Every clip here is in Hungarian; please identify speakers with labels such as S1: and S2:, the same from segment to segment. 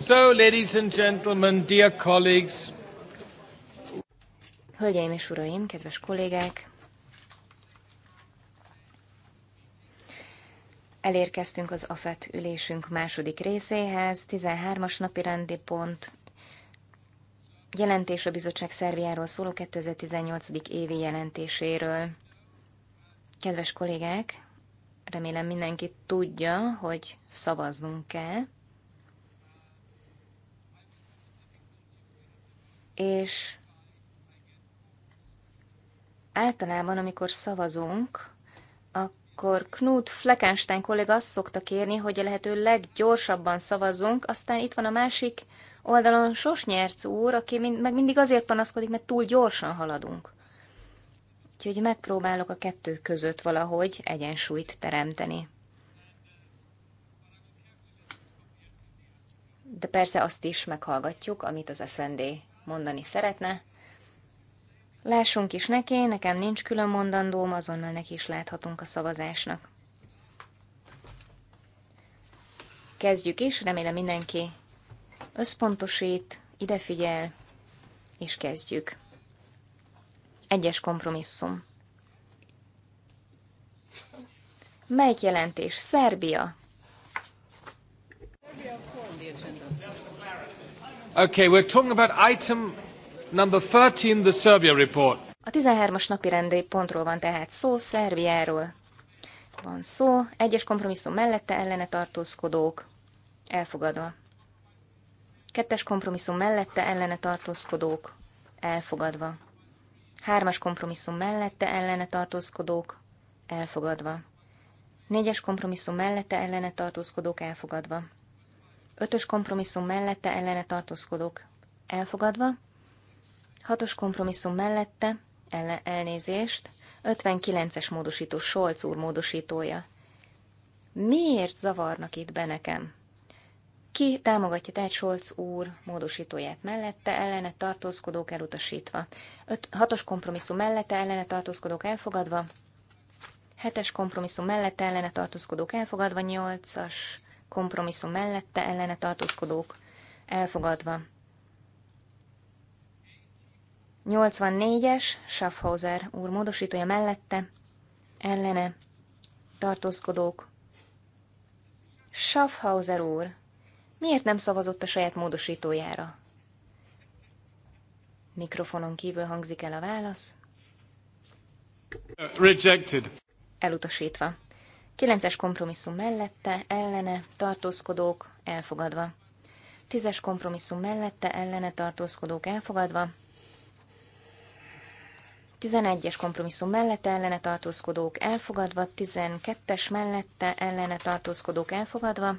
S1: So, ladies and gentlemen, dear colleagues.
S2: Hölgyeim és uraim, kedves kollégák! Elérkeztünk az AFET ülésünk második részéhez, 13-as napi rendi pont, jelentés a bizottság Szerbiáról szóló 2018. évi jelentéséről. Kedves kollégák, remélem mindenki tudja, hogy szavaznunk kell. és általában, amikor szavazunk, akkor Knut Fleckenstein kolléga azt szokta kérni, hogy a lehető leggyorsabban szavazzunk, aztán itt van a másik oldalon Sosnyerc úr, aki mind, meg mindig azért panaszkodik, mert túl gyorsan haladunk. Úgyhogy megpróbálok a kettő között valahogy egyensúlyt teremteni. De persze azt is meghallgatjuk, amit az SND mondani szeretne. Lássunk is neki, nekem nincs külön mondandóm, azonnal neki is láthatunk a szavazásnak. Kezdjük is, remélem mindenki összpontosít, ide figyel, és kezdjük. Egyes kompromisszum. Melyik jelentés? Szerbia. Szerbia.
S1: Okay, we're talking about item number 13, the Serbia report.
S2: A 13-as napi rendi pontról van tehát szó, Szerbiáról van szó, egyes kompromisszum mellette ellene tartózkodók, elfogadva. Kettes kompromisszum mellette ellene tartózkodók, elfogadva. Hármas kompromisszum mellette ellene tartózkodók, elfogadva. Négyes kompromisszum mellette ellene tartózkodók, elfogadva. Ötös kompromisszum mellette ellene tartózkodok elfogadva. Hatos kompromisszum mellette ellen, elnézést. 59-es módosító Solc úr módosítója. Miért zavarnak itt be nekem? Ki támogatja tehát Solc úr módosítóját mellette, ellene tartózkodók elutasítva. 5, 6-os kompromisszum mellette, ellene tartózkodók elfogadva. 7-es kompromisszum mellette, ellene tartózkodók elfogadva. 8-as kompromisszum mellette ellene tartózkodók elfogadva. 84-es Schaffhauser úr módosítója mellette ellene tartózkodók. Schaffhauser úr, miért nem szavazott a saját módosítójára? Mikrofonon kívül hangzik el a válasz.
S1: Rejected.
S2: Elutasítva kilences kompromisszum mellette, ellene, tartózkodók, elfogadva. Tízes kompromisszum mellette, ellene, tartózkodók, elfogadva. tizenegyes kompromisszum mellette ellene tartózkodók elfogadva, tizenkettes mellette ellene tartózkodók elfogadva,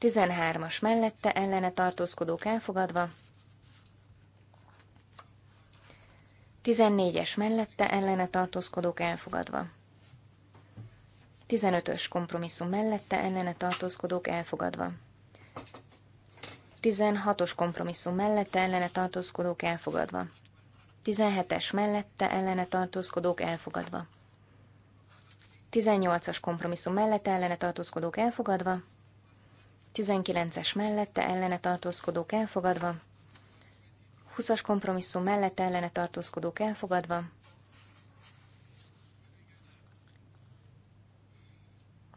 S2: 13-as mellette ellene tartózkodók elfogadva, 14-es mellette ellene tartózkodók elfogadva. 15-ös kompromisszum mellette ellene tartózkodók elfogadva. 16-os kompromisszum mellette ellene tartózkodók elfogadva. 17-es mellette ellene tartózkodók elfogadva. 18-as kompromisszum mellette ellene tartózkodók elfogadva. 19-es mellette ellene tartózkodók elfogadva. 20-as kompromisszum mellett ellene tartózkodók elfogadva.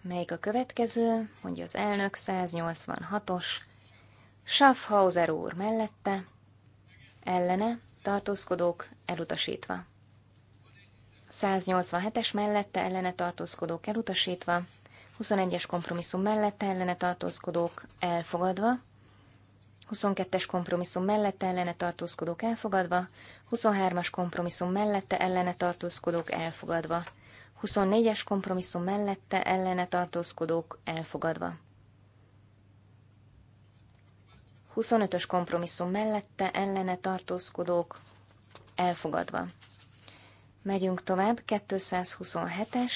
S2: Melyik a következő? Mondja az elnök, 186-os. Schaffhauser úr mellette, ellene tartózkodók elutasítva. 187-es mellette ellene tartózkodók elutasítva, 21-es kompromisszum mellette ellene tartózkodók elfogadva, 22-es kompromisszum mellette ellene tartózkodók elfogadva, 23-as kompromisszum mellette ellene tartózkodók elfogadva, 24-es kompromisszum mellette ellene tartózkodók elfogadva. 25-ös kompromisszum mellette ellene tartózkodók elfogadva. Megyünk tovább, 227-es,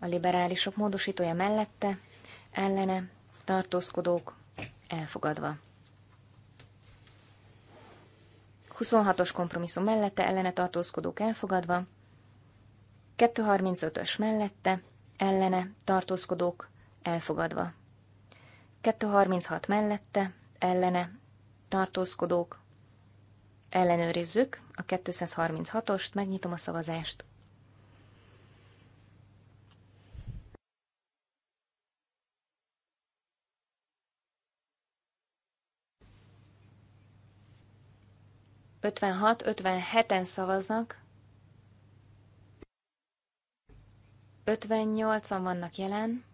S2: a liberálisok módosítója mellette, ellene tartózkodók elfogadva. 26-os kompromisszum mellette ellene tartózkodók elfogadva, 235-ös mellette ellene tartózkodók elfogadva, 236 mellette ellene tartózkodók ellenőrizzük a 236-ost, megnyitom a szavazást. 56-57-en szavaznak. 58-an vannak jelen.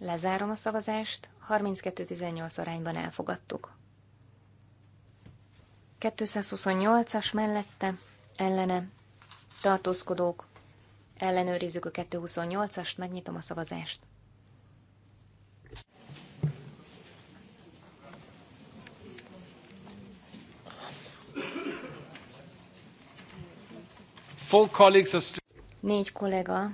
S2: Lezárom a szavazást. 32-18 arányban elfogadtuk. 228-as mellette, ellene, tartózkodók, ellenőrizzük a 228-ast, megnyitom a szavazást.
S1: Four colleagues are
S2: Négy kollega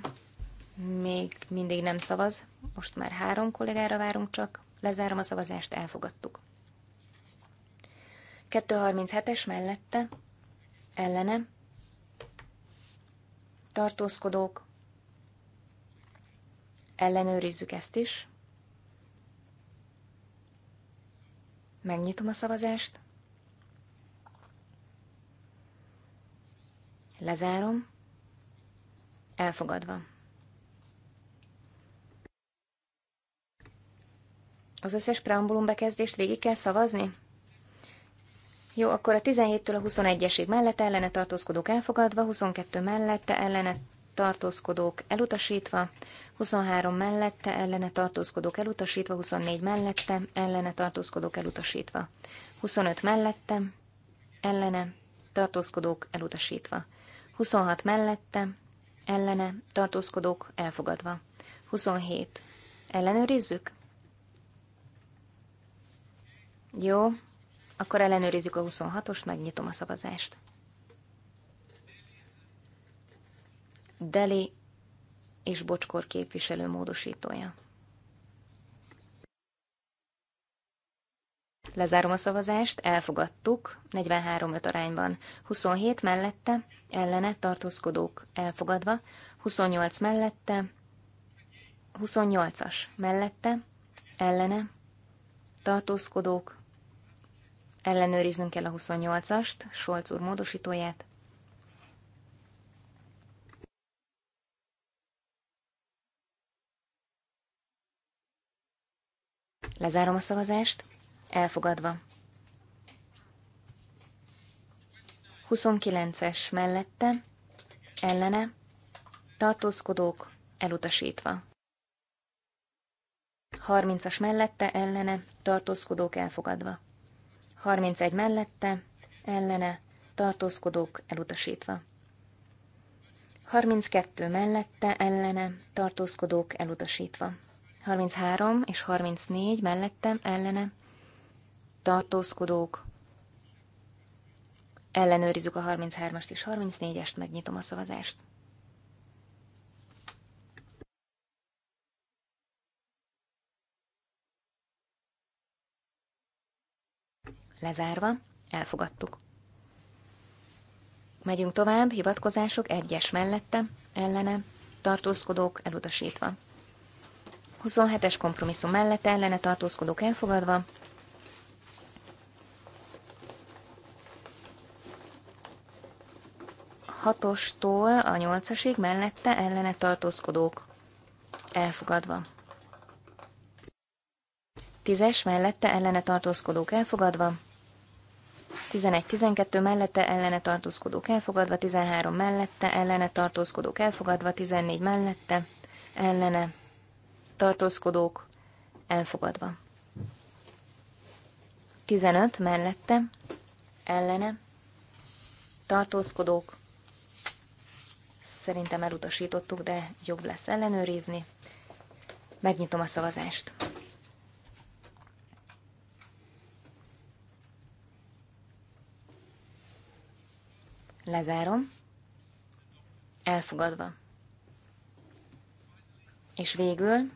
S2: még mindig nem szavaz. Most már három kollégára várunk csak. Lezárom a szavazást, elfogadtuk. 237-es mellette, ellene, tartózkodók, ellenőrizzük ezt is. Megnyitom a szavazást. Lezárom. Elfogadva. Az összes preambulum bekezdést végig kell szavazni? Jó, akkor a 17-től a 21-esig mellette ellene tartózkodók elfogadva, 22 mellette ellene tartózkodók elutasítva, 23 mellette ellene tartózkodók elutasítva, 24 mellette ellene tartózkodók elutasítva, 25 mellette ellene tartózkodók elutasítva, 26 mellette, ellene, tartózkodók elfogadva. 27. Ellenőrizzük? Jó, akkor ellenőrizzük a 26-ost, megnyitom a szavazást. Deli és Bocskor képviselő módosítója. Lezárom a szavazást, elfogadtuk, 43-5 arányban. 27 mellette, ellene tartózkodók elfogadva, 28 mellette, 28-as mellette, ellene tartózkodók, ellenőriznünk kell a 28-ast, Solc úr módosítóját, Lezárom a szavazást. Elfogadva. 29-es mellette, ellene, tartózkodók, elutasítva. 30-as mellette, ellene, tartózkodók elfogadva. 31 mellette, ellene, tartózkodók elutasítva. 32 mellette, ellene, tartózkodók elutasítva. 33 és 34 mellette, ellene, tartózkodók, ellenőrizzük a 33-ast és 34-est, megnyitom a szavazást. Lezárva, elfogadtuk. Megyünk tovább, hivatkozások, egyes mellette, ellene, tartózkodók, elutasítva. 27-es kompromisszum mellette, ellene tartózkodók elfogadva, 6-ostól a 8-asig mellette ellene tartózkodók. Elfogadva. 10-es mellette ellene tartózkodók elfogadva. 11-12 mellette ellene tartózkodók elfogadva, 13 mellette ellene tartózkodók elfogadva, 14 mellette ellene tartózkodók elfogadva. 15 mellette ellene tartózkodók Szerintem elutasítottuk, de jobb lesz ellenőrizni. Megnyitom a szavazást. Lezárom. Elfogadva. És végül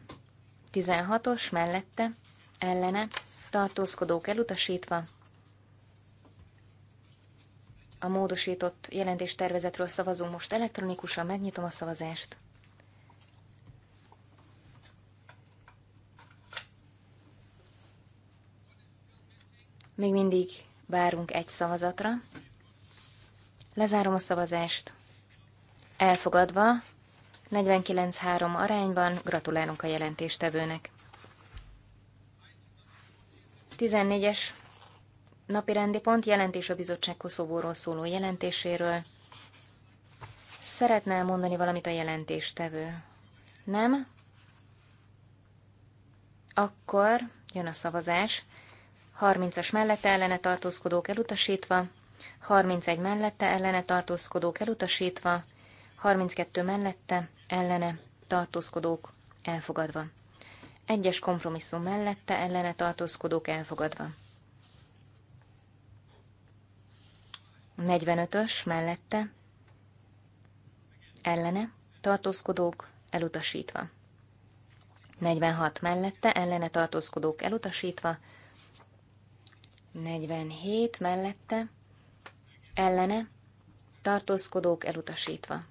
S2: 16-os mellette, ellene, tartózkodók elutasítva, a módosított jelentéstervezetről szavazunk most elektronikusan, megnyitom a szavazást. Még mindig várunk egy szavazatra. Lezárom a szavazást. Elfogadva, 49-3 arányban gratulálunk a jelentéstevőnek. 14-es napi rendi pont jelentés a bizottság Koszovóról szóló jelentéséről. Szeretne mondani valamit a jelentéstevő? Nem? Akkor jön a szavazás. 30-as mellette ellene tartózkodók elutasítva, 31 mellette ellene tartózkodók elutasítva, 32 mellette ellene tartózkodók elfogadva. Egyes kompromisszum mellette ellene tartózkodók elfogadva. 45-ös mellette, ellene, tartózkodók elutasítva. 46 mellette, ellene tartózkodók elutasítva. 47 mellette, ellene, tartózkodók elutasítva.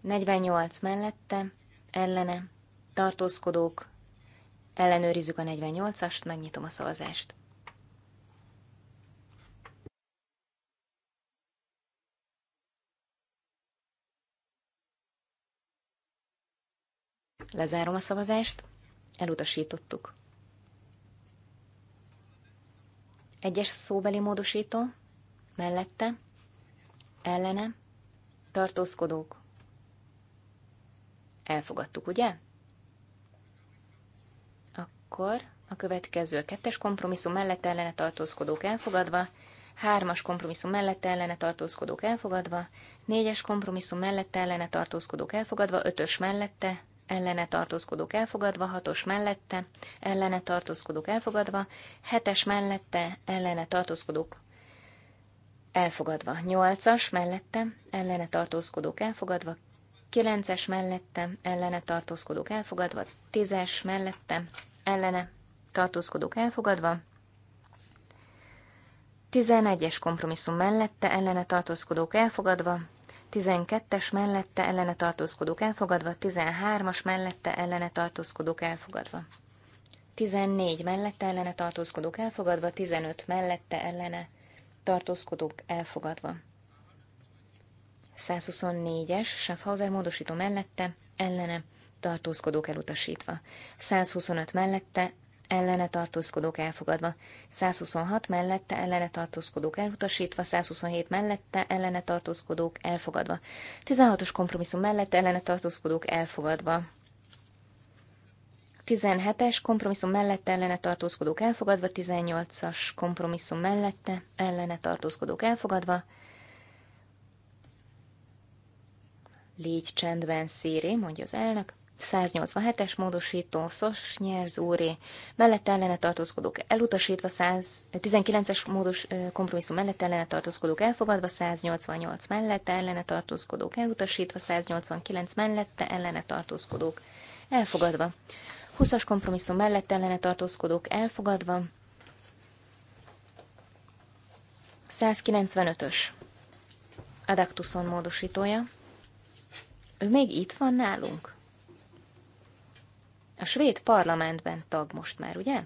S2: 48 mellette, ellene, tartózkodók, ellenőrizzük a 48-ast, megnyitom a szavazást. Lezárom a szavazást. Elutasítottuk. Egyes szóbeli módosító. Mellette. Ellene. Tartózkodók. Elfogadtuk, ugye? Akkor a következő a kettes kompromisszum mellett ellene tartózkodók elfogadva, hármas kompromisszum mellett ellene tartózkodók elfogadva, négyes kompromisszum mellett ellene tartózkodók elfogadva, ötös mellette ellene tartózkodók elfogadva, hatos mellette, ellene tartózkodók elfogadva, hetes mellette, ellene tartózkodók elfogadva, nyolcas mellette, ellene tartózkodók elfogadva, kilences mellette, ellene tartózkodók elfogadva, tízes mellette, ellene tartózkodók elfogadva, 11-es kompromisszum mellette ellene tartózkodók elfogadva, 12-es mellette ellene tartózkodók elfogadva, 13-as mellette ellene tartózkodók elfogadva. 14 mellette ellene tartózkodók elfogadva, 15 mellette ellene tartózkodók elfogadva. 124-es Schaffhauser módosító mellette ellene tartózkodók elutasítva. 125 mellette ellene tartózkodók elfogadva, 126 mellette ellene tartózkodók elutasítva, 127 mellette ellene tartózkodók elfogadva, 16-os kompromisszum mellette ellene tartózkodók elfogadva, 17-es kompromisszum mellette ellene tartózkodók elfogadva, 18-as kompromisszum mellette ellene tartózkodók elfogadva, Légy csendben, Széré, mondja az elnök. 187-es módosító, Szos Nyerz úré, mellett ellene tartózkodók elutasítva, 119-es módos kompromisszum mellett ellene tartózkodók elfogadva, 188 mellett ellene tartózkodók elutasítva, 189 mellette ellene tartózkodók elfogadva. 20-as kompromisszum mellett ellene tartózkodók elfogadva, 195-ös Adaktuszon módosítója. Ő még itt van nálunk? A svéd parlamentben tag most már, ugye?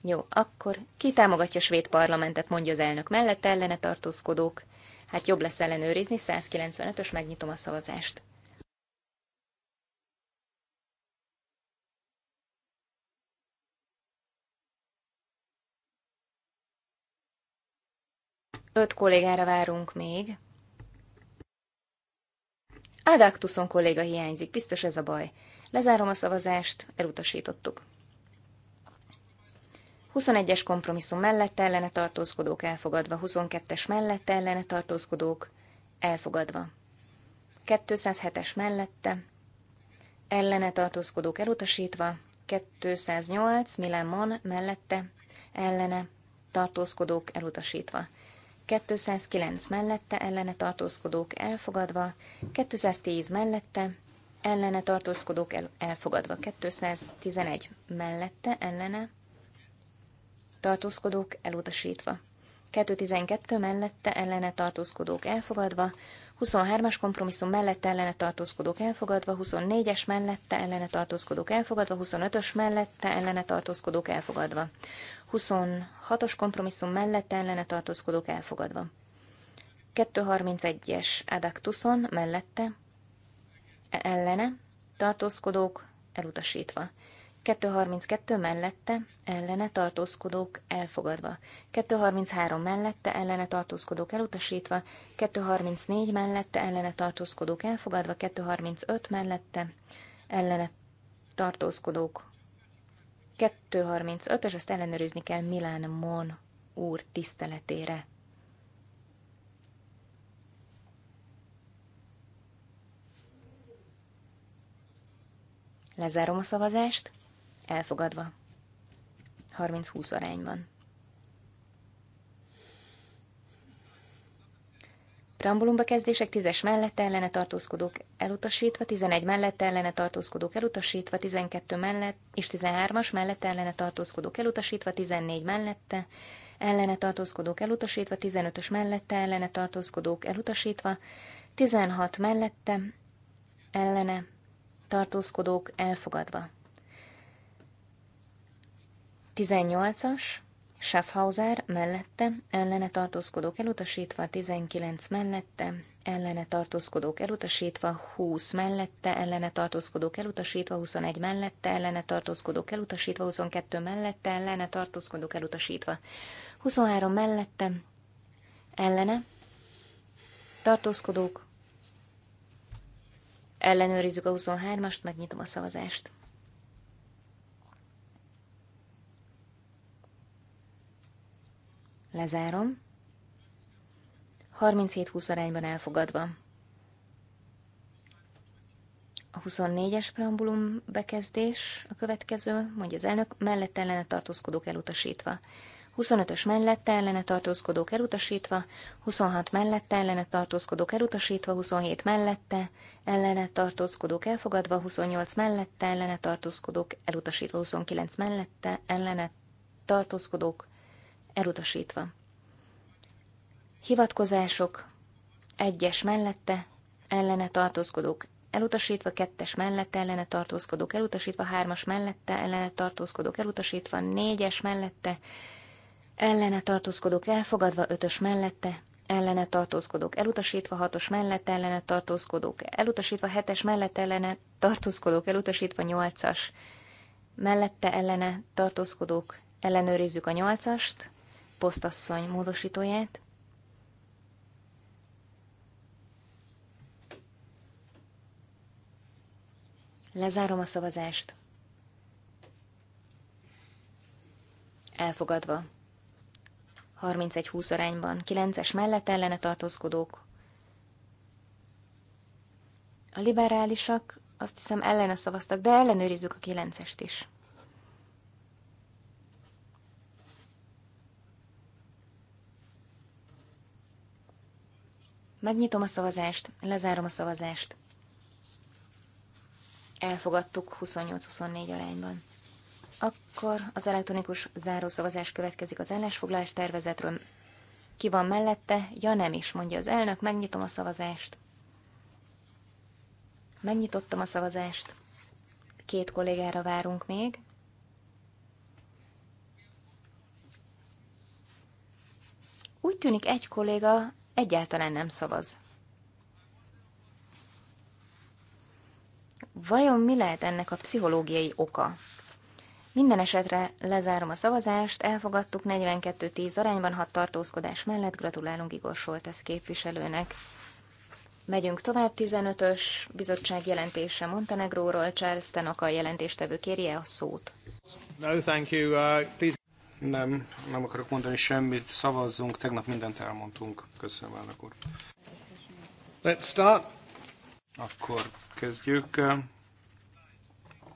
S2: Jó, akkor ki támogatja a svéd parlamentet, mondja az elnök mellett ellene tartózkodók. Hát jobb lesz ellenőrizni, 195-ös, megnyitom a szavazást. Öt kollégára várunk még. Adaktuson kolléga hiányzik, biztos ez a baj. Lezárom a szavazást, elutasítottuk. 21-es kompromisszum mellett ellene tartózkodók elfogadva, 22-es mellett ellene tartózkodók elfogadva. 207-es mellette ellene tartózkodók elutasítva, 208 Milan Mon mellette ellene tartózkodók elutasítva. 209 mellette ellene tartózkodók elfogadva, 210 mellette ellene tartózkodók el, elfogadva, 211 mellette ellene tartózkodók elutasítva, 212 mellette ellene tartózkodók elfogadva, 23-as kompromisszum mellette ellene tartózkodók elfogadva, 24-es mellette ellene tartózkodók elfogadva, 25-ös mellette ellene tartózkodók elfogadva, 26-os kompromisszum mellett ellene tartózkodók elfogadva. 231-es Adaktuson e- mellette ellene tartózkodók elutasítva. 232 mellette ellene tartózkodók elfogadva, 233 mellette ellene tartózkodók elutasítva, 234 mellette ellene tartózkodók elfogadva, 235 mellette ellene tartózkodók 235-ös, azt ellenőrizni kell Milán Mon úr tiszteletére. Lezárom a szavazást. Elfogadva. 30-20 arányban. Preambulum kezdések 10-es mellette ellene tartózkodók elutasítva, 11 mellette ellene tartózkodók elutasítva, 12 mellett és 13-as mellette ellene tartózkodók elutasítva, 14 mellette ellene tartózkodók elutasítva, 15-ös mellette ellene tartózkodók elutasítva, 16 mellette ellene tartózkodók elfogadva. 18-as Schaffhauser mellette, ellene tartózkodók elutasítva, 19 mellette, ellene tartózkodók elutasítva, 20 mellette, ellene tartózkodók elutasítva, 21 mellette, ellene tartózkodók elutasítva, 22 mellette, ellene tartózkodók elutasítva, 23 mellette, ellene tartózkodók, ellenőrizzük a 23-ast, megnyitom a szavazást. Lezárom. 37-20 arányban elfogadva. A 24-es preambulum bekezdés a következő, mondja az elnök, mellette ellene tartózkodók elutasítva. 25-ös mellette ellene tartózkodók elutasítva, 26 mellette ellene tartózkodók elutasítva, 27 mellette ellene tartózkodók elfogadva, 28 mellette ellene tartózkodók elutasítva, 29 mellette ellene tartózkodók elutasítva. Hivatkozások, egyes mellette, ellene tartózkodók elutasítva, kettes mellette ellene tartózkodók elutasítva, hármas mellette ellene tartózkodók elutasítva, négyes mellette ellene tartózkodók elfogadva, ötös mellette ellene tartózkodók elutasítva, hatos mellette ellene tartózkodók elutasítva, hetes mellette ellene tartózkodók elutasítva, nyolcas mellette ellene tartózkodók ellenőrizzük a nyolcast, posztasszony módosítóját. Lezárom a szavazást. Elfogadva. 31-20 arányban, 9-es mellett ellene tartózkodók. A liberálisak azt hiszem ellene szavaztak, de ellenőrizzük a 9-est is. Megnyitom a szavazást, lezárom a szavazást. Elfogadtuk 28-24 arányban. Akkor az elektronikus zárószavazás következik az ellensfoglalás tervezetről. Ki van mellette? Ja nem is, mondja az elnök, megnyitom a szavazást. Megnyitottam a szavazást. Két kollégára várunk még. Úgy tűnik egy kolléga egyáltalán nem szavaz. Vajon mi lehet ennek a pszichológiai oka? Minden esetre lezárom a szavazást, elfogadtuk 42-10 arányban hat tartózkodás mellett, gratulálunk Igor Soltesz képviselőnek. Megyünk tovább, 15-ös bizottság jelentése Montenegróról, Charles Tenaka jelentéstevő kérje a szót.
S3: No, thank
S1: you. Uh, please... Nem, nem akarok mondani semmit. Szavazzunk, tegnap mindent elmondtunk. Köszönöm, elnök úr. Let's start. Akkor kezdjük.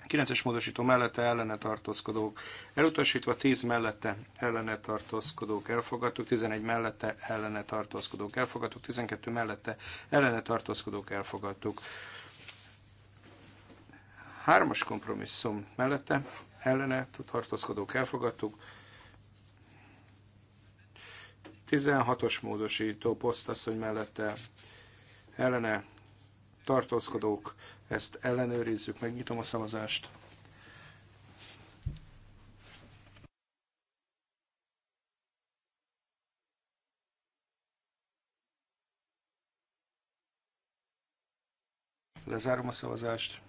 S1: 9-es módosító mellette ellene tartózkodók, elutasítva 10 mellette ellene tartózkodók, elfogadtuk, 11 mellette ellene tartózkodók, elfogadtuk, 12 mellette ellene tartózkodók, elfogadtuk. Hármas kompromisszum mellette ellene tartózkodók, elfogadtuk, 16-os módosító posztasszony mellette ellene tartózkodók, ezt ellenőrizzük, megnyitom a szavazást. Lezárom a szavazást.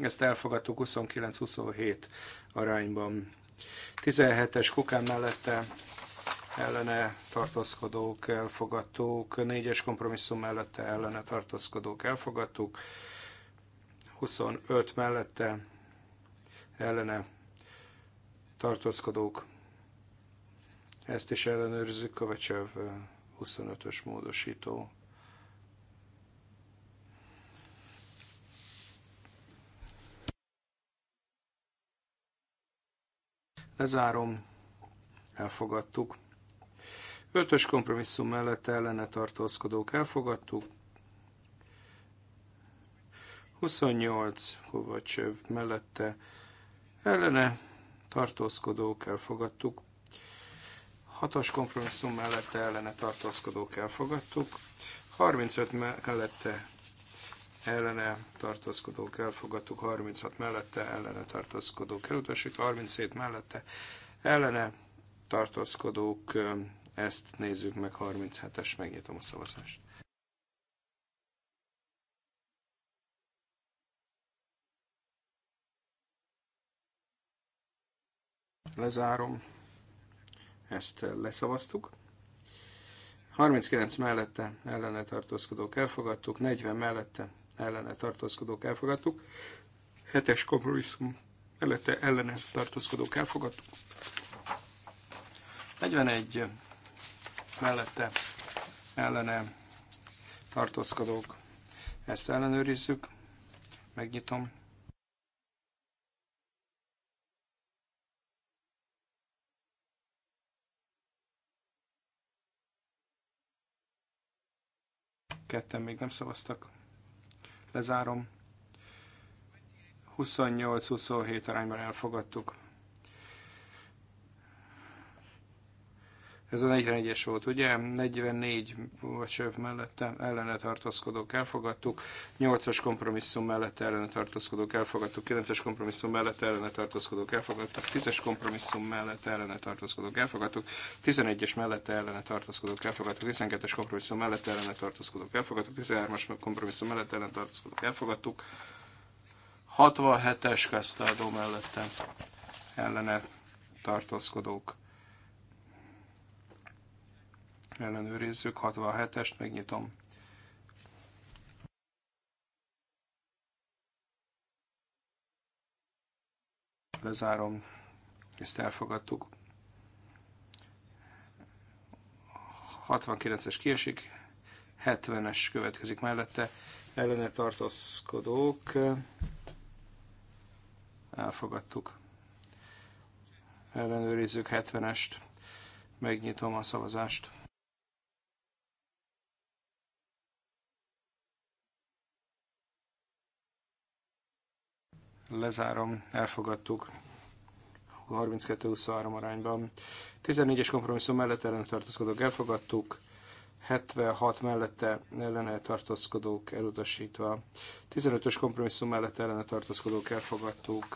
S1: Ezt elfogadtuk 29-27 arányban. 17-es kukán mellette ellene tartózkodók elfogadtuk, négyes kompromisszum mellette ellene tartózkodók elfogadtuk, 25 mellette ellene tartózkodók. Ezt is ellenőrzzük, Kovacsev 25-ös módosító. Lezárom, elfogadtuk. Ötös kompromisszum mellette ellene tartózkodók elfogadtuk. 28 Kovacsev mellette ellene tartózkodók elfogadtuk. Hatos kompromisszum mellette ellene tartózkodók elfogadtuk. 35 mellette ellene tartózkodók elfogadtuk, 36 mellette ellene tartózkodók elutasítva, 37 mellette ellene tartózkodók ezt nézzük meg 37-es, megnyitom a szavazást. Lezárom. Ezt leszavaztuk. 39 mellette ellene tartózkodók elfogadtuk, 40 mellette ellene tartózkodók elfogadtuk, 7-es kompromisszum mellette ellene tartózkodók elfogadtuk. 41 mellette ellene tartózkodók. Ezt ellenőrizzük, megnyitom. Ketten még nem szavaztak. Lezárom. 28-27 arányban elfogadtuk. Ez a 41-es volt, ugye? 44 Vacsöv mellett ellene tartózkodók elfogadtuk, 8-as kompromisszum mellett ellene tartózkodók elfogadtuk, 9-es kompromisszum mellett ellene tartózkodók elfogadtuk, 10-es kompromisszum mellett ellene tartózkodók elfogadtuk, 11-es mellett ellene tartózkodók elfogadtuk, 12-es kompromisszum mellett ellene tartózkodók elfogadtuk, 13-as kompromisszum mellett ellene tartózkodók elfogadtuk, 67-es kasztádó mellette ellene tartózkodók elfogadtuk ellenőrizzük, 67-est megnyitom. Lezárom, ezt elfogadtuk. 69-es kiesik, 70-es következik mellette, ellene tartózkodók, elfogadtuk. Ellenőrizzük 70-est, megnyitom a szavazást. lezárom, elfogadtuk 32-23 arányban. 14-es kompromisszum mellett ellen tartózkodók elfogadtuk, 76 mellette ellene tartózkodók elutasítva. 15-ös kompromisszum mellett ellene tartózkodók elfogadtuk,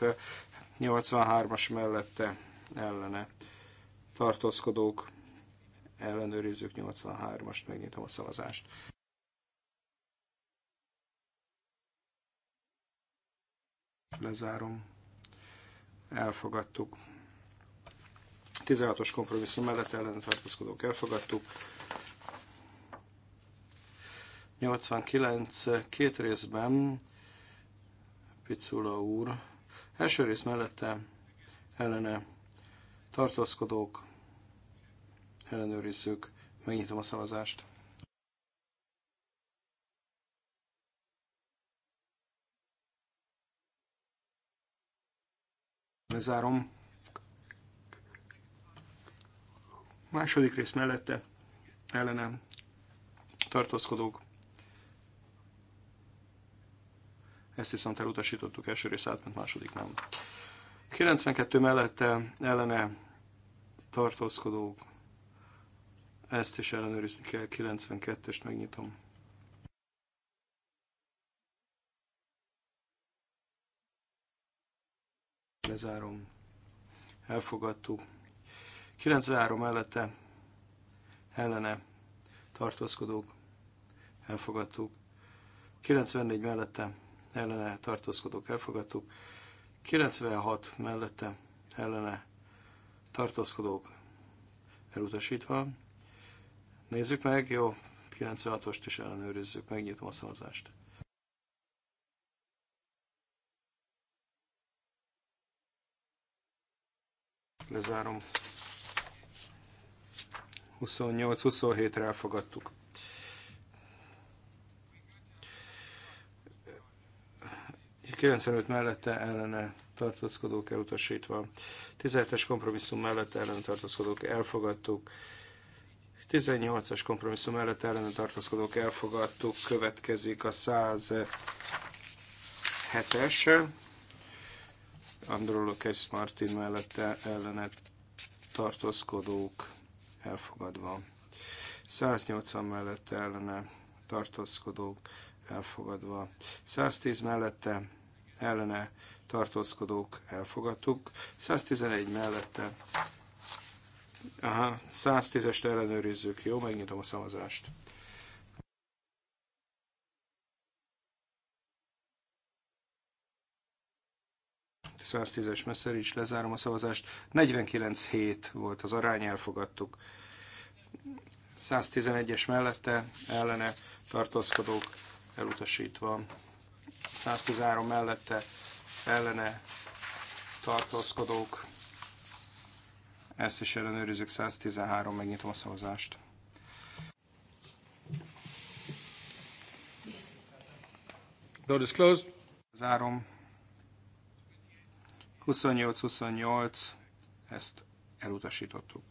S1: 83-as mellette ellene tartózkodók ellenőrizzük 83-ast, megnyitom a szavazást. Lezárom. Elfogadtuk. 16-os kompromisszum mellett ellen tartózkodók elfogadtuk. 89 két részben Picula úr első rész mellette ellene tartózkodók ellenőrizzük, megnyitom a szavazást. Lezárom. Második rész mellette ellenem tartózkodók. Ezt viszont elutasítottuk, első rész átment, második nem. 92 mellette ellene tartózkodók. Ezt is ellenőrizni kell, 92-est megnyitom. Lezárom. Elfogadtuk. 93 mellette ellene tartózkodók. Elfogadtuk. 94 mellette ellene tartózkodók. Elfogadtuk. 96 mellette ellene tartózkodók elutasítva. Nézzük meg, jó, 96-ost is ellenőrizzük, megnyitom a szavazást. Lezárom. 28-27-re elfogadtuk. A 95 mellette ellene tartózkodók elutasítva. 17-es kompromisszum mellette ellene tartózkodók elfogadtuk. 18-as kompromisszum mellett ellene tartózkodók elfogadtuk. Következik a 107-es Androlokes Martin mellette ellenet tartózkodók elfogadva. 180 mellette ellene tartózkodók elfogadva. 110 mellette ellene tartózkodók elfogadtuk. 111 mellette Aha, 110-est ellenőrizzük, jó, megnyitom a szavazást. 110-es messzer is lezárom a szavazást. 49 7 volt az arány, elfogadtuk. 111-es mellette ellene tartózkodók elutasítva. 113 mellette ellene tartózkodók. Ezt is ellenőrizzük, 113, megnyitom a szavazást. Door is closed. Zárom. 28-28, ezt elutasítottuk.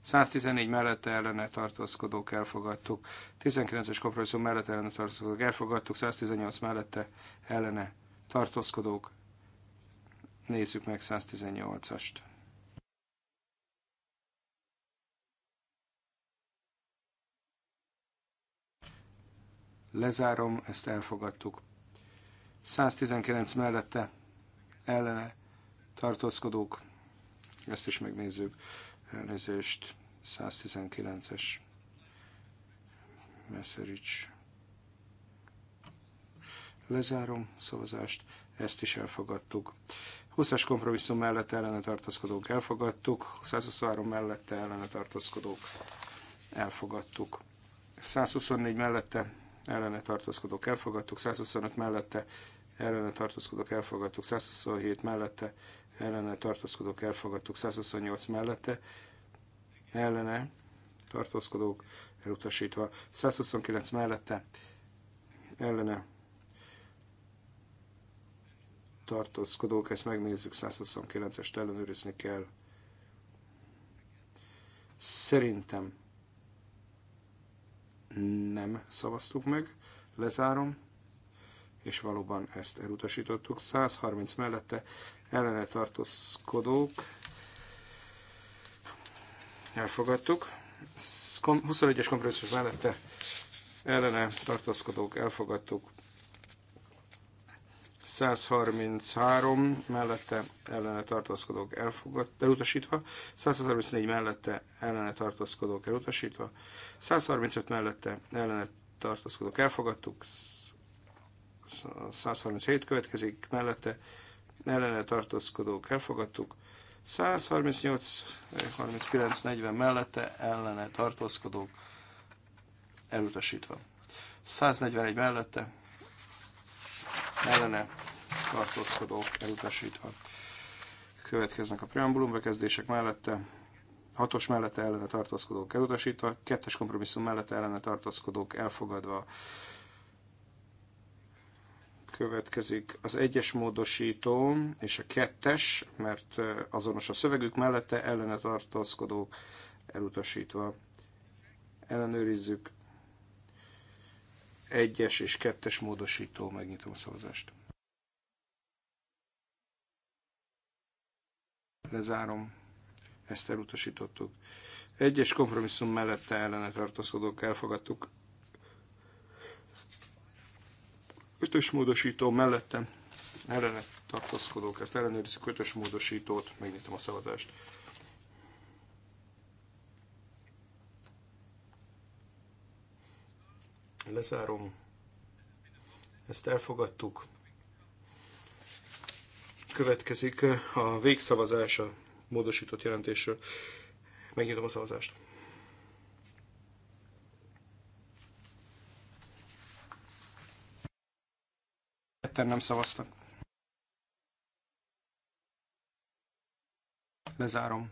S1: 114 mellette ellene tartózkodók elfogadtuk, 19-es kompromisszum mellette ellene tartózkodók elfogadtuk, 118 mellette ellene tartózkodók. Nézzük meg 118-ast. Lezárom, ezt elfogadtuk. 119 mellette ellene tartózkodók, ezt is megnézzük, elnézést, 119-es Meszerics. Lezárom szavazást, ezt is elfogadtuk. 20-as kompromisszum mellett ellene tartózkodók elfogadtuk, 123 mellette ellene tartózkodók elfogadtuk. 124 mellette ellene tartózkodók elfogadtuk, 125 mellette ellene tartózkodok, elfogadtuk 127 mellette, ellene tartózkodok, elfogadtuk 128 mellette, ellene tartózkodók elutasítva 129 mellette, ellene tartózkodók, ezt megnézzük, 129-est ellenőrizni kell. Szerintem nem szavaztuk meg, lezárom és valóban ezt elutasítottuk. 130 mellette ellene tartózkodók elfogadtuk. 21-es kompromisszus mellette ellene tartózkodók elfogadtuk. 133 mellette ellene tartózkodók elfogad, elutasítva, 134 mellette ellene tartózkodók elutasítva, 135 mellette ellene tartózkodók elfogadtuk, 137 következik, mellette ellene tartózkodók elfogadtuk, 138, 39, 40 mellette ellene tartózkodók elutasítva. 141 mellette ellene tartózkodók elutasítva. Következnek a preambulum bekezdések mellette, hatos mellette ellene tartózkodók elutasítva, 2-es kompromisszum mellette ellene tartózkodók elfogadva, Következik az egyes módosító és a kettes, mert azonos a szövegük mellette ellene tartózkodók elutasítva. Ellenőrizzük egyes és kettes módosító, megnyitom a szavazást. Lezárom, ezt elutasítottuk. Egyes kompromisszum mellette ellene tartózkodók elfogadtuk. Ötös módosító mellettem, ellene tartaszkodok, ezt ellenőrizzük ötös módosítót, megnyitom a szavazást. Lezárom. Ezt elfogadtuk. Következik a végszavazás a módosított jelentésről. Megnyitom a szavazást. ketten nem szavaztak. Lezárom.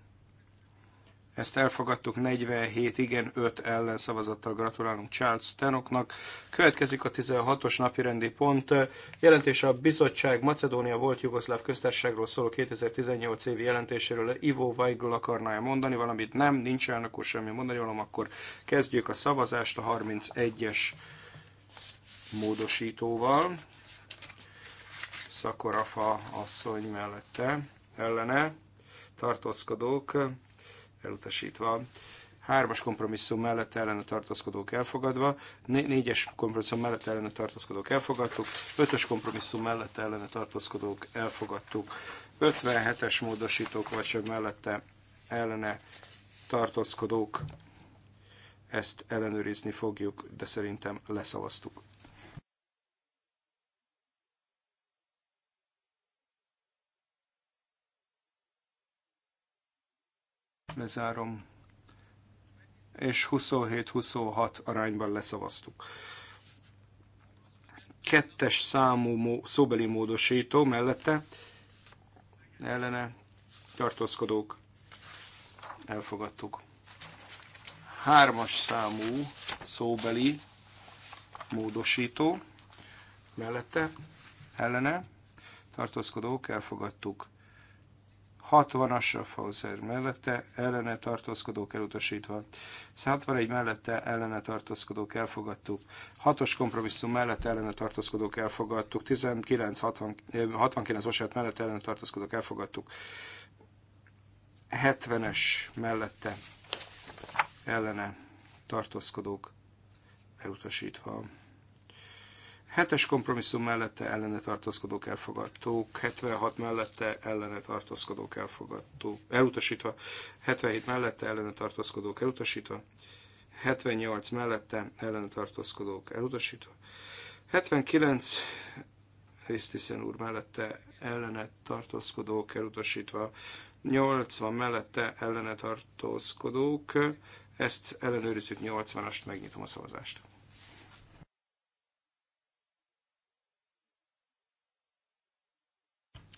S1: Ezt elfogadtuk 47 igen, 5 ellen szavazattal gratulálunk Charles Tenoknak. Következik a 16-os napi rendi pont. Jelentés a bizottság Macedónia volt Jugoszláv köztársaságról szóló 2018 évi jelentéséről. Ivo Weigl akarná mondani valamit? Nem, nincs elnök úr semmi mondani valam, akkor kezdjük a szavazást a 31-es módosítóval. Szakorafa asszony mellette ellene tartózkodók elutasítva. Hármas kompromisszum mellett ellene tartózkodók elfogadva, négyes kompromisszum mellett ellene tartózkodók elfogadtuk, ötös kompromisszum mellett ellene tartózkodók elfogadtuk, 57-es módosítók vagy sem mellette ellene tartózkodók, ezt ellenőrizni fogjuk, de szerintem leszavaztuk. lezárom, és 27-26 arányban leszavaztuk. Kettes számú szóbeli módosító mellette ellene tartózkodók elfogadtuk. Hármas számú szóbeli módosító mellette ellene tartózkodók elfogadtuk 60 Ashraf Fauser mellette ellene tartózkodók elutasítva, 161 mellette ellene tartózkodók elfogadtuk, 6-os kompromisszum mellette ellene tartózkodók elfogadtuk, 19 60, 69 osát mellette ellene tartózkodók elfogadtuk, 70-es mellette ellene tartózkodók elutasítva. 7-es kompromisszum mellette ellene tartózkodók elfogadtók, 76 mellette ellene tartózkodók elfogadtók, elutasítva, 77 mellette ellene tartózkodók elutasítva, 78 mellette ellene tartózkodók elutasítva, 79 Hisztiszen úr mellette ellene tartózkodók elutasítva, 80 mellette ellene tartózkodók, ezt ellenőrizzük 80-ast, megnyitom a szavazást.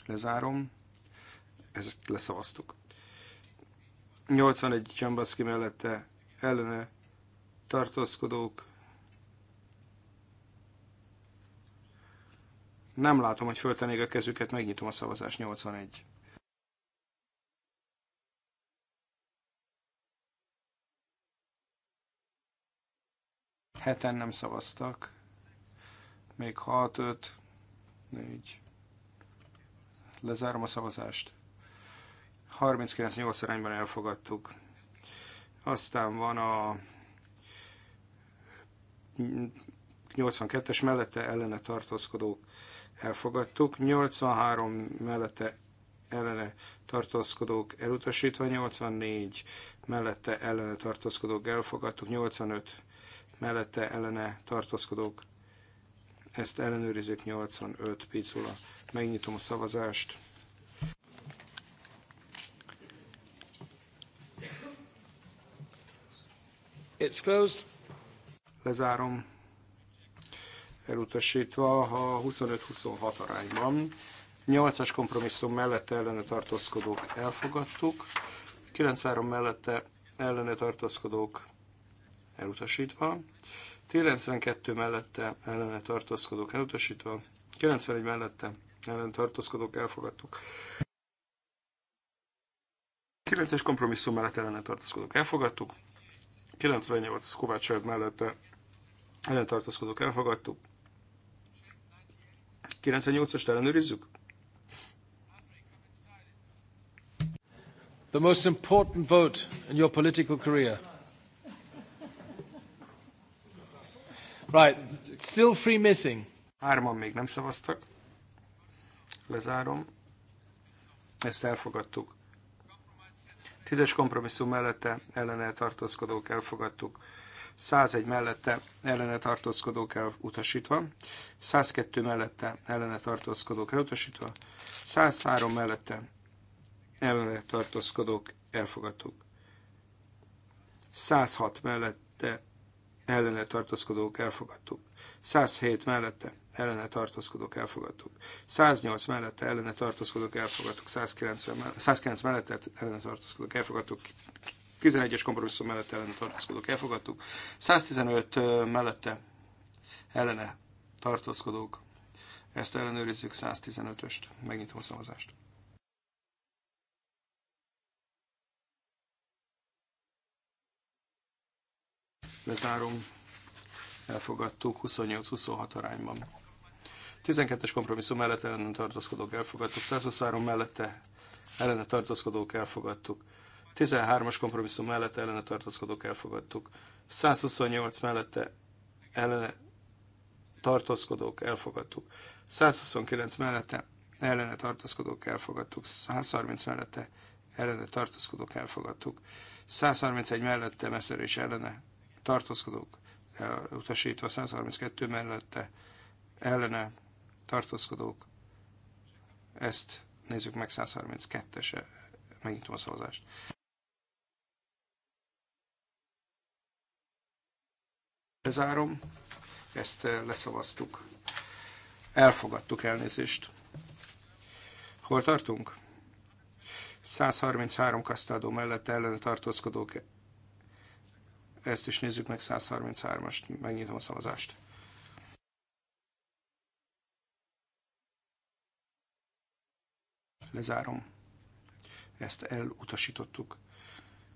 S1: Lezárom. Ezt leszavaztuk. 81 Csambaszki mellette ellene tartózkodók. Nem látom, hogy föltenék a kezüket, megnyitom a szavazás 81. Heten nem szavaztak. Még 6, 5, 4, Lezárom a szavazást. 39-8 arányban elfogadtuk. Aztán van a 82-es mellette ellene tartózkodók elfogadtuk, 83 mellette ellene tartózkodók elutasítva, 84 mellette ellene tartózkodók elfogadtuk, 85 mellette ellene tartózkodók ezt ellenőrizzük 85 picula. Megnyitom a szavazást. It's closed. Lezárom. Elutasítva a 25-26 arányban. 8-as kompromisszum mellette ellene tartózkodók elfogadtuk. 93 mellette ellene tartózkodók elutasítva. 92 mellette ellene tartózkodók elutasítva, 91 mellette ellen tartózkodók elfogadtuk. 9-es kompromisszum mellett ellene tartózkodók elfogadtuk, 98 Kovács mellette ellen tartózkodók elfogadtuk, 98-ast ellenőrizzük? The most important vote in your political career. Right, still three missing. Hárman még nem szavaztak. Lezárom. Ezt elfogadtuk. Tízes kompromisszum mellette ellene tartózkodók elfogadtuk. 101 mellette ellene tartózkodók elutasítva, 102 mellette ellene tartózkodók elutasítva, 103 mellette ellene tartózkodók elfogadtuk. 106 mellette ellene tartózkodók elfogadtuk. 107 mellette ellene tartózkodók elfogadtuk. 108 mellette ellene tartózkodók elfogadtuk. 190 mellette, 109 mellette ellene tartózkodók elfogadtuk. 11-es kompromisszum mellett ellene tartózkodók elfogadtuk. 115 mellette ellene tartózkodók. Ezt ellenőrizzük 115-öst. Megnyitom a szavazást. Lezárom. Elfogadtuk 28-26 arányban. 12-es kompromisszum mellett ellenen tartózkodók elfogadtuk, 123 mellette ellene tartózkodók elfogadtuk, 13-as kompromisszum mellett ellene tartózkodók elfogadtuk, 128 mellette ellene tartózkodók elfogadtuk, 129 mellette ellene tartózkodók elfogadtuk, 130 mellette ellene tartózkodók elfogadtuk, 131 mellette messzerés ellene tartózkodók e, utasítva 132 mellette ellene tartózkodók, ezt nézzük meg 132-ese, megnyitom a szavazást. Bezárom, ezt e, leszavaztuk, elfogadtuk elnézést. Hol tartunk? 133 kasztádó mellett ellen tartózkodók ezt is nézzük meg, 133-ast, megnyitom a szavazást. Lezárom. Ezt elutasítottuk.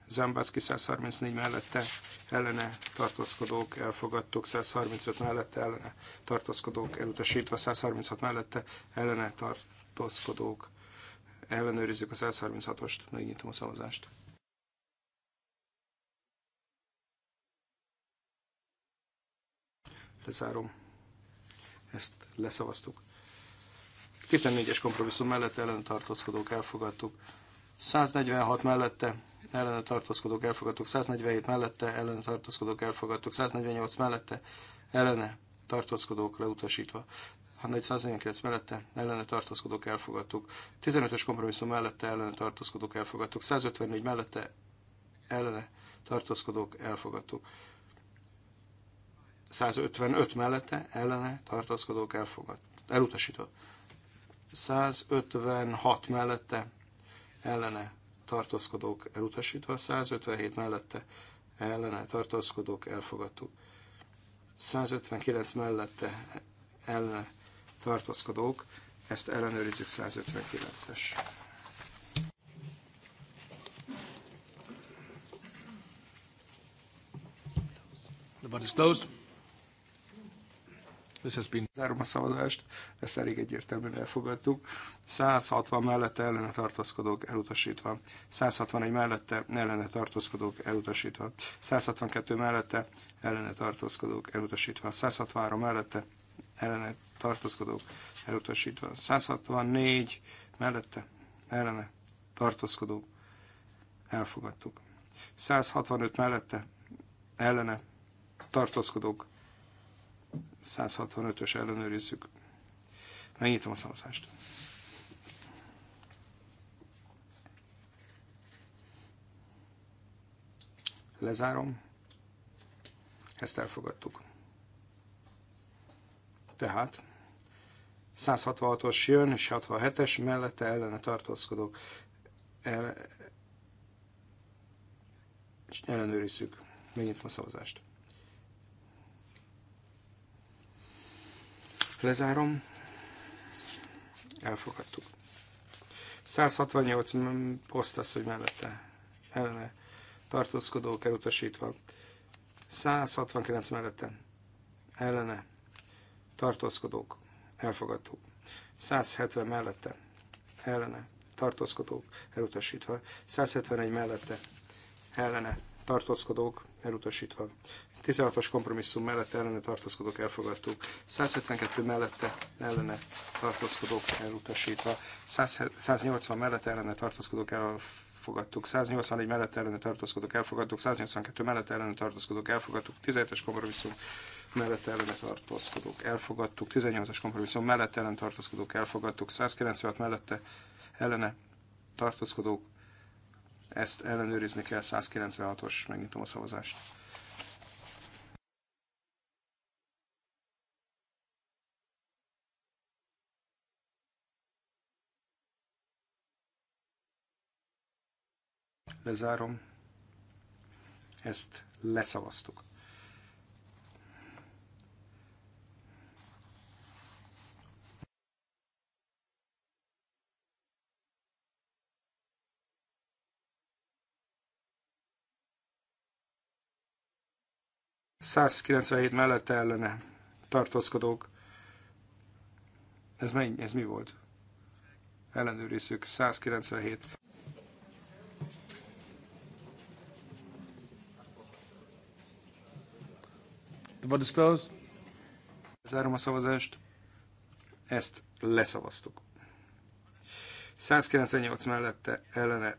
S1: Zambácki 134 mellette ellene tartózkodók elfogadtuk, 135 mellette ellene tartózkodók elutasítva, 136 mellette ellene tartózkodók ellenőrizzük a 136-ost, megnyitom a szavazást. Lezárom. Ezt leszavaztuk. 14-es kompromisszum mellett ellen tartózkodók elfogadtuk. 146 mellette ellene tartózkodók elfogadtuk, 147 mellette ellene tartózkodók elfogadtuk, 148 mellette ellene tartózkodók leutasítva. 149 mellette ellene tartózkodók elfogadtuk, 15-ös kompromisszum mellette ellene tartózkodók elfogadtuk, 154 mellette ellene tartózkodók elfogadtuk. 155 mellette ellene tartaszkodók elfogad, elutasítva. 156 mellette ellene tartaszkodók elutasítva, 157 mellette ellene tartaszkodók elfogadtuk. 159 mellette ellene tartaszkodók, ezt ellenőrizzük 159-es. The vote is closed. This has been... Zárom a szavazást, ezt elég egyértelműen elfogadtuk. 160 mellette ellene tartózkodók elutasítva. 161 mellette ellene tartózkodók elutasítva. 162 mellette ellene tartózkodók elutasítva. 163 mellette ellene tartózkodók elutasítva. 164 mellette ellene tartózkodók elfogadtuk. 165 mellette ellene tartózkodók 165-ös ellenőrizzük. Megnyitom a szavazást. Lezárom. Ezt elfogadtuk. Tehát 166-os jön, és 67-es, mellette ellene tartózkodok. El... És ellenőrizzük. Megnyitom a szavazást. Lezárom. Elfogadtuk. 168 osztasz, hogy mellette ellene tartózkodók elutasítva. 169 mellette ellene tartózkodók elfogadtuk. 170 mellette ellene tartózkodók elutasítva. 171 mellette ellene tartózkodók elutasítva. 16 as kompromisszum mellett ellene tartózkodók elfogadtuk, 172 mellette ellene tartózkodók elutasítva, 180 mellett ellene tartózkodók elfogadtuk, elfogadtuk, 181 mellett ellene tartózkodók elfogadtuk, 182 mellett ellene tartózkodók elfogadtuk, 17-es kompromisszum mellett ellene tartózkodók elfogadtuk, 18-as kompromisszum mellett ellen tartózkodók elfogadtuk, 196 mellette ellene tartózkodók, ezt ellenőrizni kell, 196-os, megnyitom a szavazást. Lezárom. Ezt leszavaztuk. ...197 mellette ellene tartózkodók. Ez, mennyi, ez mi volt? Ellenőrizzük. 197. The vote is closed. Zárom a szavazást. Ezt leszavaztuk. 198 mellette ellene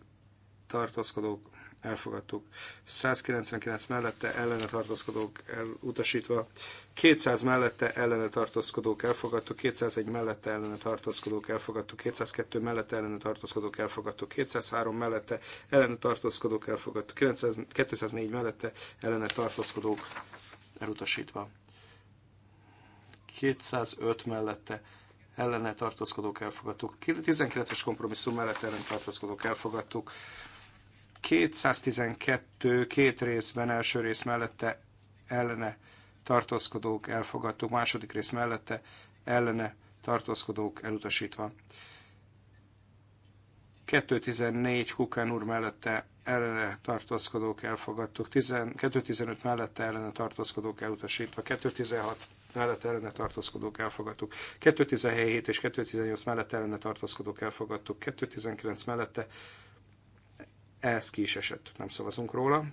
S1: tartózkodók elfogadtuk. 199 mellette ellene tartózkodók elutasítva, 200 mellette ellene tartózkodók elfogadtuk, 201 mellette ellene tartózkodók elfogadtuk, 202 mellette ellene tartózkodók elfogadtuk, 203 mellette ellene tartózkodók elfogadtuk, 204 mellette ellene tartózkodók elutasítva. 205 mellette ellene tartózkodók elfogadtuk. 19-es kompromisszum mellett ellen tartózkodók elfogadtuk. 212 két részben első rész mellette ellene tartózkodók elfogadtuk, második rész mellette ellene tartózkodók elutasítva. 2.14 Kukán úr mellette ellene tartózkodók elfogadtuk, 2.15 mellette ellene tartózkodók elutasítva, 2.16 mellett ellene tartózkodók elfogadtuk, 2.17 és 2.18 mellett ellene tartózkodók elfogadtuk, 2.19 mellette ez ki is esett, nem szavazunk róla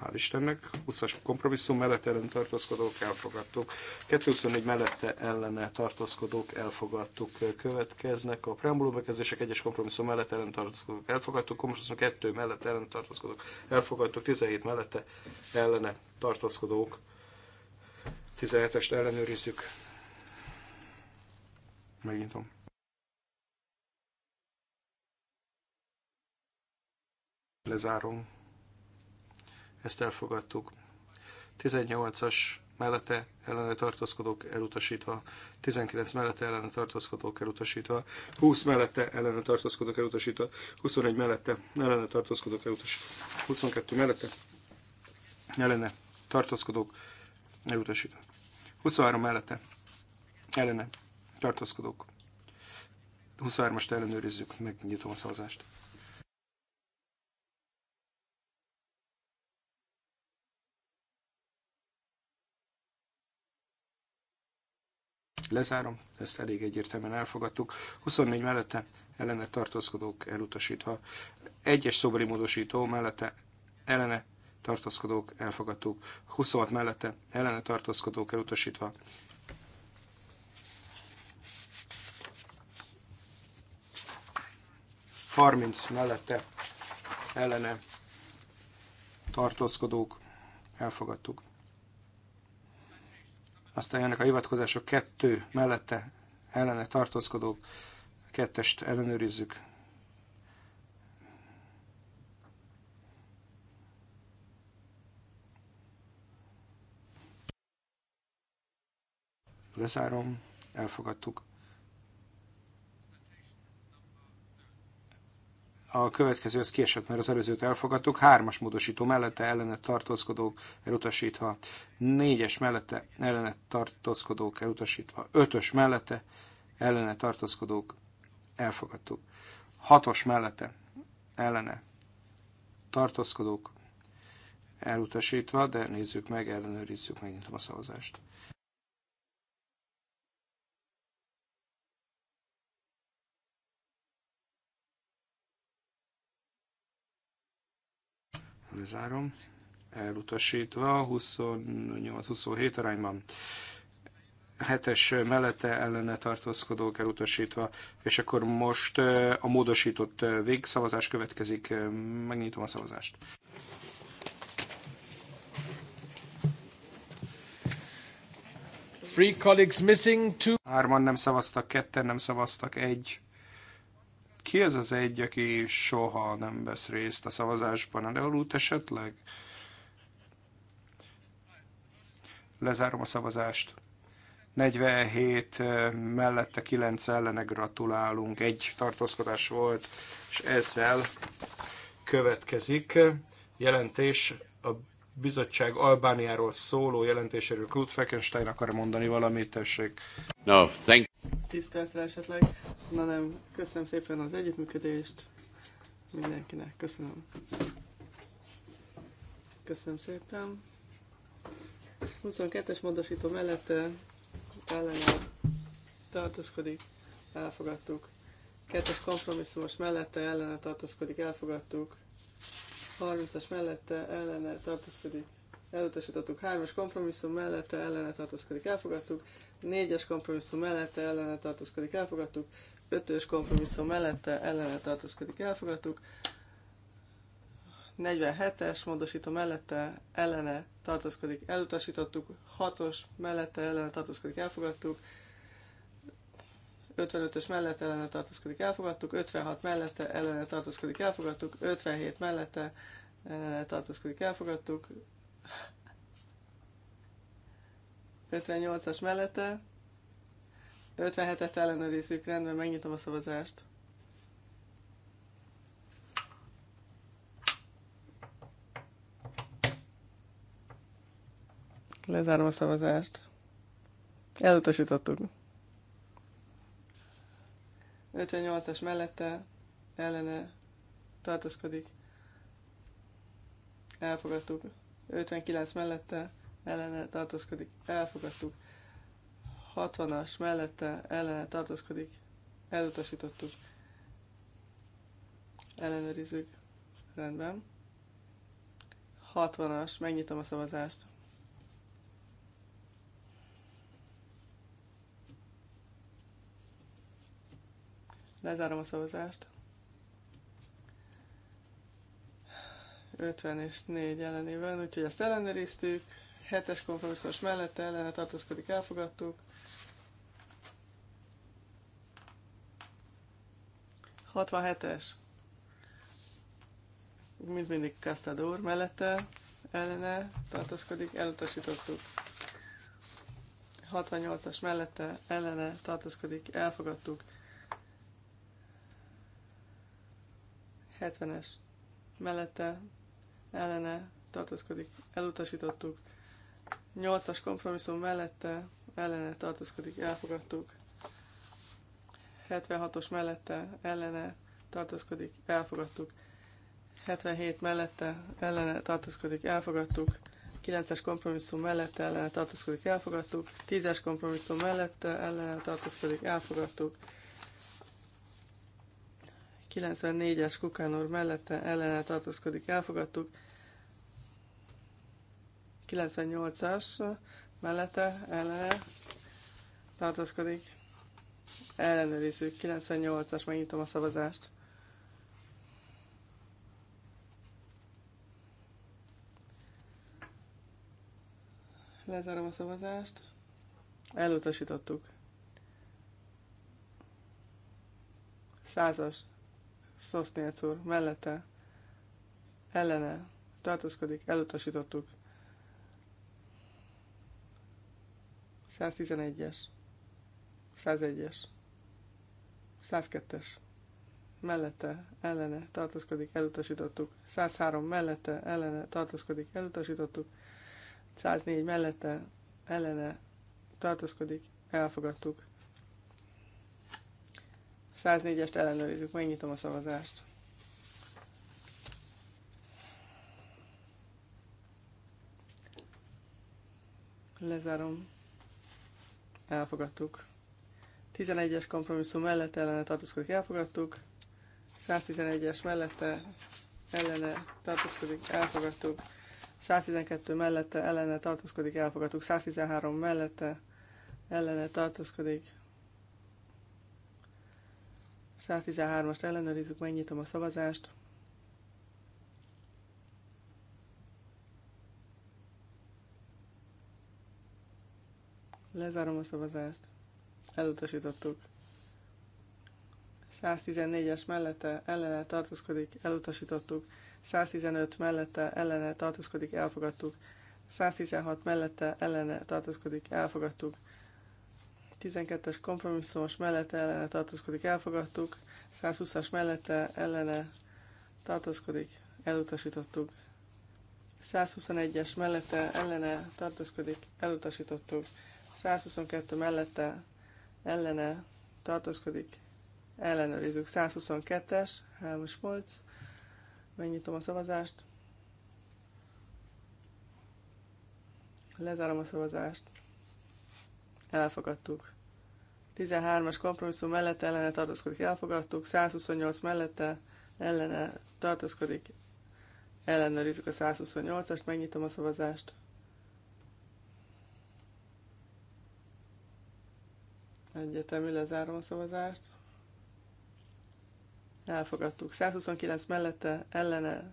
S1: hál' Istennek, 20-as kompromisszum mellett ellen tartózkodók elfogadtuk, 224 mellette ellene tartózkodók elfogadtuk, következnek a preambulum bekezdések, egyes kompromisszum mellett ellen tartózkodók elfogadtuk, kompromisszum 2 mellett ellen tartózkodók elfogadtuk, 17 mellette ellene tartózkodók, 17-est ellenőrizzük. Megnyitom. Lezárom ezt elfogadtuk. 18-as mellette ellene tartózkodók elutasítva, 19 mellette ellene tartózkodók elutasítva, 20 mellette ellene tartózkodók elutasítva, 21 mellette ellene tartózkodók elutasítva, 22 mellette ellene tartózkodók elutasítva, 23 mellette ellene tartózkodók. 23-ast ellenőrizzük, megnyitom a szavazást. lezárom, ezt elég egyértelműen elfogadtuk. 24 mellette ellene tartózkodók elutasítva. Egyes szobori módosító mellette ellene tartózkodók elfogadtuk. 26 mellette ellene tartózkodók elutasítva. Harminc mellette ellene tartózkodók elfogadtuk aztán jönnek a hivatkozások kettő mellette ellene tartózkodók, kettest ellenőrizzük. Lezárom, elfogadtuk. a következő az kiesett, mert az előzőt elfogadtuk. Hármas módosító mellette ellene tartózkodók elutasítva. Négyes mellette ellene tartózkodók elutasítva. Ötös mellette ellene tartózkodók elfogadtuk. Hatos mellette ellene tartózkodók elutasítva, de nézzük meg, ellenőrizzük, megnyitom a szavazást. lezárom, elutasítva, 28-27 arányban. 7-es mellette ellene tartózkodók elutasítva, és akkor most a módosított végszavazás következik, megnyitom a szavazást. Three colleagues missing, two. Hárman nem szavaztak, ketten nem szavaztak, egy. Ki ez az egy, aki soha nem vesz részt a szavazásban? A Revolut esetleg? Lezárom a szavazást. 47 mellette 9 ellene gratulálunk. Egy tartózkodás volt, és ezzel következik jelentés a Bizottság Albániáról szóló jelentéséről Klut Feckenstein akar mondani valamit, tessék.
S3: No, thank 10 percre esetleg. Na nem, köszönöm szépen az együttműködést mindenkinek. Köszönöm. Köszönöm szépen. 22-es módosító mellette ellene tartózkodik, elfogadtuk. Kettes kompromisszumos mellette ellene tartózkodik, elfogadtuk. 30-as mellette ellene tartózkodik, elutasítottuk. 3-as kompromisszum mellette ellene tartózkodik, elfogadtuk. 4-es kompromisszum mellette ellene tartózkodik, elfogadtuk. 5-ös kompromisszum mellette ellene tartózkodik, elfogadtuk. 47-es módosító mellette ellene tartózkodik, elutasítottuk. 6-os mellette ellene tartózkodik, elfogadtuk. 55-ös mellette ellene tartózkodik, elfogadtuk, 56 mellette ellene tartózkodik, elfogadtuk, 57 mellette ellene tartózkodik, elfogadtuk, 58-as mellette, 57-est ellenőrizzük, rendben, megnyitom a szavazást. Lezárom a szavazást. Elutasítottuk. 58-as mellette ellene tartózkodik. Elfogadtuk. 59 mellette ellene tartózkodik. Elfogadtuk. 60-as mellette ellene tartózkodik. Elutasítottuk. Ellenőrizzük. Rendben. 60-as. Megnyitom a szavazást. Lezárom a szavazást. 50 és 4 ellenében, úgyhogy ezt ellenőriztük. 7-es kompromisszumos mellette ellene tartózkodik, elfogadtuk. 67-es. Mint mindig Castador mellette ellene tartózkodik, elutasítottuk. 68-as mellette ellene tartózkodik, elfogadtuk. 70-es mellette ellene tartózkodik, elutasítottuk. 8-as kompromisszum mellette ellene tartózkodik, elfogadtuk. 76-os mellette ellene tartózkodik, elfogadtuk. 77 mellette ellene tartózkodik, elfogadtuk. 9-es kompromisszum mellette ellene tartózkodik, elfogadtuk. 10-es kompromisszum mellette ellene tartózkodik, elfogadtuk. 94-es Kukán úr mellette ellene tartózkodik, elfogadtuk. 98-as mellette ellene tartózkodik. Ellenőrizzük. 98-as, megnyitom a szavazást. Lezárom a szavazást. Elutasítottuk. Százas. Szosznyác úr, mellette, ellene, tartózkodik, elutasítottuk. 111-es, 101-es, 102-es, mellette, ellene, tartózkodik, elutasítottuk. 103 mellette, ellene, tartózkodik, elutasítottuk. 104 mellette, ellene, tartózkodik, elfogadtuk. 104-est ellenőrizzük, megnyitom a szavazást. Lezárom. Elfogadtuk. 11-es kompromisszum mellett ellene tartózkodik, elfogadtuk. 111-es mellette ellene tartózkodik, elfogadtuk. 112 mellette ellene tartózkodik, elfogadtuk. 113 mellette ellene tartózkodik, 113-ast ellenőrizzük, megnyitom a szavazást. Lezárom a szavazást. Elutasítottuk. 114-es mellette ellene tartózkodik, elutasítottuk. 115 mellette ellene tartózkodik, elfogadtuk. 116 mellette ellene tartózkodik, elfogadtuk. 12-es kompromisszumos mellette ellene tartózkodik, elfogadtuk. 120-as mellette ellene tartózkodik, elutasítottuk. 121-es mellette ellene tartózkodik, elutasítottuk. 122 mellette ellene tartózkodik, ellenőrizzük. 122-es, 3-as polc. Megnyitom a szavazást. Lezárom a szavazást elfogadtuk. 13-as kompromisszum mellette ellene tartózkodik, elfogadtuk. 128 mellette ellene tartózkodik, ellenőrizzük a 128-ast, megnyitom a szavazást. Egyetemű lezárom a szavazást. Elfogadtuk. 129 mellette ellene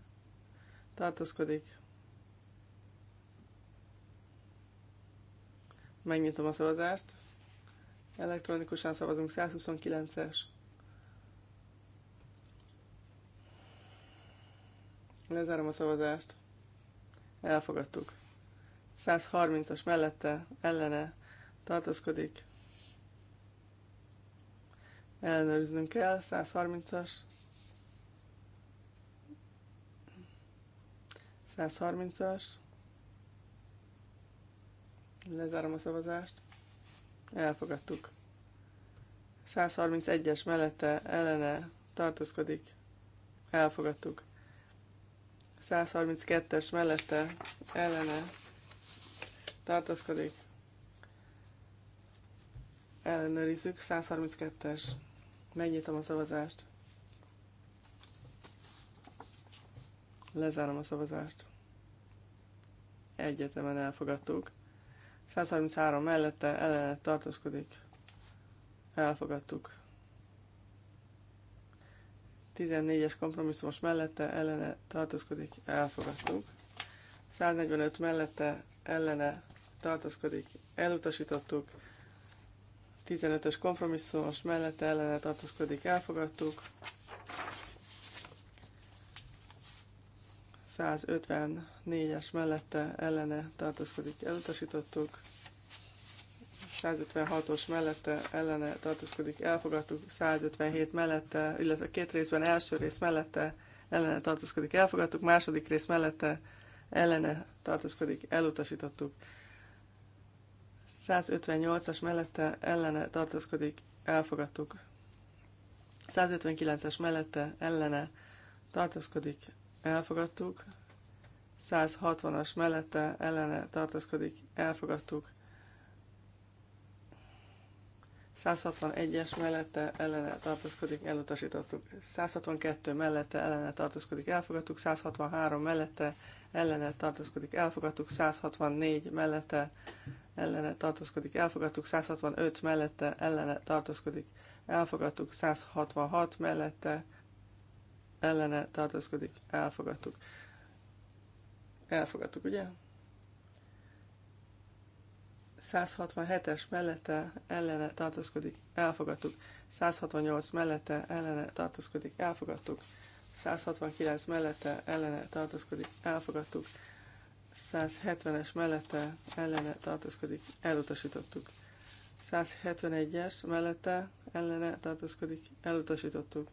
S3: tartózkodik. Megnyitom a szavazást. Elektronikusan szavazunk 129-es. Lezárom a szavazást. Elfogadtuk. 130-as mellette, ellene tartózkodik. Ellenőriznünk kell. 130-as. 130-as. Lezárom a szavazást. Elfogadtuk. 131-es mellette ellene tartózkodik. Elfogadtuk. 132-es mellette ellene tartózkodik. Ellenőrizzük. 132-es. Megnyitom a szavazást. Lezárom a szavazást. Egyetemen elfogadtuk. 133 mellette ellene tartózkodik. Elfogadtuk. 14-es kompromisszumos mellette ellene tartózkodik. Elfogadtuk. 145 mellette ellene tartózkodik. Elutasítottuk. 15-ös kompromisszumos mellette ellene tartózkodik. Elfogadtuk. 154-es mellette ellene tartózkodik, elutasítottuk. 156-os mellette ellene tartózkodik, elfogadtuk. 157 mellette, illetve két részben első rész mellette ellene tartózkodik, elfogadtuk. Második rész mellette ellene tartózkodik, elutasítottuk. 158-as mellette ellene tartózkodik, elfogadtuk. 159-es mellette ellene tartózkodik, elfogadtuk. 160-as mellette ellene tartózkodik, elfogadtuk. 161-es mellette ellene tartózkodik, elutasítottuk. 162 mellette ellene tartózkodik, elfogadtuk. 163 mellette ellene tartózkodik, elfogadtuk. 164 mellette ellene tartózkodik, elfogadtuk. 165 mellette ellene tartózkodik, elfogadtuk. 166 mellette ellene tartózkodik, elfogadtuk. Elfogadtuk, ugye? 167-es mellette ellene tartózkodik, elfogadtuk. 168 mellette ellene tartózkodik, elfogadtuk. 169 mellette ellene tartózkodik, elfogadtuk. 170-es mellette ellene tartózkodik, elutasítottuk. 171-es mellette ellene tartózkodik, elutasítottuk.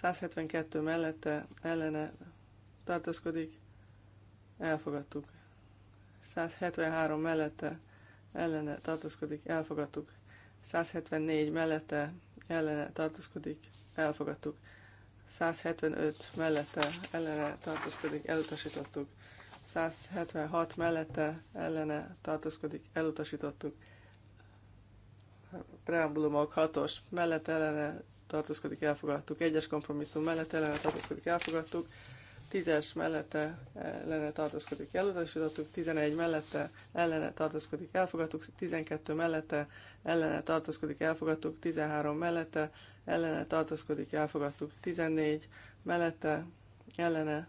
S3: 172 mellette ellene tartózkodik, elfogadtuk. 173 mellette ellene tartózkodik, elfogadtuk. 174 mellette ellene tartózkodik, elfogadtuk. 175 mellette ellene tartózkodik, elutasítottuk. 176 mellette ellene tartózkodik, elutasítottuk. Preambulumok 6-os mellette ellene tartózkodik, elfogadtuk. Egyes kompromisszum mellett ellene tartózkodik, elfogadtuk. Tízes mellette ellene tartózkodik, elutasítottuk. Tizenegy mellette ellene tartózkodik, elfogadtuk. Tizenkettő mellette ellene tartózkodik, elfogadtuk. Tizenhárom mellette ellene tartózkodik, elfogadtuk. Tizennégy mellette ellene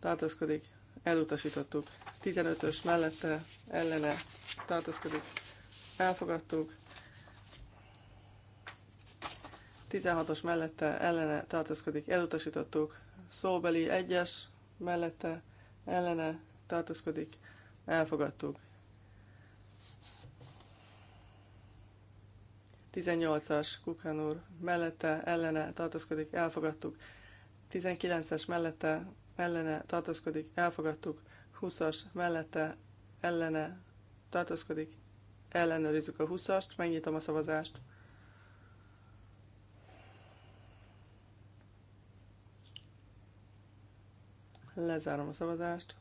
S3: tartózkodik, elutasítottuk. tizenötös mellette ellene tartózkodik, elfogadtuk. 16-os mellette ellene tartózkodik, elutasítottuk. Szóbeli 1-es mellette ellene tartózkodik, elfogadtuk. 18-as Kukan mellette ellene tartózkodik, elfogadtuk. 19-es mellette ellene tartózkodik, elfogadtuk. 20-as mellette ellene tartózkodik, ellenőrizzük a 20-ast, megnyitom a szavazást. Lezárom a szavazást.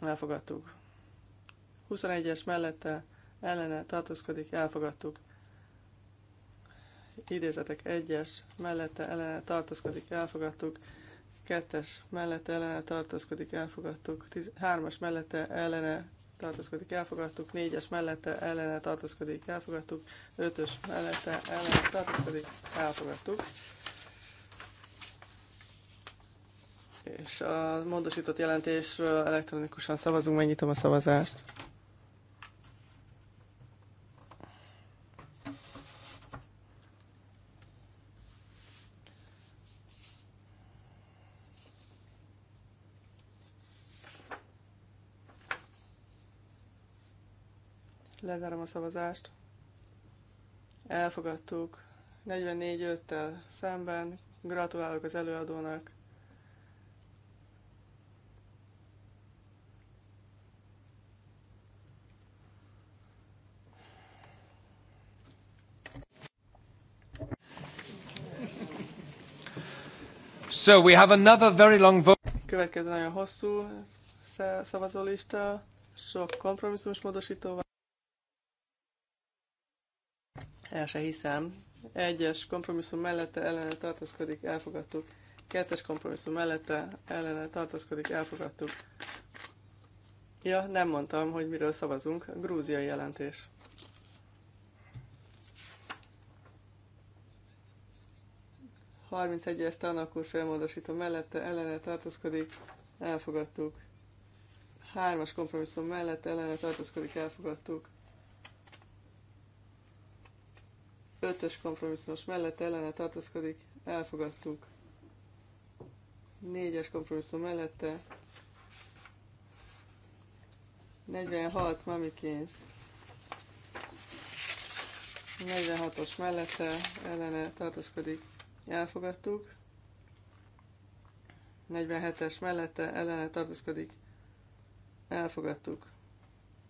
S3: Elfogadtuk. 21-es mellette ellene tartózkodik, elfogadtuk. Idézetek 1-es mellette ellene tartózkodik, elfogadtuk. 2-es mellette ellene tartózkodik, elfogadtuk. 3-as mellette ellene tartózkodik, elfogadtuk. 4-es mellette ellene tartózkodik, elfogadtuk. 5-ös mellette ellene tartózkodik, elfogadtuk. és a módosított jelentésről elektronikusan szavazunk, megnyitom a szavazást. Lezárom a szavazást. Elfogadtuk. 44-5-tel szemben. Gratulálok az előadónak.
S1: So we have another very
S2: long
S3: vote. Következő nagyon hosszú szavazólista, sok kompromisszumos módosítóval. El se hiszem. Egyes kompromisszum mellette ellene tartózkodik, elfogadtuk. Kettes kompromisszum mellette ellene tartózkodik, elfogadtuk. Ja, nem mondtam, hogy miről szavazunk. Grúziai jelentés. 31-es tannak felmódosító mellette ellene tartózkodik, elfogadtuk. 3-as kompromisszum mellette ellene tartózkodik, elfogadtuk. 5-ös kompromisszumos mellette ellene tartózkodik, elfogadtuk. 4-es kompromisszum mellette 46 mamikins. 46-os mellette ellene tartózkodik, elfogadtuk. 47-es mellette ellene tartozkodik, elfogadtuk.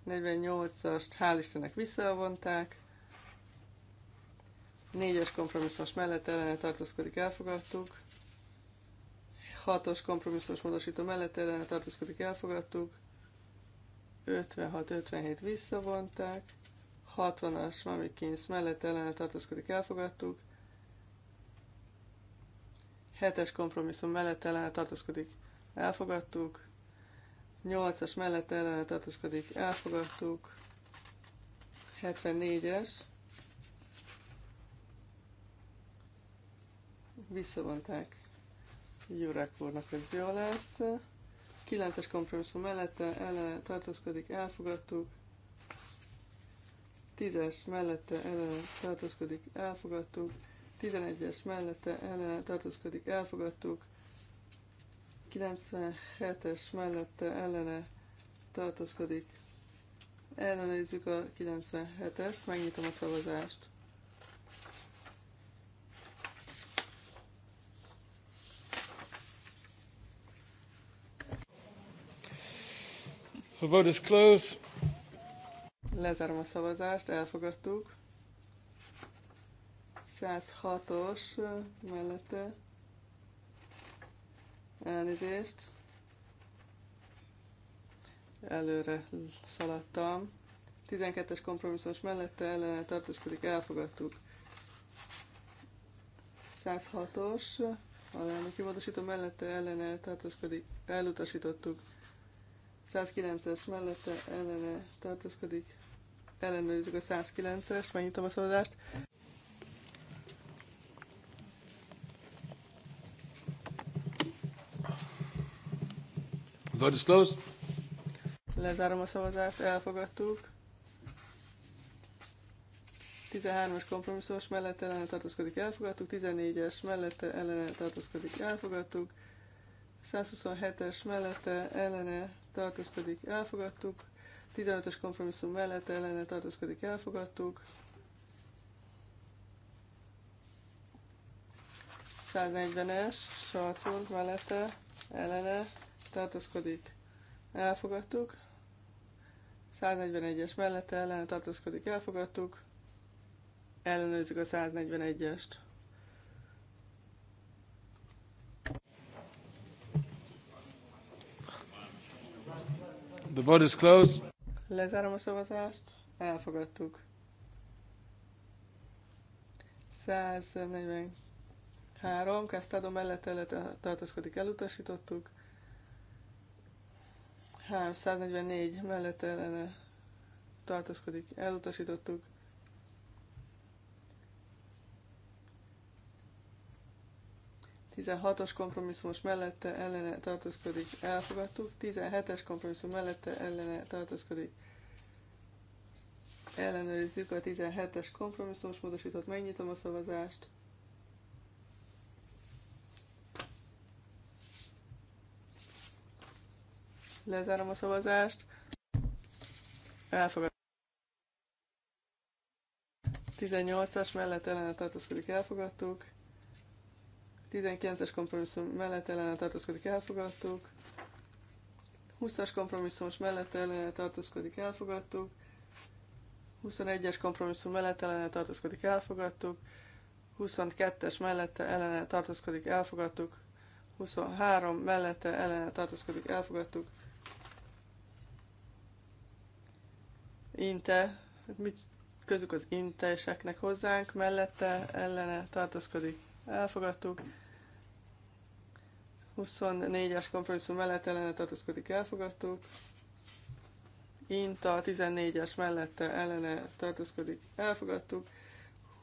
S3: 48-ast hál' Istennek visszavonták. 4-es kompromisszos mellett ellene tartózkodik, elfogadtuk. 6-os kompromisszos módosító mellett ellene tartózkodik, elfogadtuk. 56-57 visszavonták. 60-as Mami Kings mellett ellene tartózkodik, elfogadtuk. 7-es kompromisszum mellett ellene tartózkodik, elfogadtuk. 8-as mellett ellene tartózkodik, elfogadtuk. 74-es. Visszavonták. Jurek úrnak ez jó lesz. 9-es kompromisszum mellette ellene tartózkodik, elfogadtuk. 10-es mellette ellene tartózkodik, elfogadtuk. 11-es mellette ellene tartózkodik, elfogadtuk. 97-es mellette ellene tartózkodik. Ellenőrizzük a 97-est, megnyitom a szavazást.
S1: The vote is closed.
S3: Lezárom a szavazást, elfogadtuk. 106-os mellette elnézést. Előre szaladtam. 12-es kompromisszumos mellette ellen tartózkodik, elfogadtuk. 106-os, lelnöki módosító mellette ellene tartózkodik, elutasítottuk. 109-es mellette ellene tartózkodik, ellenőrizzük a 109-est, megnyitom a szavazást. Vote is closed. Lezárom a szavazást, elfogadtuk. 13-as kompromisszós mellette ellene tartózkodik, elfogadtuk. 14-es mellette ellene tartózkodik, elfogadtuk. 127-es mellette ellene tartózkodik, elfogadtuk. 15-ös kompromisszum mellette ellene tartózkodik, elfogadtuk. 140-es, sarcunk mellette, ellene tartózkodik, elfogadtuk. 141-es mellette ellen tartózkodik, elfogadtuk. Ellenőrzik a 141-est.
S1: The vote is closed.
S3: Lezárom a szavazást. Elfogadtuk. 143. Kesztádó mellett tartózkodik, elutasítottuk. 344 mellett ellene tartózkodik, elutasítottuk. Tizenhatos kompromisszumos mellette ellene tartózkodik, elfogadtuk. 17-es kompromisszum mellette ellene tartózkodik, ellenőrizzük a 17-es kompromisszumos módosított. megnyitom a szavazást. Lezárom a szavazást. Elfogadtuk. 18-as mellett ellene tartózkodik, elfogadtuk. 19-es kompromisszum mellett ellene tartózkodik, elfogadtuk. 20-as kompromisszumos mellett ellene tartózkodik, elfogadtuk. 21-es kompromisszum mellett ellene tartózkodik, elfogadtuk. 22-es mellette ellene tartózkodik, elfogadtuk. 23 mellette ellene tartózkodik, elfogadtuk. inte, hát mit közük az inteseknek hozzánk, mellette ellene tartózkodik. Elfogadtuk. 24-es kompromisszum mellette ellene tartózkodik, elfogadtuk. Inta 14-es mellette ellene tartózkodik, elfogadtuk.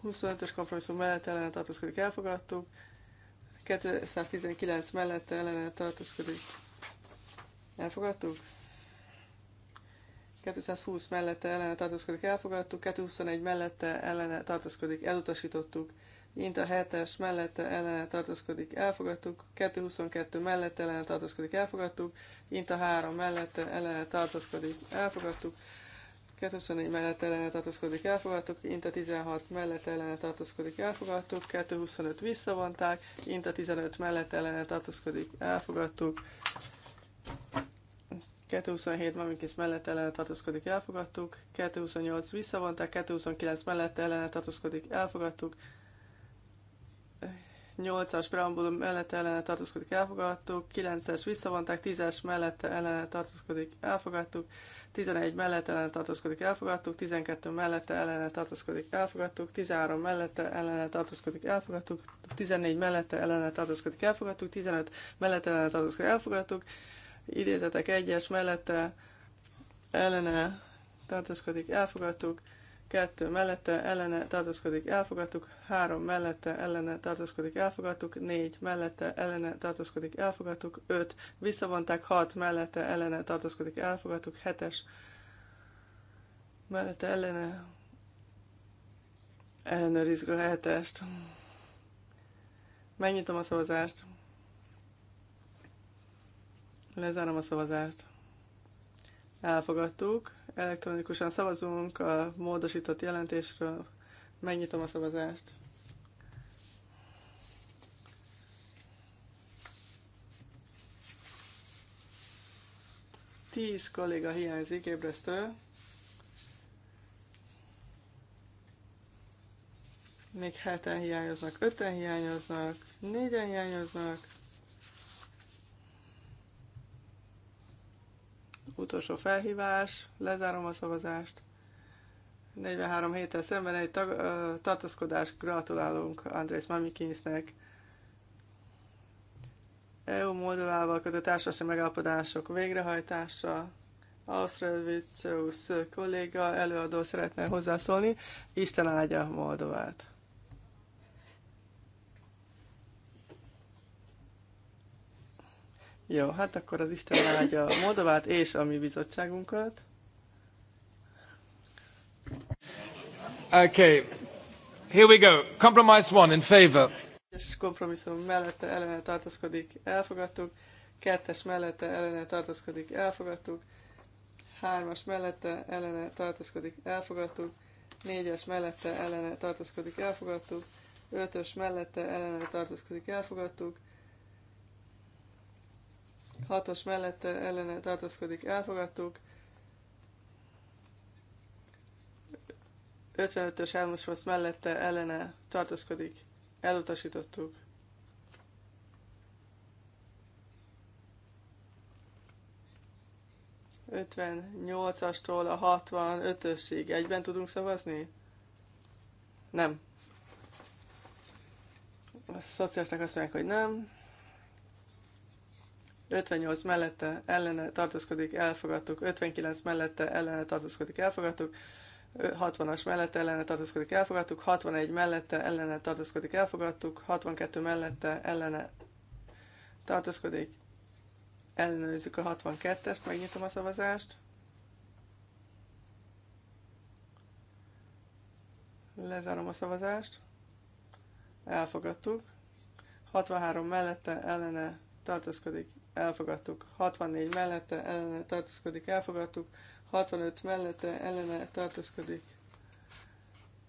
S3: 25-ös kompromisszum mellette, ellene tartózkodik, elfogadtuk. 219 mellette ellene tartózkodik, elfogadtuk. 220 mellette ellene tartózkodik, elfogadtuk. 221 mellette ellene tartózkodik, elutasítottuk. Int a 7-es mellette ellene tartózkodik, elfogadtuk. 222 mellette ellene tartózkodik, elfogadtuk. Int a 3 mellette ellene tartózkodik, elfogadtuk. 224 mellette ellene tartózkodik, elfogadtuk, Inta 16 mellette ellene tartózkodik, elfogadtuk, 225 visszavonták, Inta 15 mellette ellene tartózkodik, elfogadtuk, 227 Mamikis mellett ellene tartózkodik, elfogadtuk. 228 visszavonták, 229 mellett ellene tartózkodik, elfogadtuk. 8-as preambulum mellett ellene tartózkodik, elfogadtuk. 9-es visszavonták, 10-es mellett ellene tartózkodik, elfogadtuk. 11 mellett ellene tartózkodik, elfogadtuk. 12 mellette ellene tartózkodik, elfogadtuk. 13 mellette ellene tartózkodik, elfogadtuk. 14 mellette ellene tartózkodik, elfogadtuk. 15 mellette ellene tartózkodik, elfogadtuk idézetek egyes mellette ellene tartózkodik, elfogadtuk, kettő mellette ellene tartózkodik, elfogadtuk, három mellette ellene tartózkodik, elfogadtuk, négy mellette ellene tartózkodik, elfogadtuk, öt visszavonták, hat mellette ellene tartózkodik, elfogadtuk, hetes mellette ellene ellenőrizgő hetest. Megnyitom a szavazást. Lezárom a szavazást. Elfogadtuk. Elektronikusan szavazunk a módosított jelentésről. Megnyitom a szavazást. Tíz kolléga hiányzik, ébresztő. Még heten hiányoznak, öten hiányoznak, négyen hiányoznak. Utolsó felhívás, lezárom a szavazást. 43 héttel szemben egy tag, ö, tartózkodás. Gratulálunk Andrész Mamikinsnek. EU Moldovával kötött társasági megállapodások végrehajtása. Ausztravicius kolléga előadó szeretne hozzászólni. Isten áldja Moldovát! Jó, hát akkor az Isten áldja Moldovát és a mi bizottságunkat.
S1: Okay. Here we go. Compromise
S2: one in favor.
S3: És kompromisszum mellette ellene tartozkodik, elfogadtuk. Kettes mellette ellene tartozkodik, elfogadtuk. Hármas mellette ellene tartozkodik, elfogadtuk. Négyes mellette ellene tartozkodik, elfogadtuk. Ötös mellette ellene tartozkodik, elfogadtuk Hatos mellette ellene tartózkodik, elfogadtuk. 55-ös elmosvasz mellette ellene tartózkodik, elutasítottuk. Ötvennyolcastól a 65-ösig egyben tudunk szavazni? Nem. A szociálisták azt mondják, hogy nem. 58 mellette ellene tartózkodik, elfogadtuk. 59 mellette ellene tartózkodik, elfogadtuk. 60-as mellette ellene tartózkodik, elfogadtuk. 61 mellette ellene tartózkodik, elfogadtuk. 62 mellette ellene tartózkodik. Ellenőrizzük a 62-est, megnyitom a szavazást. Lezárom a szavazást. Elfogadtuk. 63 mellette ellene tartózkodik elfogadtuk. 64 mellette ellene tartózkodik, elfogadtuk. 65 mellette ellene tartózkodik.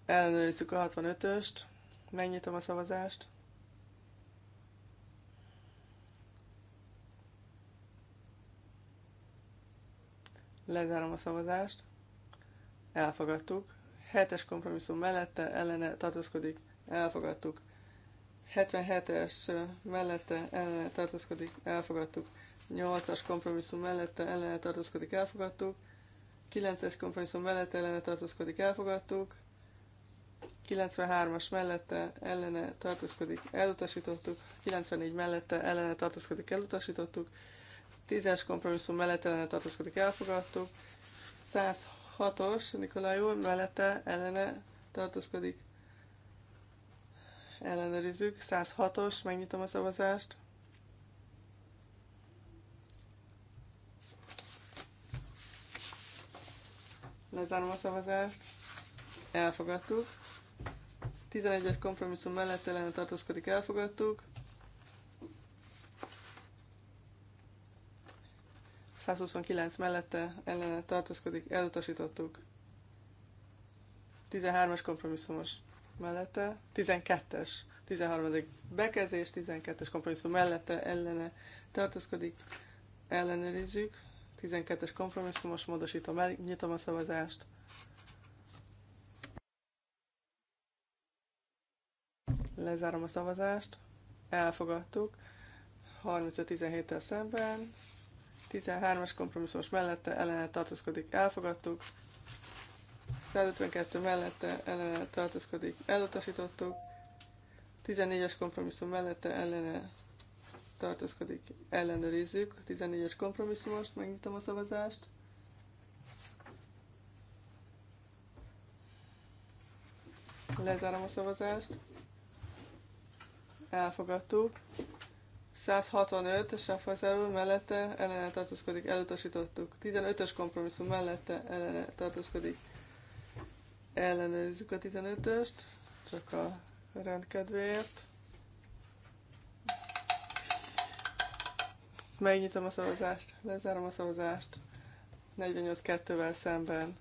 S3: Ellenőrizzük a 65-öst. Megnyitom a szavazást. Lezárom a szavazást. Elfogadtuk. 7-es kompromisszum mellette ellene tartózkodik. Elfogadtuk. 77-es mellette ellene tartózkodik, elfogadtuk. 8-as kompromisszum mellette ellene tartózkodik, elfogadtuk. 9-es kompromisszum mellette ellene tartózkodik, elfogadtuk. 93-as mellette ellene tartózkodik, elutasítottuk. 94 mellette ellene tartózkodik, elutasítottuk. 10-es kompromisszum mellette ellene tartózkodik, elfogadtuk. 106-os Nikolaj mellette ellene tartózkodik, ellenőrizzük. 106-os, megnyitom a szavazást. Lezárom a szavazást. Elfogadtuk. 11-es kompromisszum mellett ellene tartózkodik, elfogadtuk. 129 mellette ellene tartózkodik, elutasítottuk. 13-as kompromisszumos mellette, 12-es, 13. bekezés, 12-es kompromisszum mellette, ellene tartózkodik, ellenőrizzük, 12-es kompromisszumos módosítom, nyitom a szavazást. Lezárom a szavazást, elfogadtuk, 35-17-tel szemben, 13-as kompromisszumos mellette, ellene tartózkodik, elfogadtuk, 152 mellette ellene tartózkodik, elutasítottuk. 14-es kompromisszum mellette ellene tartózkodik, ellenőrizzük. 14-es kompromisszumost, megnyitom a szavazást. Lezárom a szavazást. Elfogadtuk. 165 Sáfazárul mellette ellene tartózkodik, elutasítottuk. 15-ös kompromisszum mellette ellene tartózkodik, ellenőrizzük a 15-öst, csak a rendkedvéért. Megnyitom a szavazást, lezárom a szavazást. 48-2-vel szemben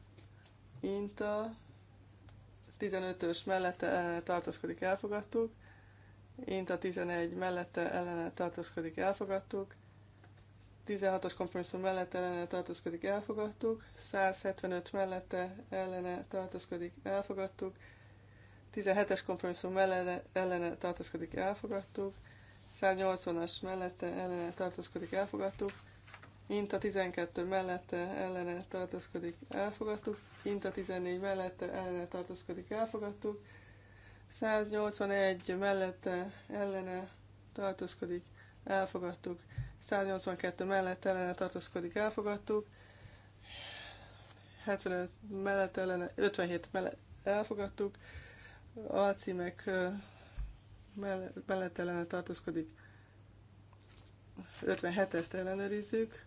S3: Inta, 15-ös mellette ellene tartózkodik, elfogadtuk. Inta 11 mellette ellene tartózkodik, elfogadtuk. 16-os kompromisszum mellette ellene tartózkodik, elfogadtuk. 175 mellette ellene tartózkodik, elfogadtuk. 17-es kompromisszum mellene, ellene tartózkodik, elfogadtuk. 180-as mellette ellene tartózkodik, elfogadtuk. Inta 12 mellette ellene tartózkodik, elfogadtuk. Inta 14 mellette ellene tartózkodik, elfogadtuk. 181 mellette ellene tartózkodik, elfogadtuk. 182 mellett ellene tartózkodik, elfogadtuk. 75 mellett ellene, 57 mellett elfogadtuk. Alcímek mellett ellene tartózkodik. 57-est ellenőrizzük.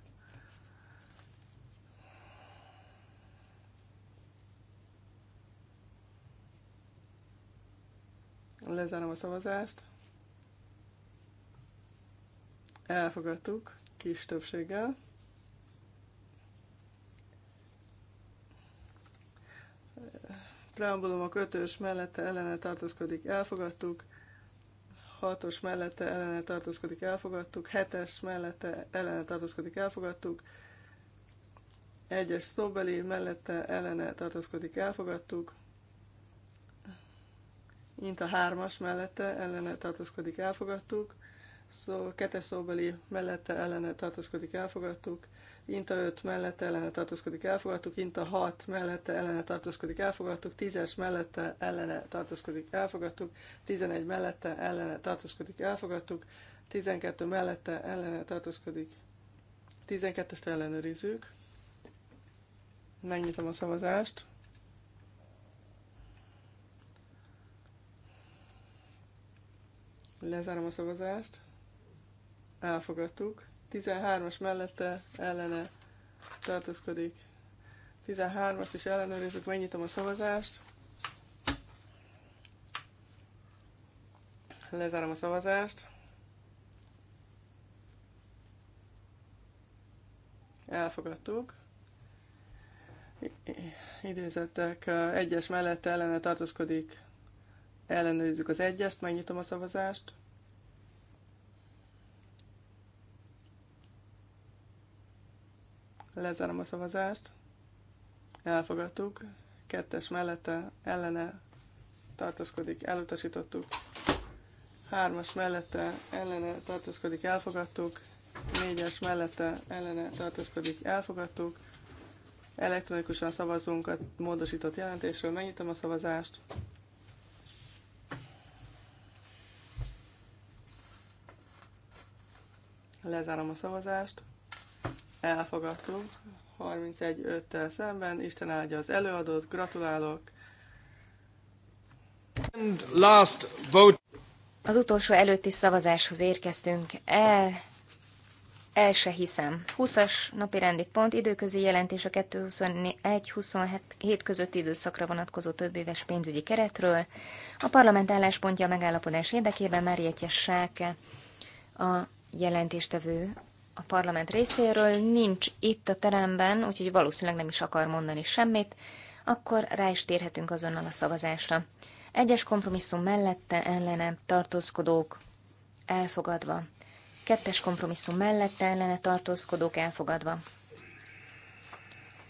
S3: Lezárom a szavazást. Elfogadtuk kis többséggel. Preambulum a kötős mellette ellene tartózkodik, elfogadtuk. 6-os mellette ellene tartózkodik, elfogadtuk. 7-es mellette ellene tartózkodik, elfogadtuk. 1-es szóbeli mellette ellene tartózkodik, elfogadtuk. Int a 3-as mellette ellene tartózkodik, elfogadtuk szó, kettes szóbeli mellette ellene tartózkodik, elfogadtuk. Inta 5 mellette ellene tartózkodik, elfogadtuk. Inta 6 mellette ellene tartózkodik, elfogadtuk. 10-es mellette ellene tartózkodik, elfogadtuk. 11 mellette ellene tartózkodik, elfogadtuk. 12 mellette ellene tartózkodik. 12-est ellenőrizzük. Megnyitom a szavazást. Lezárom a szavazást elfogadtuk. 13-as mellette ellene tartózkodik. 13-as is ellenőrizzük, megnyitom a szavazást. Lezárom a szavazást. Elfogadtuk. Idézettek, egyes mellette ellene tartózkodik. Ellenőrizzük az egyest, megnyitom a szavazást. Lezárom a szavazást. Elfogadtuk. Kettes mellette, ellene tartózkodik, elutasítottuk. Hármas mellette, ellene tartózkodik, elfogadtuk. Négyes mellette, ellene tartózkodik, elfogadtuk. Elektronikusan szavazunk a módosított jelentésről. Megnyitom a szavazást. Lezárom a szavazást elfogadtuk. 31-5-tel szemben. Isten áldja az előadót, gratulálok. And last vote.
S2: Az utolsó előtti szavazáshoz érkeztünk el. El se hiszem. 20-as napi rendi pont, időközi jelentés a 2021-27 közötti időszakra vonatkozó több éves pénzügyi keretről. A parlament álláspontja a megállapodás érdekében Marietje Sáke a jelentéstevő a parlament részéről, nincs itt a teremben, úgyhogy valószínűleg nem is akar mondani semmit, akkor rá is térhetünk azonnal a szavazásra. Egyes kompromisszum mellette ellene tartózkodók elfogadva. Kettes kompromisszum mellette ellene tartózkodók elfogadva.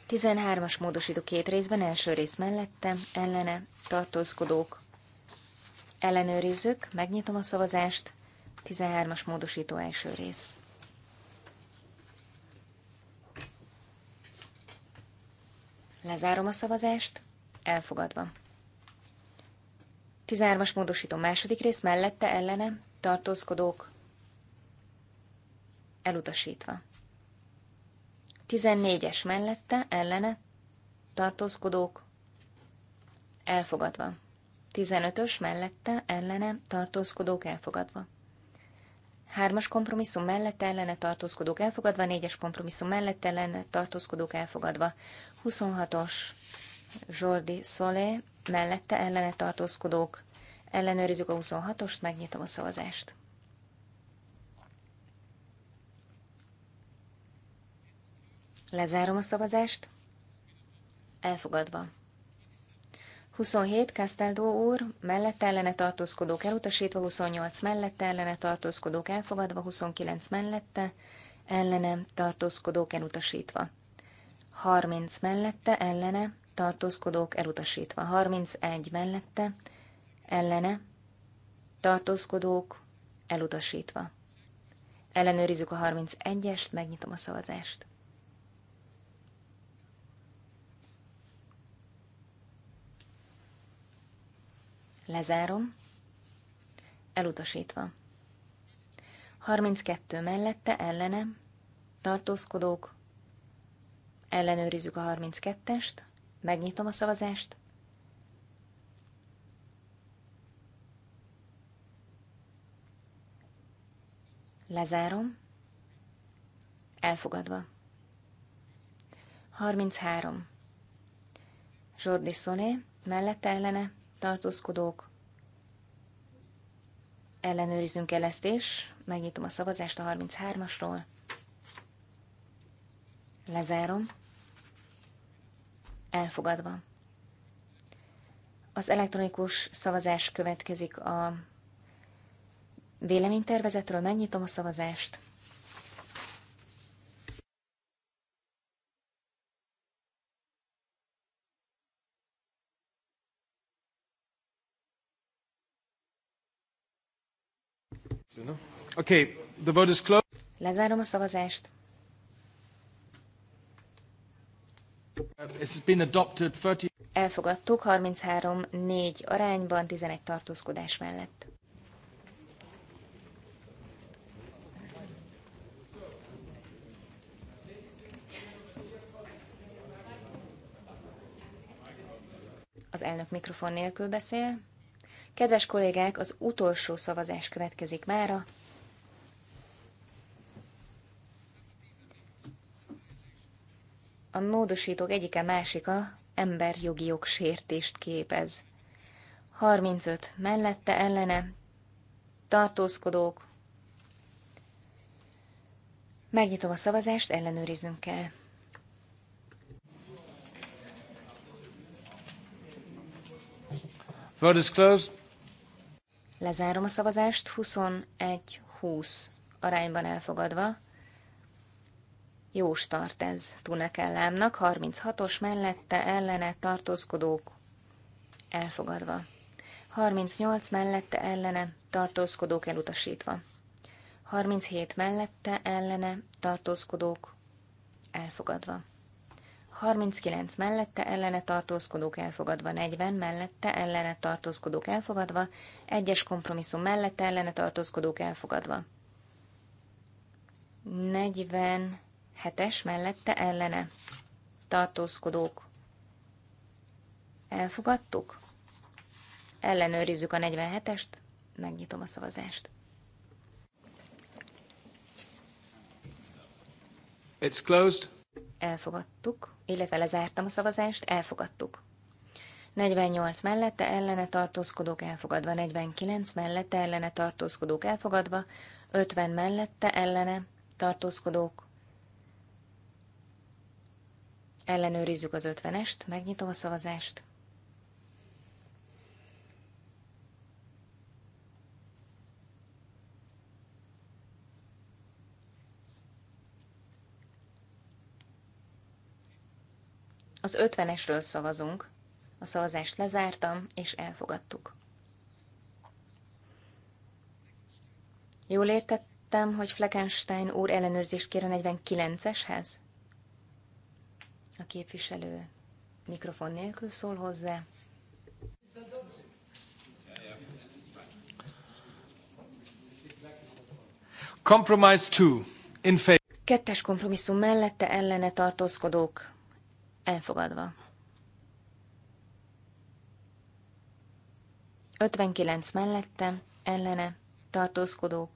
S2: 13-as módosító két részben, első rész mellette, ellene, tartózkodók. Ellenőrizzük, megnyitom a szavazást, 13-as módosító első rész. Lezárom a szavazást. Elfogadva. 13-as módosító második rész mellette ellene tartózkodók elutasítva. 14-es mellette ellene tartózkodók elfogadva. 15-ös mellette ellene tartózkodók elfogadva. 3-as kompromisszum mellette ellene tartózkodók elfogadva, 4-es kompromisszum mellette ellene tartózkodók elfogadva. 26-os Jordi Solé mellette ellene tartózkodók. Ellenőrizzük a 26-ost, megnyitom a szavazást. Lezárom a szavazást. Elfogadva. 27 Castaldo úr, mellette ellene tartózkodók elutasítva, 28 mellette ellene tartózkodók elfogadva, 29 mellette ellene tartózkodók elutasítva. 30 mellette, ellene, tartózkodók elutasítva. 31 mellette, ellene, tartózkodók elutasítva. Ellenőrizzük a 31-est, megnyitom a szavazást. Lezárom. Elutasítva. 32 mellette, ellene, tartózkodók Ellenőrizzük a 32-est. Megnyitom a szavazást. Lezárom. Elfogadva. 33. Jordi Soné, mellette ellene, tartózkodók. Ellenőrizzünk elesztés, Megnyitom a szavazást a 33-asról. Lezárom. Elfogadva. Az elektronikus szavazás következik a véleménytervezetről. Megnyitom a szavazást.
S1: Okay, the vote is closed.
S2: Lezárom a szavazást. Elfogadtuk 33-4 arányban, 11 tartózkodás mellett. Az elnök mikrofon nélkül beszél. Kedves kollégák, az utolsó szavazás következik mára. a módosítók egyike másika emberjogi jogsértést képez. 35 mellette ellene tartózkodók. Megnyitom a szavazást, ellenőriznünk kell.
S1: Vote is closed.
S2: Lezárom a szavazást 21-20 arányban elfogadva. Jó start ez Tunekellámnak, 36-os mellette ellene tartózkodók elfogadva. 38 mellette ellene tartózkodók elutasítva. 37 mellette ellene tartózkodók elfogadva. 39 mellette ellene tartózkodók elfogadva, 40 mellette ellene tartózkodók elfogadva, egyes kompromisszum mellette ellene tartózkodók elfogadva. 40 hetes mellette ellene tartózkodók. Elfogadtuk? Ellenőrizzük a 47-est, megnyitom a szavazást.
S1: It's closed.
S2: Elfogadtuk, illetve lezártam a szavazást, elfogadtuk. 48 mellette ellene tartózkodók elfogadva, 49 mellette ellene tartózkodók elfogadva, 50 mellette ellene tartózkodók Ellenőrizzük az ötvenest, megnyitom a szavazást. Az ötvenesről szavazunk. A szavazást lezártam, és elfogadtuk. Jól értettem, hogy Fleckenstein úr ellenőrzést kér a 49-eshez? A képviselő mikrofon nélkül szól hozzá.
S1: Compromise two. In favor.
S2: Kettes kompromisszum mellette ellene tartózkodók elfogadva. 59 mellette ellene tartózkodók.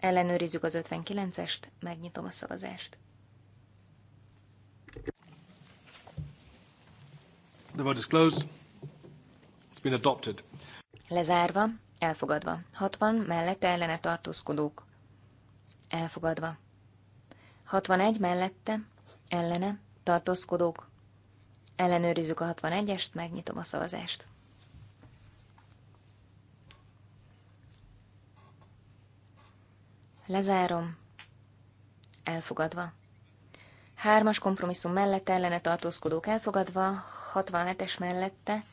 S2: Ellenőrizzük az 59-est, megnyitom a szavazást.
S1: The vote is closed. It's been adopted.
S2: Lezárva, elfogadva. 60 mellette ellene tartózkodók. Elfogadva. 61 mellette ellene tartózkodók. Ellenőrizzük a 61-est, megnyitom a szavazást. Lezárom. Elfogadva. Hármas kompromisszum mellett ellene tartózkodók elfogadva, 67-es mellette,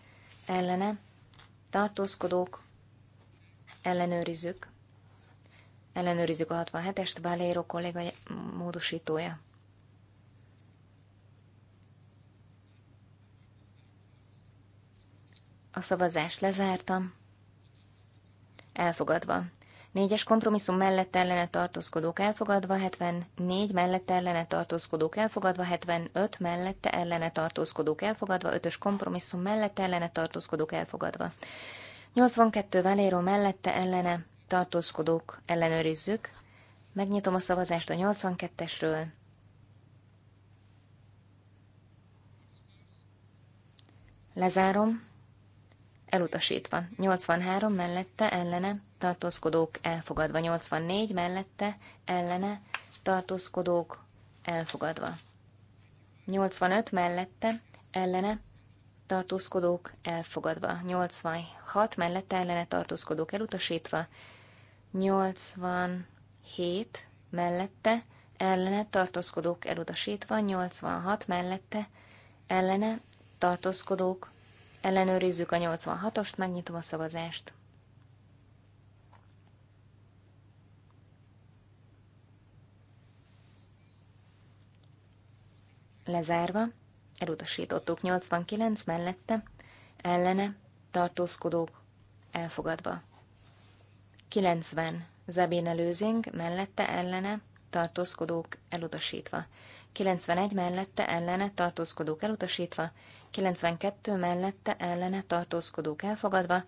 S2: ellene, tartózkodók, ellenőrizzük. Ellenőrizzük a 67-est, Báléró kolléga módosítója. A szavazást lezártam. Elfogadva. 4-es kompromisszum mellett ellene tartózkodók elfogadva, 74 mellett ellene tartózkodók elfogadva, 75 mellette ellene tartózkodók elfogadva, 5-ös kompromisszum mellett ellene tartózkodók elfogadva. 82 Valero mellette ellene tartózkodók ellenőrizzük. Megnyitom a szavazást a 82-esről. Lezárom elutasítva. 83 mellette ellene tartózkodók elfogadva. 84 mellette ellene tartózkodók elfogadva. 85 mellette ellene tartózkodók elfogadva. 86 mellette ellene tartózkodók elutasítva. 87 mellette ellene tartózkodók elutasítva. 86 mellette ellene tartózkodók Ellenőrizzük a 86-ost, megnyitom a szavazást. Lezárva, elutasítottuk 89 mellette, ellene, tartózkodók, elfogadva. 90. Zebén előzénk, mellette, ellene, tartózkodók, elutasítva. 91 mellette, ellene, tartózkodók, elutasítva. 92 mellette ellene tartózkodók elfogadva,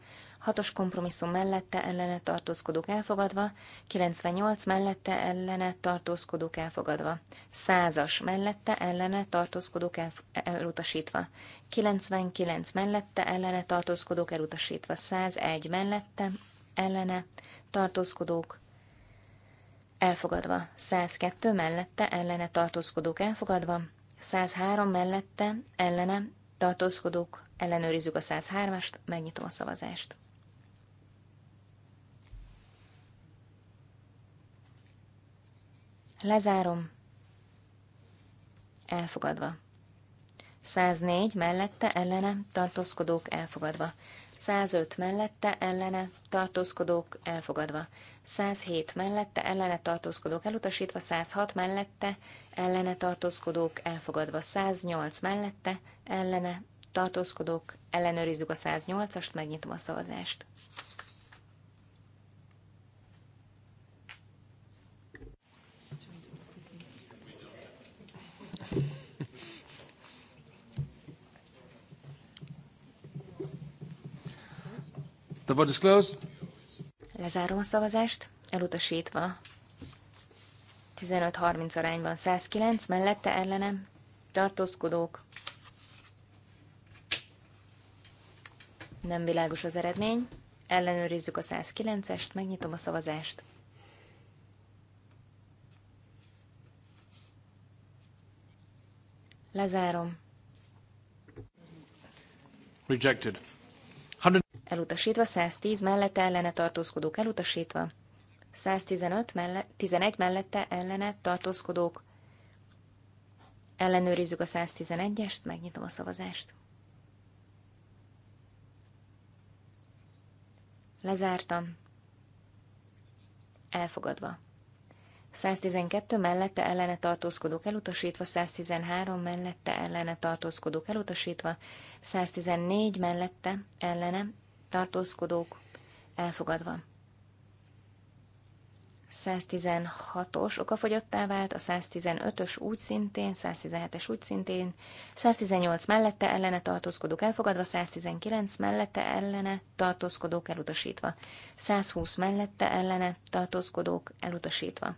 S2: 6-os kompromisszum mellette ellene tartózkodók elfogadva, 98 mellette ellene tartózkodók elfogadva, 100-as mellette ellene tartózkodók el, elutasítva, 99 mellette ellene tartózkodók elutasítva, 101 mellette ellene tartózkodók elfogadva, 102 mellette ellene tartózkodók elfogadva, 103 mellette ellene tartózkodók, ellenőrizzük a 103-ast, megnyitom a szavazást. Lezárom. Elfogadva. 104 mellette ellene tartózkodók elfogadva. 105 mellette ellene tartózkodók elfogadva. 107 mellette ellene tartózkodók elutasítva, 106 mellette ellene tartózkodók elfogadva, 108 mellette ellene tartózkodók ellenőrizzük a 108-ast, megnyitom a szavazást.
S1: The vote is closed.
S2: Lezárom a szavazást, elutasítva 15-30 arányban 109, mellette ellenem tartózkodók. Nem világos az eredmény. Ellenőrizzük a 109-est, megnyitom a szavazást. Lezárom. Rejected elutasítva, 110 mellette ellene tartózkodók elutasítva, 115 mellett, 11 mellette ellene tartózkodók. Ellenőrizzük a 111-est, megnyitom a szavazást. Lezártam. Elfogadva. 112 mellette ellene tartózkodók elutasítva, 113 mellette ellene tartózkodók elutasítva, 114 mellette ellene tartózkodók elfogadva. 116-os okafogyottá vált, a 115-ös úgy szintén, 117-es úgy szintén, 118 mellette ellene tartózkodók elfogadva, 119 mellette ellene tartózkodók elutasítva, 120 mellette ellene tartózkodók elutasítva.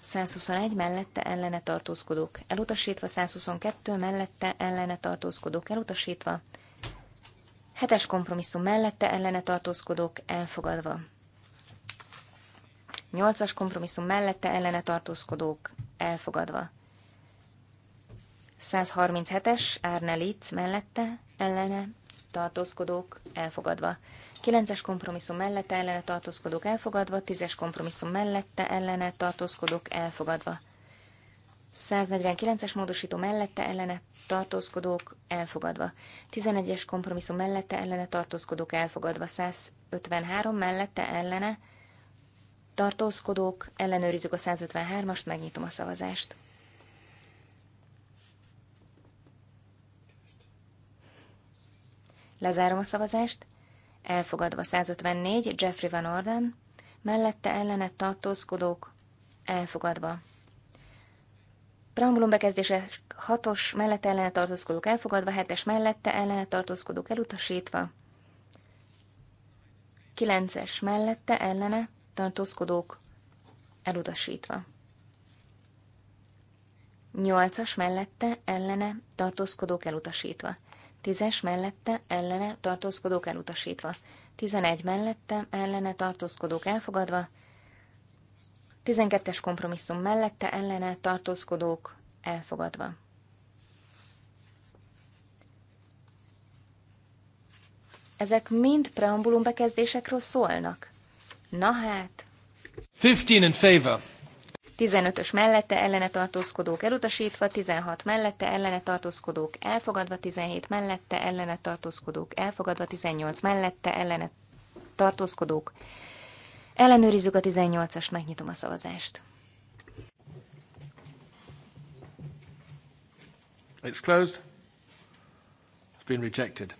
S2: 121 mellette ellene tartózkodók elutasítva, 122 mellette ellene tartózkodók elutasítva, Hetes kompromisszum mellette ellene tartózkodók elfogadva. Nyolcas kompromisszum mellette ellene tartózkodók elfogadva. 137-es Árne mellette ellene tartózkodók elfogadva. 9-es kompromisszum mellette ellene tartózkodók elfogadva, 10-es kompromisszum mellette ellene tartózkodók elfogadva. 149-es módosító mellette ellene tartózkodók elfogadva. 11-es kompromisszum mellette ellene tartózkodók elfogadva. 153 mellette ellene tartózkodók, ellenőrizzük a 153-ast, megnyitom a szavazást. Lezárom a szavazást. Elfogadva 154, Jeffrey Van Orden, mellette ellene tartózkodók, elfogadva Preambulum bekezdése 6-os mellette ellene tartózkodók elfogadva, 7-es mellette ellene tartózkodók elutasítva, 9-es mellette ellene tartózkodók elutasítva. 8-as mellette ellene tartózkodók elutasítva. 10-es mellette ellene tartózkodók elutasítva. 11 mellette ellene tartózkodók elfogadva. 12-es kompromisszum mellette ellene tartózkodók elfogadva. Ezek mind preambulum bekezdésekről szólnak. Na hát. 15 15-ös mellette ellene tartózkodók elutasítva, 16 mellette ellene tartózkodók elfogadva, 17 mellette ellene tartózkodók elfogadva, 18 mellette ellene tartózkodók elfogadva Ellenőrizzük a 18 as megnyitom a szavazást.
S3: It's closed. It's been rejected.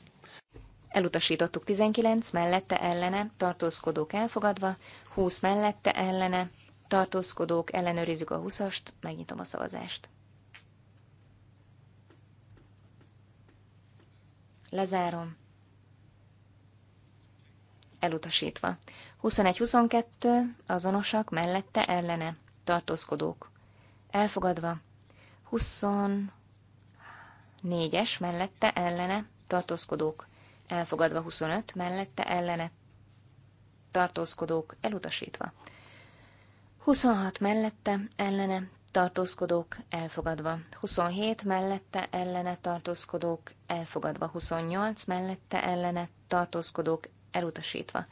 S2: Elutasítottuk 19 mellette ellene, tartózkodók elfogadva, 20 mellette ellene, tartózkodók ellenőrizzük a 20-ast, megnyitom a szavazást. Lezárom elutasítva. 21-22 azonosak mellette ellene tartózkodók. Elfogadva. 24-es mellette ellene tartózkodók. Elfogadva 25 mellette ellene tartózkodók elutasítva. 26 mellette ellene tartózkodók elfogadva, 27 mellette ellene tartózkodók elfogadva, 28 mellette ellene tartózkodók elutasítva.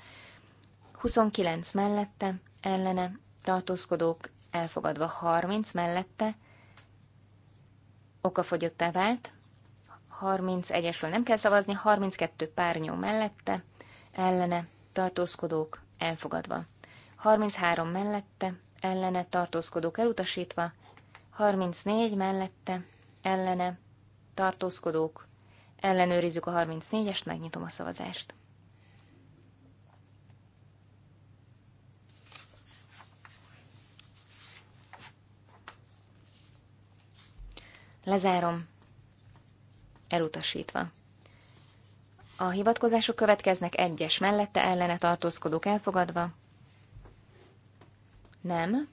S2: 29 mellette, ellene, tartózkodók elfogadva 30 mellette, okafogyottá vált, 31-esről nem kell szavazni, 32 párnyó mellette, ellene, tartózkodók elfogadva. 33 mellette, ellene, tartózkodók elutasítva, 34 mellette, ellene, tartózkodók, ellenőrizzük a 34-est, megnyitom a szavazást. Lezárom. Elutasítva. A hivatkozások következnek egyes mellette ellene tartózkodók elfogadva. Nem.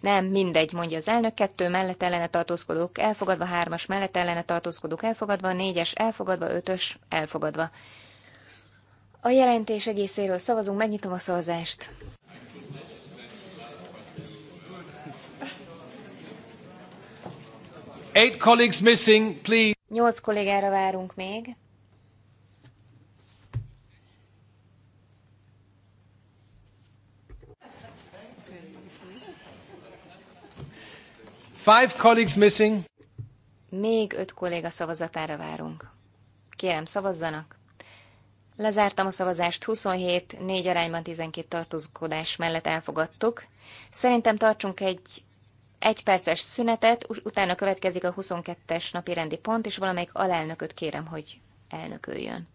S2: Nem, mindegy, mondja az elnök. Kettő mellett ellene tartózkodók elfogadva, hármas mellett ellene tartózkodók elfogadva, négyes elfogadva, ötös elfogadva. A jelentés egészéről szavazunk, megnyitom a szavazást.
S1: Eight colleagues missing, please.
S2: Nyolc kollégára várunk még.
S1: Five colleagues missing.
S2: Még öt kolléga szavazatára várunk. Kérem, szavazzanak. Lezártam a szavazást 27, 4 arányban 12 tartózkodás mellett elfogadtuk. Szerintem tartsunk egy egy perces szünetet, utána következik a 22-es napi rendi pont, és valamelyik alelnököt kérem, hogy elnököljön.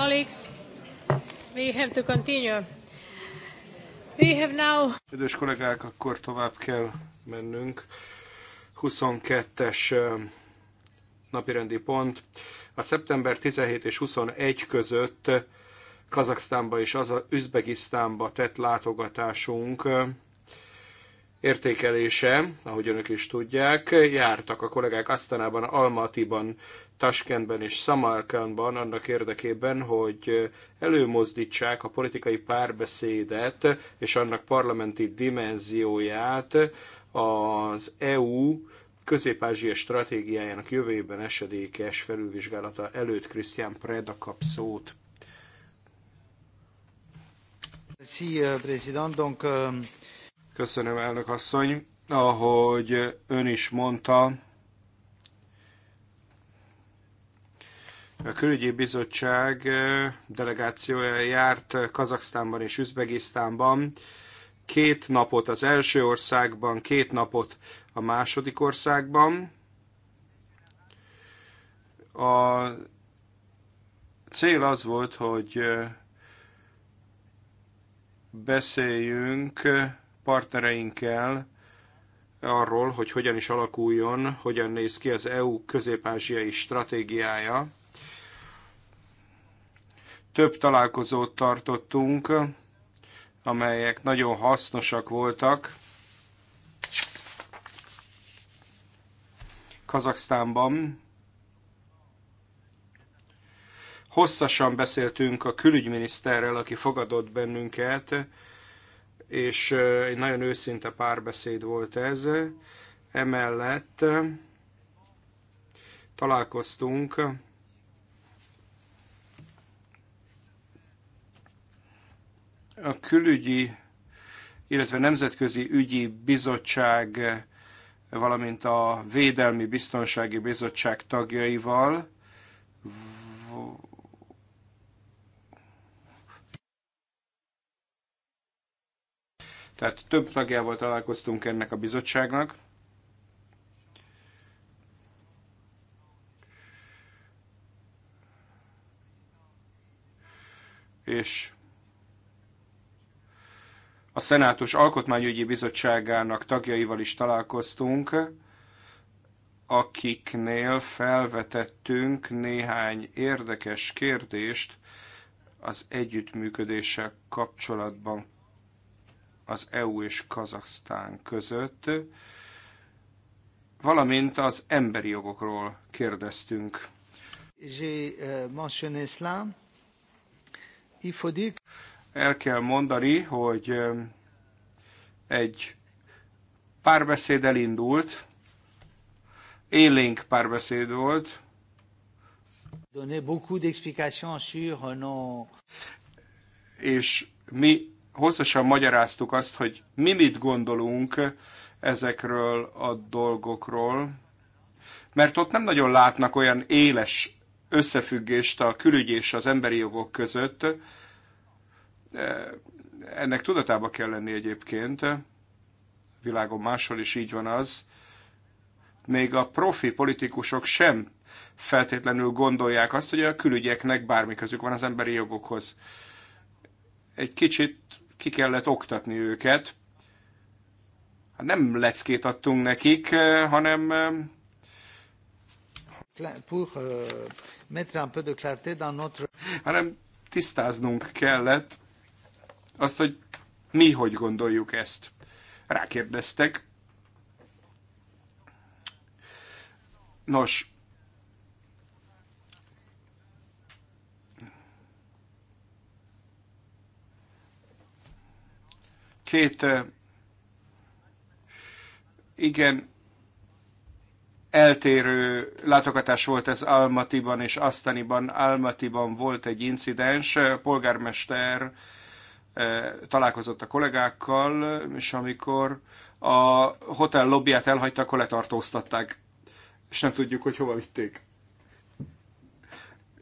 S3: colleagues, we have to continue. We have now...
S1: Kedves kollégák, akkor tovább kell mennünk. 22-es napirendi pont. A szeptember 17 és 21 között Kazaksztánba és az Üzbegisztánba tett látogatásunk értékelése, ahogy önök is tudják, jártak a kollégák Asztanában, Almatiban, Taskentben és Samarkandban annak érdekében, hogy előmozdítsák a politikai párbeszédet és annak parlamenti dimenzióját az EU közép-ázsia stratégiájának jövőjében esedékes felülvizsgálata előtt Krisztián Preda kap szót. Merci, euh, président. Donc, euh... Köszönöm, elnök asszony. Ahogy ön is mondta, A külügyi bizottság eh, delegációja járt Kazaksztánban és Üzbegisztánban. Két napot az első országban, két napot a második országban. A cél az volt, hogy eh, beszéljünk partnereinkkel arról, hogy hogyan is alakuljon, hogyan néz ki az EU közép-ázsiai stratégiája. Több találkozót tartottunk, amelyek nagyon hasznosak voltak. Kazaksztánban hosszasan beszéltünk a külügyminiszterrel, aki fogadott bennünket, és egy nagyon őszinte párbeszéd volt ez. Emellett találkoztunk a külügyi, illetve nemzetközi ügyi bizottság, valamint a Védelmi Biztonsági Bizottság tagjaival Tehát több tagjával találkoztunk ennek a bizottságnak. És a Szenátus Alkotmányügyi Bizottságának tagjaival is találkoztunk, akiknél felvetettünk néhány érdekes kérdést az együttműködéssel kapcsolatban az EU és Kazahsztán között, valamint az emberi jogokról kérdeztünk. Euh, El kell mondani, hogy euh, egy párbeszéd elindult, élénk párbeszéd volt.
S3: Donné beaucoup d'explications sur nos...
S1: És mi hosszasan magyaráztuk azt, hogy mi mit gondolunk ezekről a dolgokról, mert ott nem nagyon látnak olyan éles összefüggést a külügy és az emberi jogok között. E, ennek tudatába kell lenni egyébként, világon máshol is így van az, még a profi politikusok sem feltétlenül gondolják azt, hogy a külügyeknek bármi közük van az emberi jogokhoz. Egy kicsit ki kellett oktatni őket. Hát nem leckét adtunk nekik, eh, hanem eh,
S3: pour euh,
S2: mettre un peu de clarté dans notre... hanem
S1: tisztáznunk kellett azt, hogy mi hogy gondoljuk ezt. Rákérdeztek. Nos, Két igen eltérő látogatás volt ez Almatiban és Asztaniban. Almatiban volt egy incidens, polgármester találkozott a kollégákkal, és amikor a hotel lobbyát elhagyta, akkor letartóztatták, és nem tudjuk, hogy hova vitték.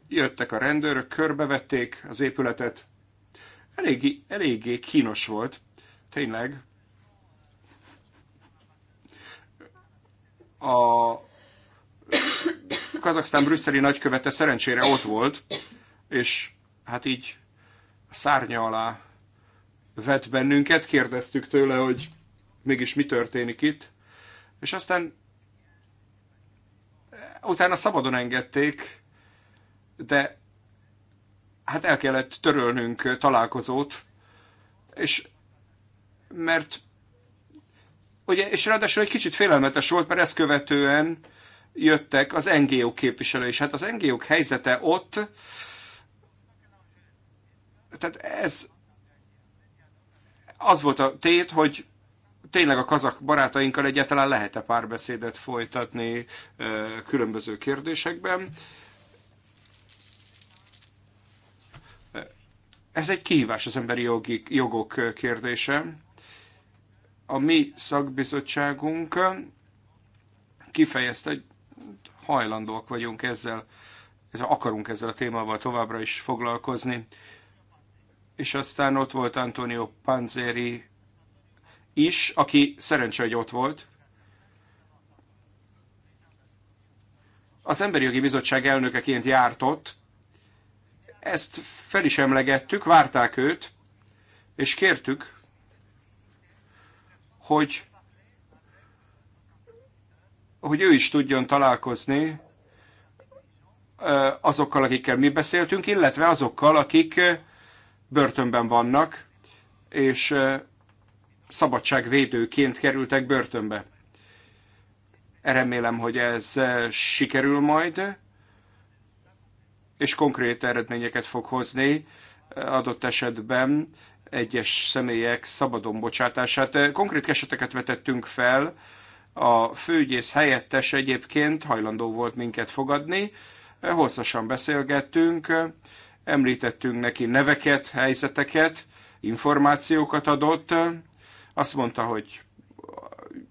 S1: Jöttek a rendőrök, körbevették az épületet. Eléggé, eléggé kínos volt tényleg a Kazaksztán brüsszeli nagykövete szerencsére ott volt, és hát így szárnya alá vett bennünket, kérdeztük tőle, hogy mégis mi történik itt, és aztán utána szabadon engedték, de hát el kellett törölnünk találkozót, és mert ugye, és ráadásul egy kicsit félelmetes volt, mert ezt követően jöttek az NGO képviselői, és hát az NGO-k helyzete ott, tehát ez az volt a tét, hogy tényleg a kazak barátainkkal egyáltalán lehet-e párbeszédet folytatni különböző kérdésekben. Ez egy kihívás az emberi jogi, jogok kérdése a mi szakbizottságunk kifejezte, hogy hajlandóak vagyunk ezzel, akarunk ezzel a témával továbbra is foglalkozni. És aztán ott volt Antonio Panzeri is, aki szerencsé, hogy ott volt. Az Emberi Jogi Bizottság elnökeként járt ott, ezt fel is emlegettük, várták őt, és kértük, hogy, hogy ő is tudjon találkozni azokkal, akikkel mi beszéltünk, illetve azokkal, akik börtönben vannak, és szabadságvédőként kerültek börtönbe. Remélem, hogy ez sikerül majd, és konkrét eredményeket fog hozni adott esetben egyes személyek szabadon bocsátását. Konkrét eseteket vetettünk fel, a főügyész helyettes egyébként hajlandó volt minket fogadni, hosszasan beszélgettünk, említettünk neki neveket, helyzeteket, információkat adott, azt mondta, hogy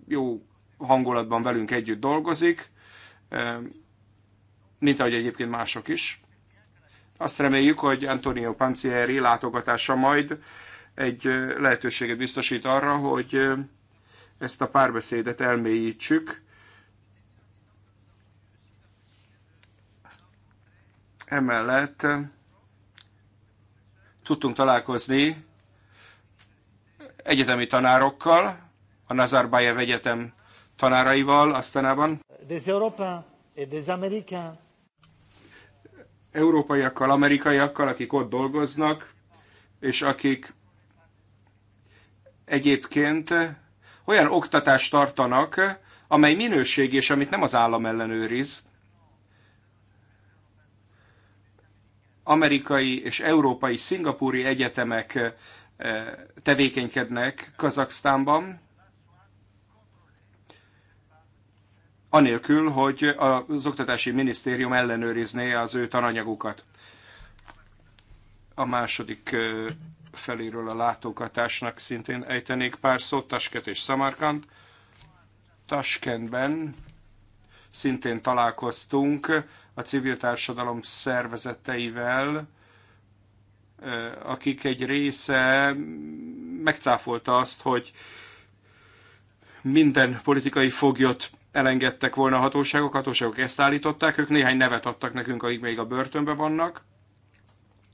S1: jó hangulatban velünk együtt dolgozik, mint ahogy egyébként mások is. Azt reméljük, hogy Antonio Pancieri látogatása majd egy lehetőséget biztosít arra, hogy ezt a párbeszédet elmélyítsük. Emellett tudtunk találkozni egyetemi tanárokkal, a Nazarbayev Egyetem tanáraival aztánában.
S3: Des et des
S1: Európaiakkal, amerikaiakkal, akik ott dolgoznak, és akik egyébként olyan oktatást tartanak, amely minőség és amit nem az állam ellenőriz, amerikai és európai, szingapúri egyetemek eh, tevékenykednek Kazaksztánban, anélkül, hogy az oktatási minisztérium ellenőrizné az ő tananyagukat. A második eh, feléről a látogatásnak szintén ejtenék pár szót, Tasket és Samarkand. Taskentben szintén találkoztunk a civil társadalom szervezeteivel, akik egy része megcáfolta azt, hogy minden politikai foglyot elengedtek volna a hatóságok, hatóságok ezt állították, ők néhány nevet adtak nekünk, akik még a börtönben vannak,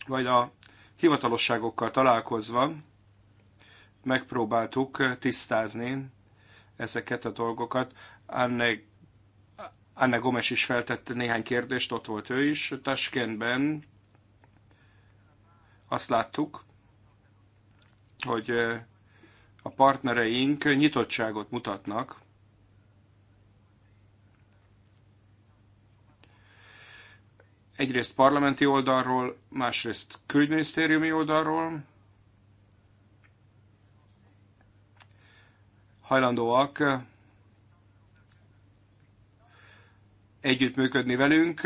S1: vagy a hivatalosságokkal találkozva megpróbáltuk tisztázni ezeket a dolgokat. Anne, Anne Gomes is feltette néhány kérdést, ott volt ő is. Taskentben azt láttuk, hogy a partnereink nyitottságot mutatnak egyrészt parlamenti oldalról, másrészt külügyminisztériumi oldalról hajlandóak eh, együttműködni velünk.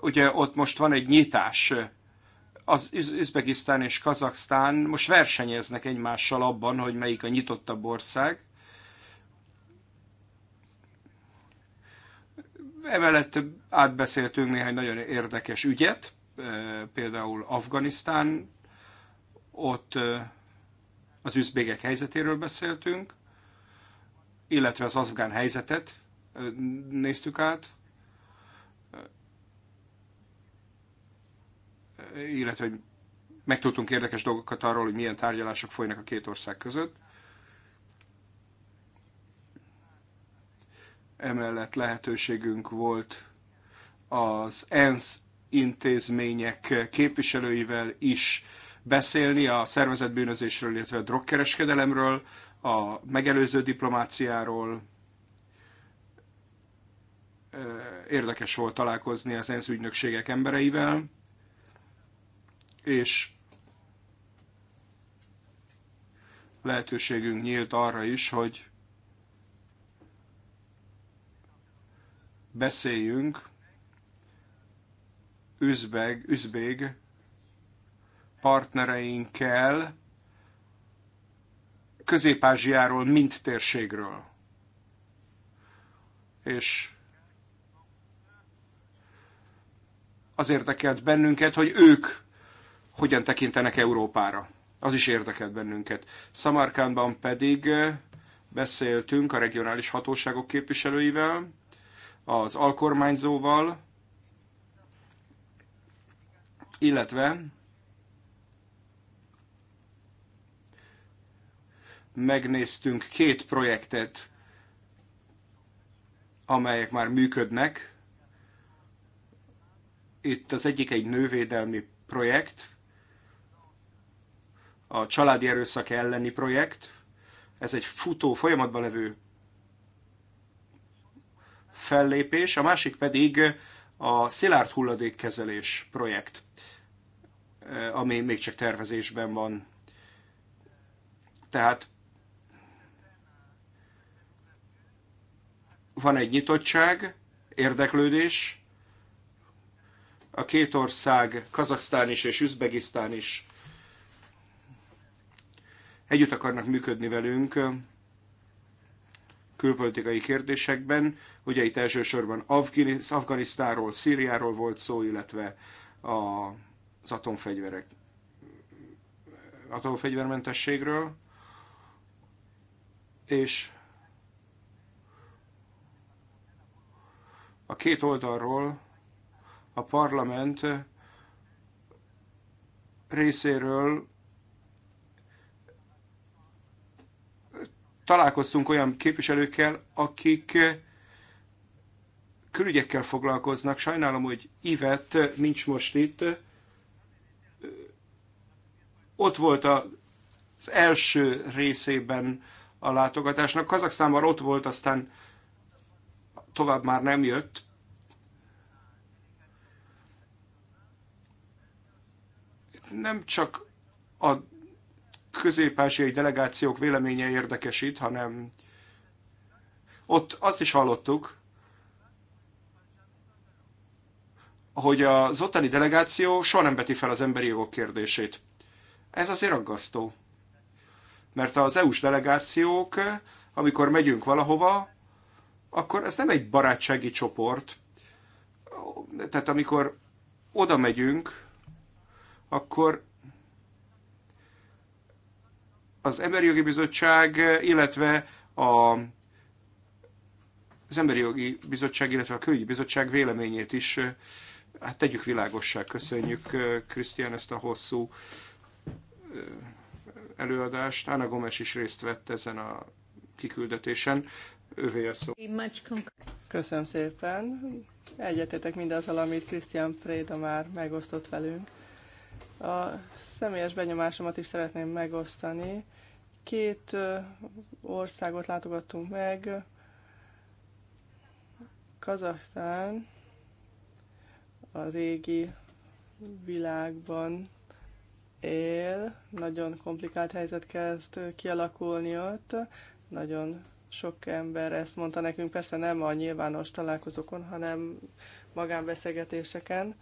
S1: Ugye ott most van egy nyitás. Az Üzbegisztán és Kazaksztán most versenyeznek egymással abban, hogy melyik a nyitottabb ország. Emellett átbeszéltünk néhány nagyon érdekes ügyet, például Afganisztán, ott az üzbégek helyzetéről beszéltünk, illetve az afgán helyzetet néztük át, illetve hogy megtudtunk érdekes dolgokat arról, hogy milyen tárgyalások folynak a két ország között. Emellett lehetőségünk volt az ENSZ intézmények képviselőivel is beszélni a szervezetbűnözésről, illetve a drogkereskedelemről, a megelőző diplomáciáról. Érdekes volt találkozni az ENSZ ügynökségek embereivel, és lehetőségünk nyílt arra is, hogy beszéljünk üzbeg, üzbég partnereinkkel Közép-Ázsiáról, mint térségről. És az érdekelt bennünket, hogy ők hogyan tekintenek Európára. Az is érdekelt bennünket. Szamarkánban pedig beszéltünk a regionális hatóságok képviselőivel, az alkormányzóval, illetve megnéztünk két projektet, amelyek már működnek. Itt az egyik egy nővédelmi projekt, a családi erőszak elleni projekt. Ez egy futó, folyamatban levő fellépés, a másik pedig a szilárd hulladékkezelés projekt, eh, ami még csak tervezésben van. Tehát van egy nyitottság, érdeklődés. A két ország, Kazaksztán is és Üzbegisztán is együtt akarnak működni velünk külpolitikai kérdésekben. Ugye itt elsősorban Afganisztáról, Szíriáról volt szó, illetve a, az atomfegyverek, atomfegyvermentességről. És a két oldalról a parlament részéről találkoztunk olyan képviselőkkel, akik eh, külügyekkel foglalkoznak. Sajnálom, hogy Ivet eh, nincs most itt. Eh, ott volt az első részében a látogatásnak. Kazaksztánban ott volt, aztán tovább már nem jött. Nem csak a közép-ázsiai delegációk véleménye érdekesít, hanem ott azt is hallottuk, hogy az ottani delegáció soha nem beti fel az emberi jogok kérdését. Ez azért aggasztó. Mert az EU-s delegációk, amikor megyünk valahova, akkor ez nem egy barátsági csoport. Tehát amikor oda megyünk, akkor az Emberi Jogi Bizottság, illetve a az Emberi Jogi Bizottság, illetve a Külügyi Bizottság véleményét is hát tegyük világossá. Köszönjük, Krisztián, ezt a hosszú előadást. Anna Gomes is részt vett ezen a kiküldetésen. Ővé a szó.
S3: Köszönöm szépen. Egyetetek mindazzal, amit Krisztián Préda már megosztott velünk. A személyes benyomásomat is szeretném megosztani. Két országot látogattunk meg, Kazaksztán a régi világban él, nagyon komplikált helyzet kezd kialakulni ott, nagyon sok ember ezt mondta nekünk, persze nem a nyilvános találkozókon, hanem magánbeszélgetéseken,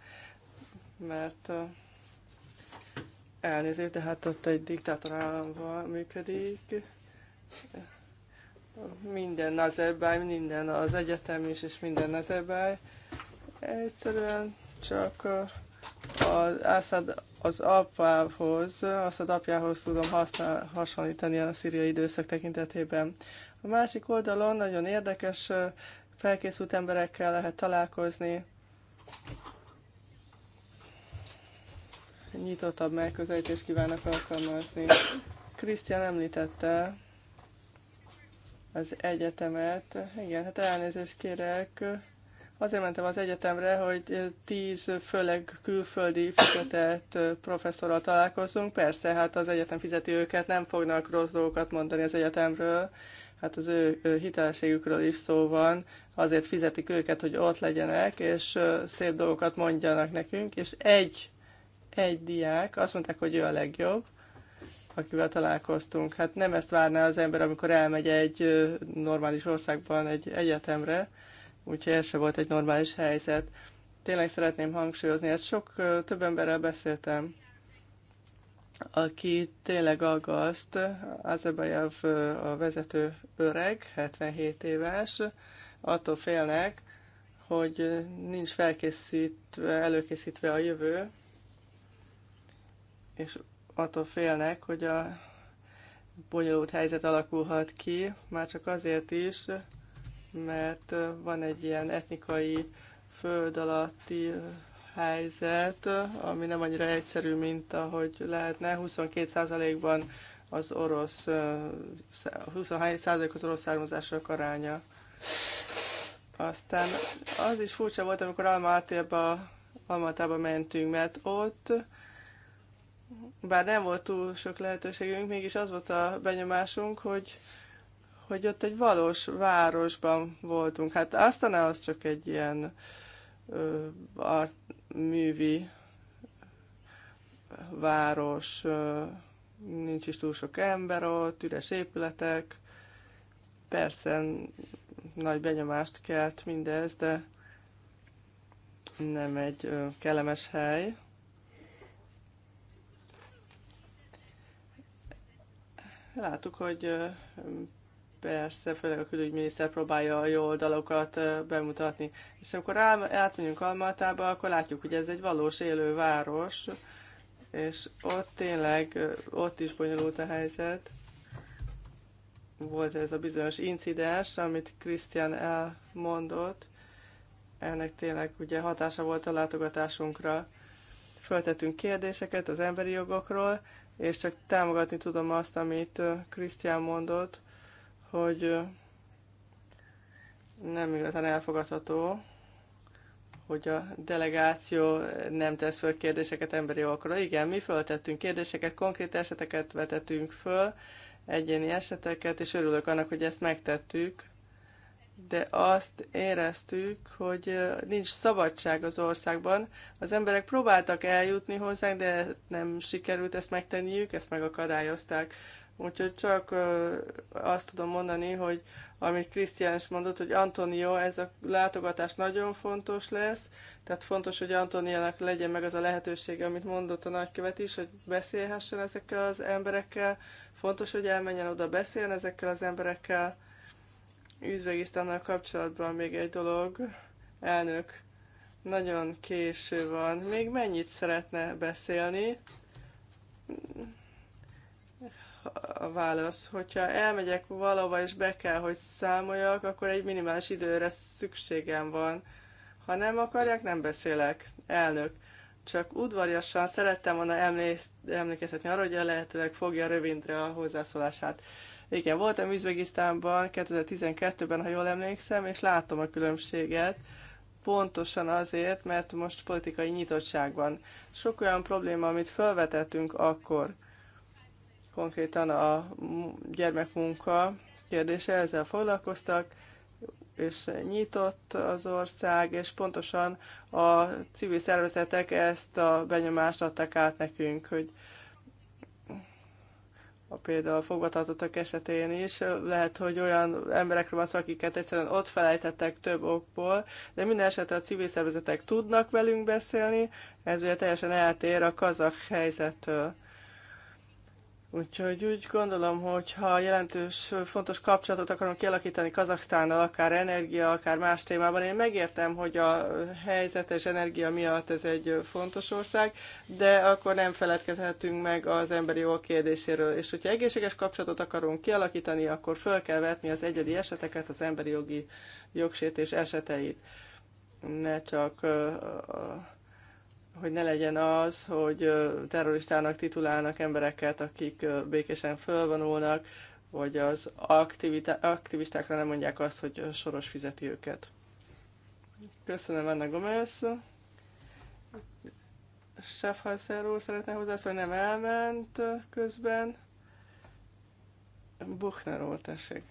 S3: mert Elnézést, de hát ott egy diktátor államban működik. Minden Nazerbáj, minden az egyetem is, és minden Nazerbáj. Egyszerűen csak az Assad az apához, Assad apjához tudom használ, hasonlítani a szíriai időszak tekintetében. A másik oldalon nagyon érdekes, felkészült emberekkel lehet találkozni, nyitottabb megközelítést kívánnak alkalmazni. Krisztián említette az egyetemet. Igen, hát elnézést kérek. Azért mentem az egyetemre, hogy tíz főleg külföldi fizetett professzorral találkozunk. Persze, hát az egyetem fizeti őket, nem fognak rossz dolgokat mondani az egyetemről. Hát az ő hitelességükről is szó van. Azért fizetik őket, hogy ott legyenek, és szép dolgokat mondjanak nekünk. És egy egy diák, azt mondták, hogy ő a legjobb, akivel találkoztunk. Hát nem ezt várná az ember, amikor elmegy egy normális országban egy egyetemre, úgyhogy ez se volt egy normális helyzet. Tényleg szeretném hangsúlyozni, ezt sok több emberrel beszéltem, aki tényleg aggaszt, Azebajev a vezető öreg, 77 éves, attól félnek, hogy nincs felkészítve, előkészítve a jövő, és attól félnek, hogy a bonyolult helyzet alakulhat ki, már csak azért is, mert van egy ilyen etnikai föld alatti helyzet, ami nem annyira egyszerű, mint ahogy lehetne. 22%-ban az orosz, 23% az orosz származások aránya. Aztán az is furcsa volt, amikor Almatába, Almatába mentünk, mert ott bár nem volt túl sok lehetőségünk, mégis az volt a benyomásunk, hogy, hogy ott egy valós városban voltunk. Hát aztán az csak egy ilyen művi város, ö, nincs is túl sok ember ott, üres épületek. Persze nagy benyomást kelt mindez, de nem egy ö, kellemes hely. Láttuk, hogy persze, főleg a külügyminiszter próbálja a jó oldalokat bemutatni. És amikor átmegyünk Almatába, akkor látjuk, hogy ez egy valós élő város, és ott tényleg, ott is bonyolult a helyzet. Volt ez a bizonyos incidens, amit Krisztián elmondott. Ennek tényleg ugye hatása volt a látogatásunkra. Föltettünk kérdéseket az emberi jogokról, és csak támogatni tudom azt, amit Krisztián mondott, hogy nem igazán elfogadható, hogy a delegáció nem tesz föl kérdéseket emberi okra. Igen, mi föltettünk kérdéseket, konkrét eseteket vetettünk föl, egyéni eseteket, és örülök annak, hogy ezt megtettük, de azt éreztük, hogy nincs szabadság az országban. Az emberek próbáltak eljutni hozzánk, de nem sikerült ezt megtenniük, ezt megakadályozták. Úgyhogy csak azt tudom mondani, hogy amit Krisztián is mondott, hogy Antonio, ez a látogatás nagyon fontos lesz, tehát fontos, hogy Antoniának legyen meg az a lehetősége, amit mondott a nagykövet is, hogy beszélhessen ezekkel az emberekkel, fontos, hogy elmenjen oda beszélni ezekkel az emberekkel, Üzbegisztánnal kapcsolatban még egy dolog, elnök, nagyon késő van. Még mennyit szeretne beszélni? A válasz, hogyha elmegyek valahova és be kell, hogy számoljak, akkor egy minimális időre szükségem van. Ha nem akarják, nem beszélek. Elnök, csak udvariasan szerettem volna emlékeztetni arra, hogy a lehetőleg fogja rövidre a hozzászólását. Igen, voltam Üzbegisztánban 2012-ben, ha jól emlékszem, és látom a különbséget, pontosan azért, mert most politikai nyitottság van. Sok olyan probléma, amit felvetettünk akkor, konkrétan a gyermekmunka kérdése, ezzel foglalkoztak, és nyitott az ország, és pontosan a civil szervezetek ezt a benyomást adták át nekünk, hogy a például fogvatartottak esetén is. Lehet, hogy olyan emberekről van szó, akiket egyszerűen ott felejtettek több okból, de minden esetre a civil szervezetek tudnak velünk beszélni, ez ugye teljesen eltér a kazak helyzettől. Úgyhogy úgy gondolom, hogy ha jelentős, fontos kapcsolatot akarunk kialakítani Kazaksztánnal, akár energia, akár más témában, én megértem, hogy a helyzetes energia miatt ez egy fontos ország, de akkor nem feledkezhetünk meg az emberi jog kérdéséről. És hogyha egészséges kapcsolatot akarunk kialakítani, akkor föl kell vetni az egyedi eseteket, az emberi jogi jogsértés eseteit. Ne csak uh, hogy ne legyen az, hogy terroristának titulálnak embereket, akik békésen fölvonulnak, vagy az aktivistákra nem mondják azt, hogy soros fizeti őket. Köszönöm, Anna Gomez. Schaffhauser úr szeretne hozzászólni, nem elment közben. Buchner úr, tessék.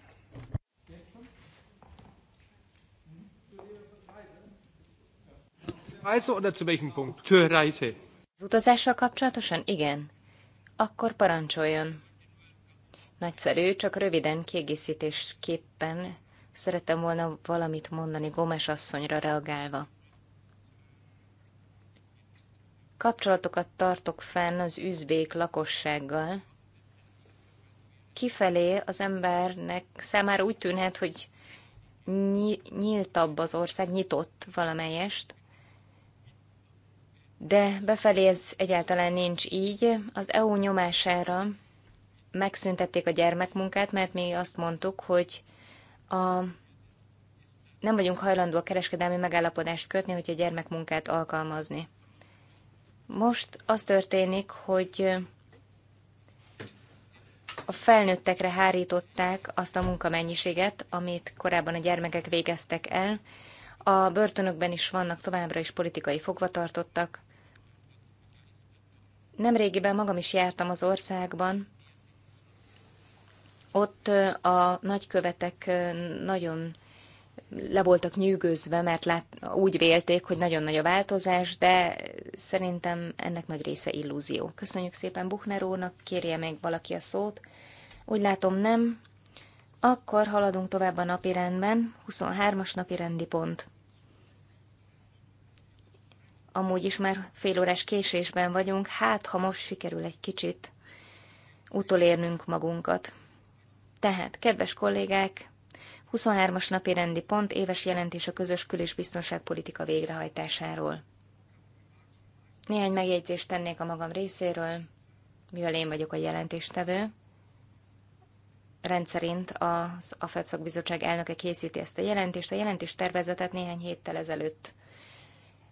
S3: Az
S2: utazással kapcsolatosan? Igen. Akkor parancsoljon. Nagyszerű, csak röviden kiegészítésképpen szerettem volna valamit mondani Gomes asszonyra reagálva. Kapcsolatokat tartok fenn az üzbék lakossággal. Kifelé az embernek számára úgy tűnhet, hogy nyíltabb az ország, nyitott valamelyest, de befelé ez egyáltalán nincs így. Az EU nyomására megszüntették a gyermekmunkát, mert mi azt mondtuk, hogy a, nem vagyunk hajlandó a kereskedelmi megállapodást kötni, hogyha gyermekmunkát alkalmazni. Most az történik, hogy a felnőttekre hárították azt a munkamennyiséget, amit korábban a gyermekek végeztek el. A börtönökben is vannak továbbra is politikai fogvatartottak, Nemrégiben magam is jártam az országban, ott a nagykövetek nagyon le voltak nyűgözve, mert lát, úgy vélték, hogy nagyon nagy a változás, de szerintem ennek nagy része illúzió. Köszönjük szépen Buchnerónak. kérje meg valaki a szót. Úgy látom nem. Akkor haladunk tovább a napirendben. 23-as napirendi pont amúgy is már fél órás késésben vagyunk, hát ha most sikerül egy kicsit utolérnünk magunkat. Tehát, kedves kollégák, 23-as napi rendi pont éves jelentés a közös kül- és biztonságpolitika végrehajtásáról. Néhány megjegyzést tennék a magam részéről, mivel én vagyok a jelentéstevő. Rendszerint az AFED szakbizottság elnöke készíti ezt a jelentést. A jelentés tervezetet néhány héttel ezelőtt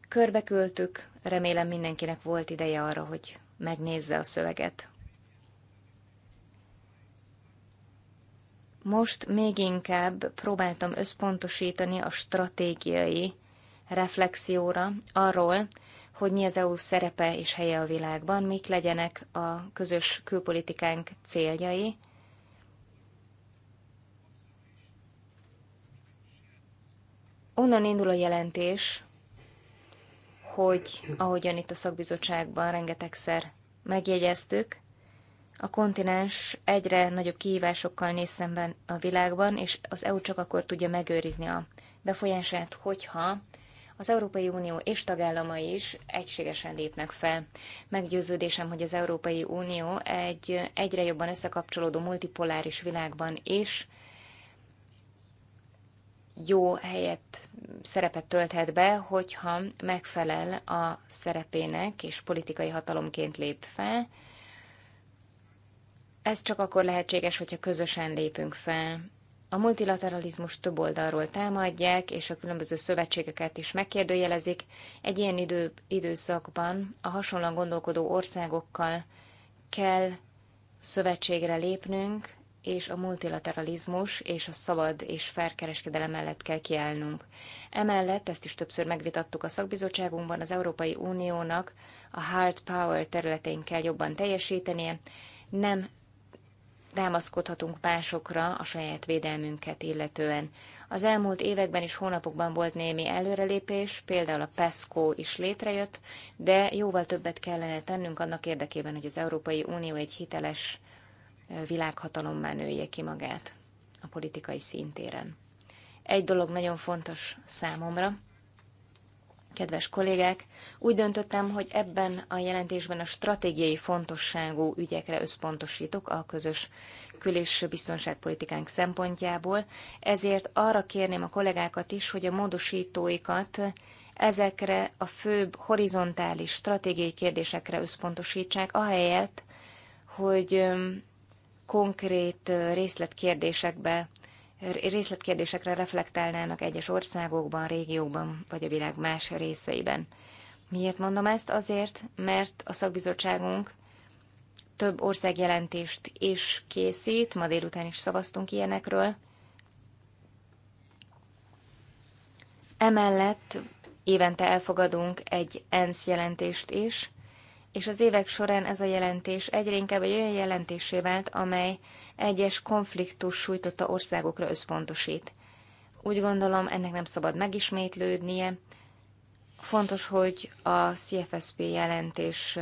S2: Körbeköltük, remélem mindenkinek volt ideje arra, hogy megnézze a szöveget. Most még inkább próbáltam összpontosítani a stratégiai reflexióra arról, hogy mi az EU szerepe és helye a világban, mik legyenek a közös külpolitikánk céljai, Onnan indul a jelentés, hogy ahogyan itt a szakbizottságban rengetegszer megjegyeztük, a kontinens egyre nagyobb kihívásokkal néz szemben a világban, és az EU csak akkor tudja megőrizni a befolyását, hogyha az Európai Unió és tagállamai is egységesen lépnek fel. Meggyőződésem, hogy az Európai Unió egy egyre jobban összekapcsolódó multipoláris világban is jó helyet, szerepet tölthet be, hogyha megfelel a szerepének és politikai hatalomként lép fel. Ez csak akkor lehetséges, hogyha közösen lépünk fel. A multilateralizmus több oldalról támadják, és a különböző szövetségeket is megkérdőjelezik. Egy ilyen idő, időszakban a hasonlóan gondolkodó országokkal kell szövetségre lépnünk, és a multilateralizmus és a szabad és felkereskedelem mellett kell kiállnunk. Emellett, ezt is többször megvitattuk a szakbizottságunkban, az Európai Uniónak a hard power területén kell jobban teljesítenie, nem támaszkodhatunk másokra a saját védelmünket illetően. Az elmúlt években és hónapokban volt némi előrelépés, például a PESCO is létrejött, de jóval többet kellene tennünk annak érdekében, hogy az Európai Unió egy hiteles világhatalommá nője ki magát a politikai szintéren. Egy dolog nagyon fontos számomra, kedves kollégák, úgy döntöttem, hogy ebben a jelentésben a stratégiai fontosságú ügyekre összpontosítok a közös kül- és biztonságpolitikánk szempontjából, ezért arra kérném a kollégákat is, hogy a módosítóikat ezekre a főbb horizontális stratégiai kérdésekre összpontosítsák, ahelyett, hogy konkrét részletkérdésekbe, részletkérdésekre reflektálnának egyes országokban, régiókban vagy a világ más részeiben. Miért mondom ezt? Azért, mert a szakbizottságunk több országjelentést is készít, ma délután is szavaztunk ilyenekről. Emellett évente elfogadunk egy ENSZ jelentést is, és az évek során ez a jelentés egyre inkább egy olyan jelentésé vált, amely egyes konfliktus sújtotta országokra összpontosít. Úgy gondolom, ennek nem szabad megismétlődnie. Fontos, hogy a CFSP jelentés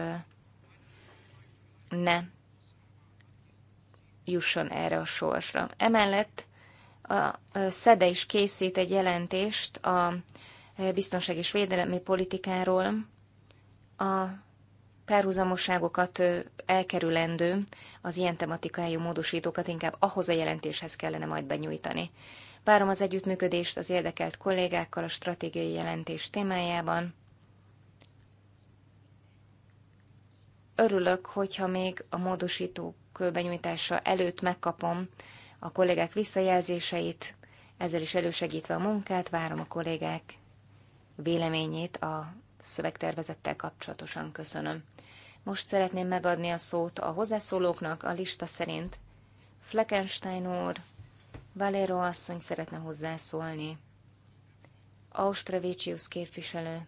S2: ne jusson erre a sorsra. Emellett a SZEDE is készít egy jelentést a biztonság és védelemi politikáról, a párhuzamosságokat elkerülendő, az ilyen tematikájú módosítókat inkább ahhoz a jelentéshez kellene majd benyújtani. Várom az együttműködést az érdekelt kollégákkal a stratégiai jelentés témájában. Örülök, hogyha még a módosítók benyújtása előtt megkapom a kollégák visszajelzéseit, ezzel is elősegítve a munkát, várom a kollégák véleményét a szövegtervezettel kapcsolatosan köszönöm. Most szeretném megadni a szót a hozzászólóknak a lista szerint. Fleckenstein úr, Valero asszony szeretne hozzászólni. Austravicius képviselő.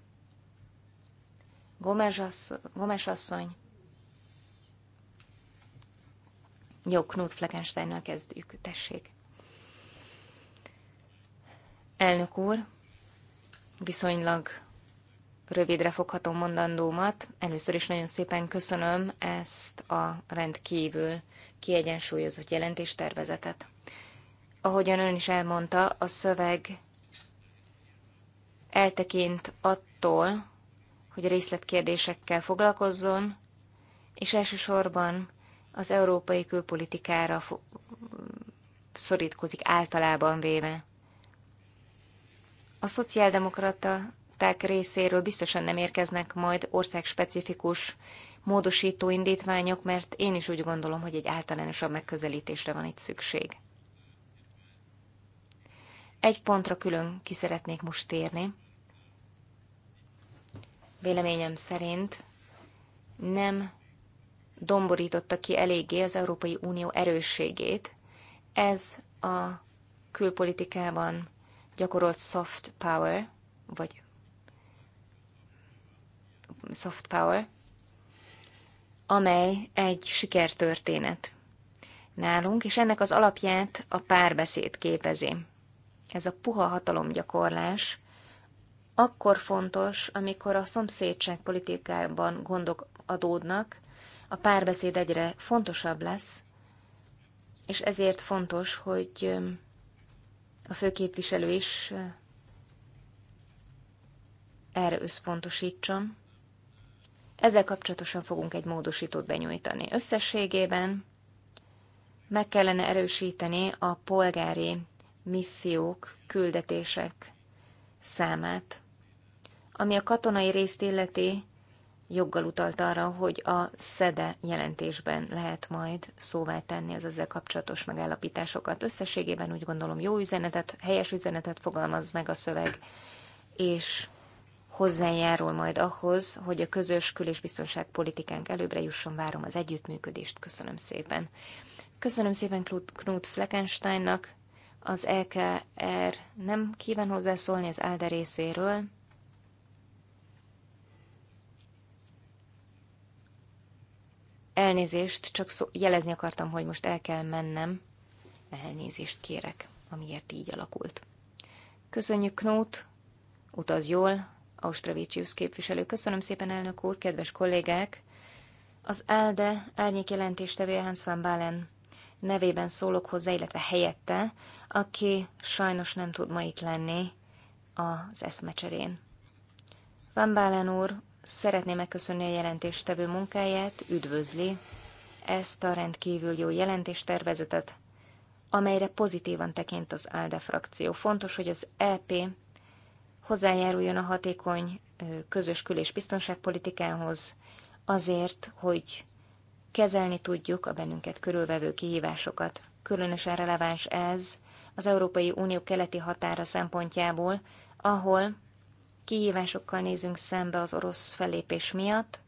S2: Gomes, assz Gomes asszony. Jó, Knut Fleckensteinnel kezdjük, tessék. Elnök úr, viszonylag rövidre fogható mondandómat. Először is nagyon szépen köszönöm ezt a rendkívül kiegyensúlyozott jelentéstervezetet. Ahogyan ön is elmondta, a szöveg eltekint attól, hogy részletkérdésekkel foglalkozzon, és elsősorban az európai külpolitikára szorítkozik általában véve. A szociáldemokrata bizottság részéről biztosan nem érkeznek majd országspecifikus módosító indítványok, mert én is úgy gondolom, hogy egy általánosabb megközelítésre van itt szükség. Egy pontra külön ki szeretnék most térni. Véleményem szerint nem domborította ki eléggé az Európai Unió erősségét. Ez a külpolitikában gyakorolt soft power, vagy soft power, amely egy sikertörténet nálunk, és ennek az alapját a párbeszéd képezi. Ez a puha hatalomgyakorlás akkor fontos, amikor a szomszédság politikában gondok adódnak, a párbeszéd egyre fontosabb lesz, és ezért fontos, hogy a főképviselő is erre összpontosítson. Ezzel kapcsolatosan fogunk egy módosítót benyújtani. Összességében meg kellene erősíteni a polgári missziók, küldetések számát. Ami a katonai részt illeti, joggal utalt arra, hogy a SZEDE jelentésben lehet majd szóvá tenni az ezzel kapcsolatos megállapításokat. Összességében úgy gondolom jó üzenetet, helyes üzenetet fogalmaz meg a szöveg, és hozzájárul majd ahhoz, hogy a közös kül- és biztonságpolitikánk előbbre jusson, várom az együttműködést. Köszönöm szépen. Köszönöm szépen Knut Fleckensteinnak. Az EKR nem kíván hozzászólni az ALDE részéről. Elnézést, csak szó, jelezni akartam, hogy most el kell mennem. Elnézést kérek, amiért így alakult. Köszönjük, Knót, utaz jól, Austravicius képviselő. Köszönöm szépen, elnök úr, kedves kollégák! Az ELDE árnyék jelentéstevője Hans van Balen nevében szólok hozzá, illetve helyette, aki sajnos nem tud ma itt lenni az eszmecserén. Van Balen úr szeretné megköszönni a jelentéstevő munkáját, üdvözli ezt a rendkívül jó jelentéstervezetet, amelyre pozitívan tekint az ALDE frakció. Fontos, hogy az EP hozzájáruljon a hatékony közös kül- és biztonságpolitikához, azért, hogy kezelni tudjuk a bennünket körülvevő kihívásokat. Különösen releváns ez az Európai Unió keleti határa szempontjából, ahol kihívásokkal nézünk szembe az orosz felépés miatt,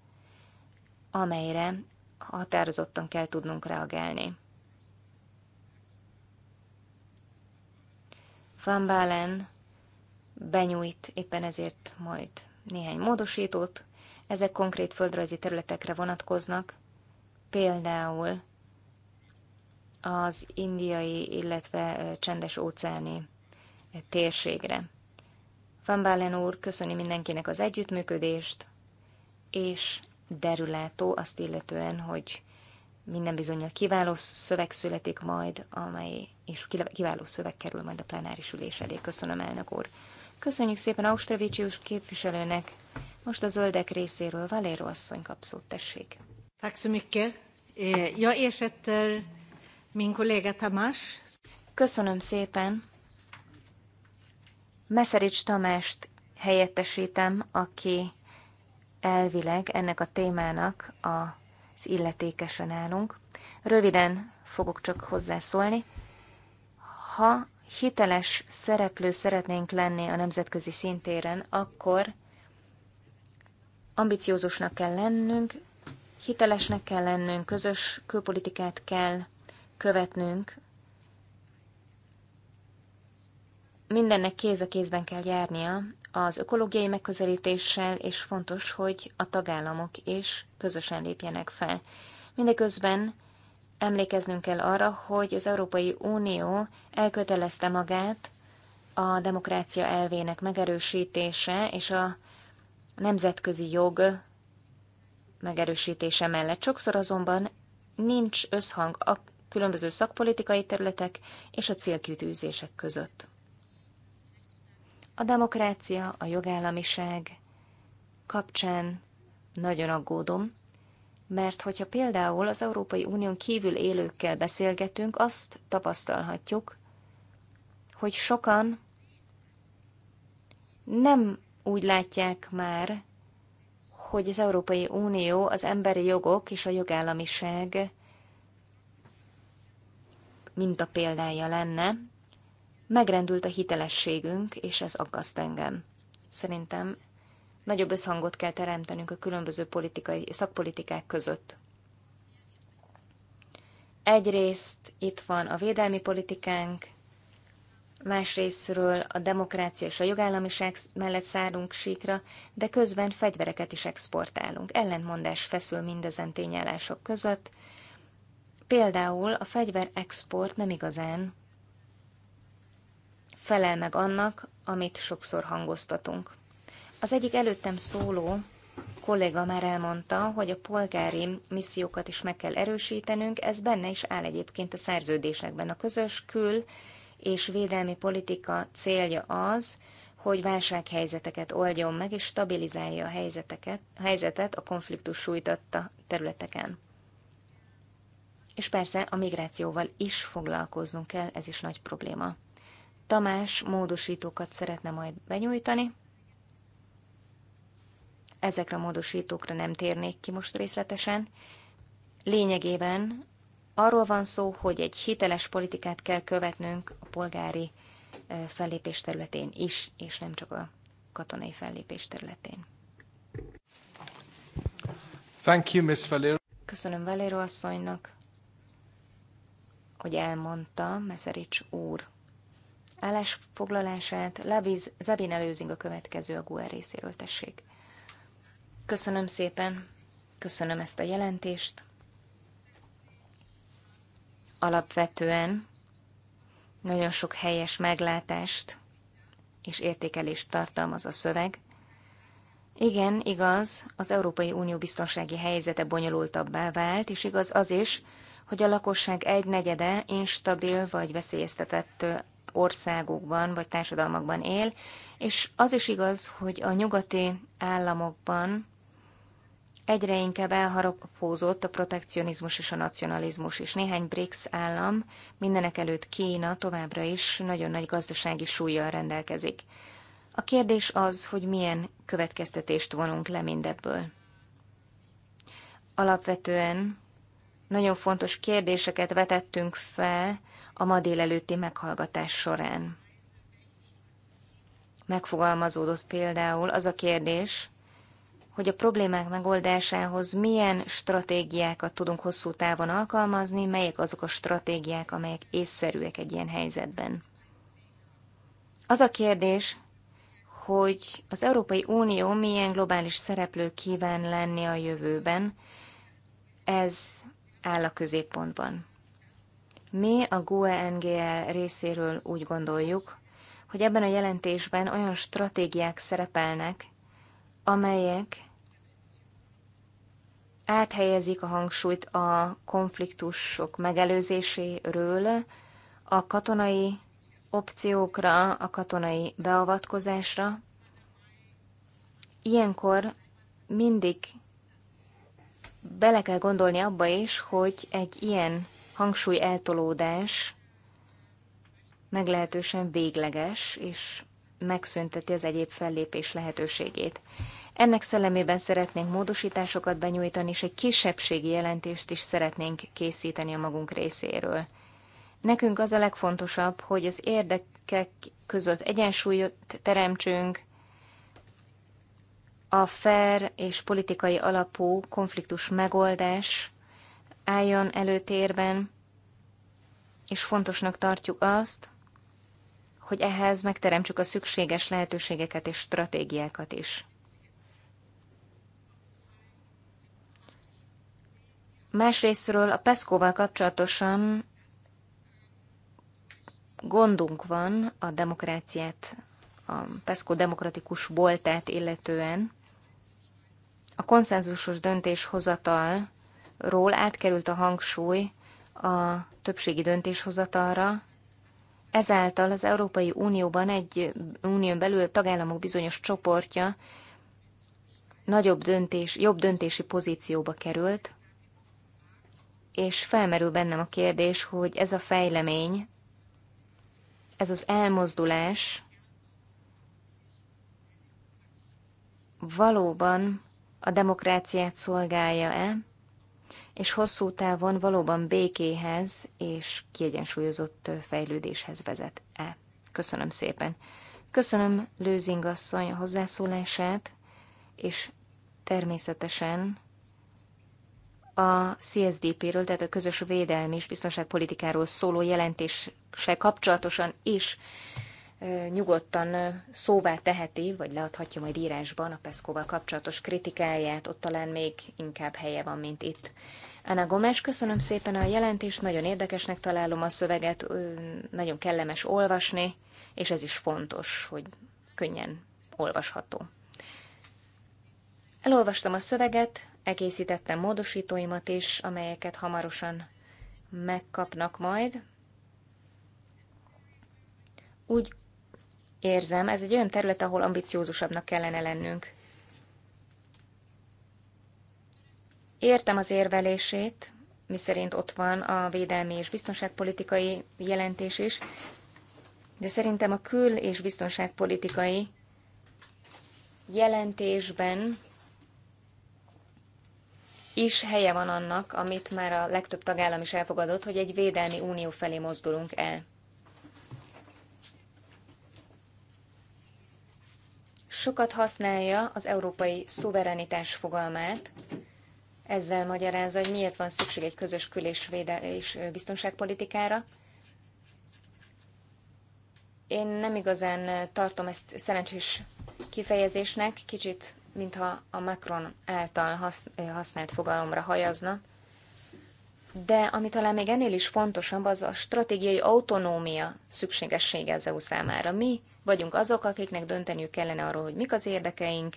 S2: amelyre határozottan kell tudnunk reagálni. Van Balen benyújt éppen ezért majd néhány módosítót. Ezek konkrét földrajzi területekre vonatkoznak, például az indiai, illetve csendes óceáni térségre. Van Bálen úr köszöni mindenkinek az együttműködést, és derülátó azt illetően, hogy minden bizonyal kiváló szöveg születik majd, amely és kiváló szöveg kerül majd a plenáris ülés elé. Köszönöm, elnök úr! Köszönjük szépen Austravicius képviselőnek. Most a zöldek részéről Valéro asszony kap szót, tessék. Eh, Köszönöm szépen. Meszerics Tamást helyettesítem, aki elvileg ennek a témának az illetékesen állunk. Röviden fogok csak hozzászólni. Ha hiteles szereplő szeretnénk lenni a nemzetközi szintéren, akkor ambiciózusnak kell lennünk, hitelesnek kell lennünk, közös külpolitikát kell követnünk, mindennek kéz a kézben kell járnia az ökológiai megközelítéssel, és fontos, hogy a tagállamok is közösen lépjenek fel. Mindeközben emlékeznünk kell arra, hogy az Európai Unió elkötelezte magát a demokrácia elvének megerősítése és a nemzetközi jog megerősítése mellett. Sokszor azonban nincs összhang a különböző szakpolitikai területek és a célkitűzések között. A demokrácia, a jogállamiság kapcsán nagyon aggódom, mert hogyha például az Európai Unión kívül élőkkel beszélgetünk, azt tapasztalhatjuk, hogy sokan nem úgy látják már, hogy az Európai Unió az emberi jogok és a jogállamiság mint a példája lenne, megrendült a hitelességünk, és ez aggaszt engem. Szerintem Nagyobb összhangot kell teremtenünk a különböző politikai, szakpolitikák között. Egyrészt itt van a védelmi politikánk, másrésztről a demokrácia és a jogállamiság mellett szállunk síkra, de közben fegyvereket is exportálunk. Ellentmondás feszül mindezen tényállások között. Például a export nem igazán felel meg annak, amit sokszor hangoztatunk. Az egyik előttem szóló kolléga már elmondta, hogy a polgári missziókat is meg kell erősítenünk, ez benne is áll egyébként a szerződésekben. A közös kül- és védelmi politika célja az, hogy válsághelyzeteket oldjon meg, és stabilizálja a, helyzeteket, a helyzetet a konfliktus sújtotta területeken. És persze a migrációval is foglalkoznunk kell, ez is nagy probléma. Tamás módosítókat szeretne majd benyújtani ezekre a módosítókra nem térnék ki most részletesen. Lényegében arról van szó, hogy egy hiteles politikát kell követnünk a polgári fellépés területén is, és nem csak a katonai fellépés területén.
S1: Thank you, Ms. Valero.
S2: Köszönöm Valero asszonynak, hogy elmondta Meszerics úr állásfoglalását. Labiz Zabin előzing a következő a GUE részéről, tessék. Köszönöm szépen, köszönöm ezt a jelentést. Alapvetően nagyon sok helyes meglátást és értékelést tartalmaz a szöveg. Igen, igaz, az Európai Unió biztonsági helyzete bonyolultabbá vált, és igaz az is, hogy a lakosság egy negyede instabil vagy veszélyeztetett országokban vagy társadalmakban él, és az is igaz, hogy a nyugati államokban egyre inkább elharapózott a protekcionizmus és a nacionalizmus is. Néhány BRICS állam, mindenek előtt Kína továbbra is nagyon nagy gazdasági súlyjal rendelkezik. A kérdés az, hogy milyen következtetést vonunk le mindebből. Alapvetően nagyon fontos kérdéseket vetettünk fel a ma délelőtti meghallgatás során. Megfogalmazódott például az a kérdés, hogy a problémák megoldásához milyen stratégiákat tudunk hosszú távon alkalmazni, melyek azok a stratégiák, amelyek észszerűek egy ilyen helyzetben. Az a kérdés, hogy az Európai Unió milyen globális szereplő kíván lenni a jövőben, ez áll a középpontban. Mi a GUE-NGL részéről úgy gondoljuk, hogy ebben a jelentésben olyan stratégiák szerepelnek, amelyek áthelyezik a hangsúlyt a konfliktusok megelőzéséről a katonai opciókra, a katonai beavatkozásra. Ilyenkor mindig bele kell gondolni abba is, hogy egy ilyen hangsúly eltolódás meglehetősen végleges, és megszünteti az egyéb fellépés lehetőségét. Ennek szellemében szeretnénk módosításokat benyújtani, és egy kisebbségi jelentést is szeretnénk készíteni a magunk részéről. Nekünk az a legfontosabb, hogy az érdekek között egyensúlyot teremtsünk, a fair és politikai alapú konfliktus megoldás álljon előtérben, és fontosnak tartjuk azt, hogy ehhez megteremtsük a szükséges lehetőségeket és stratégiákat is. Másrésztről a Peszkóval kapcsolatosan gondunk van a demokráciát, a Peszkó demokratikus voltát illetően. A konszenzusos döntéshozatalról átkerült a hangsúly a többségi döntéshozatalra, ezáltal az Európai Unióban egy unión belül tagállamok bizonyos csoportja nagyobb döntés, jobb döntési pozícióba került, és felmerül bennem a kérdés, hogy ez a fejlemény, ez az elmozdulás valóban a demokráciát szolgálja-e, és hosszú távon valóban békéhez és kiegyensúlyozott fejlődéshez vezet-e. Köszönöm szépen. Köszönöm Lőzing asszony a hozzászólását, és természetesen a CSDP-ről, tehát a közös védelmi és biztonságpolitikáról szóló jelentéssel kapcsolatosan is nyugodtan szóvá teheti, vagy leadhatja majd írásban a Peszkóval kapcsolatos kritikáját, ott talán még inkább helye van, mint itt. Ana Gomes, köszönöm szépen a jelentést, nagyon érdekesnek találom a szöveget, nagyon kellemes olvasni, és ez is fontos, hogy könnyen olvasható. Elolvastam a szöveget, Elkészítettem módosítóimat is, amelyeket hamarosan megkapnak majd. Úgy érzem, ez egy olyan terület, ahol ambiciózusabbnak kellene lennünk. Értem az érvelését, miszerint ott van a védelmi és biztonságpolitikai jelentés is, de szerintem a kül- és biztonságpolitikai jelentésben is helye van annak, amit már a legtöbb tagállam is elfogadott, hogy egy védelmi unió felé mozdulunk el. Sokat használja az európai szuverenitás fogalmát, ezzel magyarázza, hogy miért van szükség egy közös külés és, és biztonságpolitikára. Én nem igazán tartom ezt szerencsés kifejezésnek, kicsit mintha a Macron által használt fogalomra hajazna, de ami talán még ennél is fontosabb, az a stratégiai autonómia szükségessége az EU számára. Mi vagyunk azok, akiknek dönteniük kellene arról, hogy mik az érdekeink,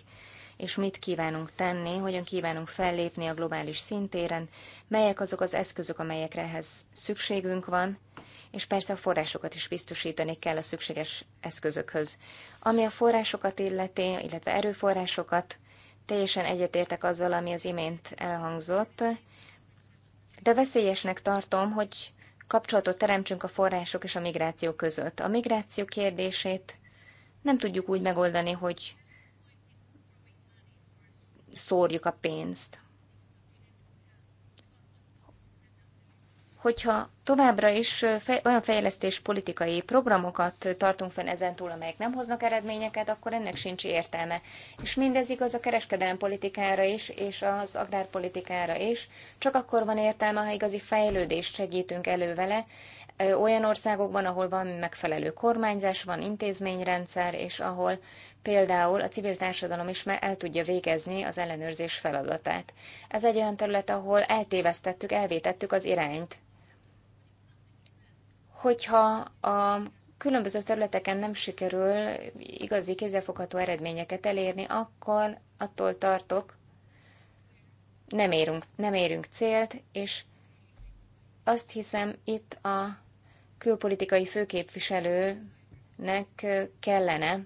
S2: és mit kívánunk tenni, hogyan kívánunk fellépni a globális szintéren, melyek azok az eszközök, amelyekre ehhez szükségünk van, és persze a forrásokat is biztosítani kell a szükséges eszközökhöz. Ami a forrásokat illeti, illetve erőforrásokat, teljesen egyetértek azzal, ami az imént elhangzott, de veszélyesnek tartom, hogy kapcsolatot teremtsünk a források és a migráció között. A migráció kérdését nem tudjuk úgy megoldani, hogy szórjuk a pénzt. hogyha továbbra is olyan fejlesztéspolitikai programokat tartunk fenn ezentúl, amelyek nem hoznak eredményeket, akkor ennek sincs értelme. És mindez igaz a kereskedelempolitikára is, és az agrárpolitikára is. Csak akkor van értelme, ha igazi fejlődést segítünk elő vele, olyan országokban, ahol van megfelelő kormányzás, van intézményrendszer, és ahol például a civil társadalom is el tudja végezni az ellenőrzés feladatát. Ez egy olyan terület, ahol eltévesztettük, elvétettük az irányt hogyha a különböző területeken nem sikerül igazi kézzelfogható eredményeket elérni, akkor attól tartok, nem, érünk, nem érünk célt, és azt hiszem itt a külpolitikai főképviselőnek kellene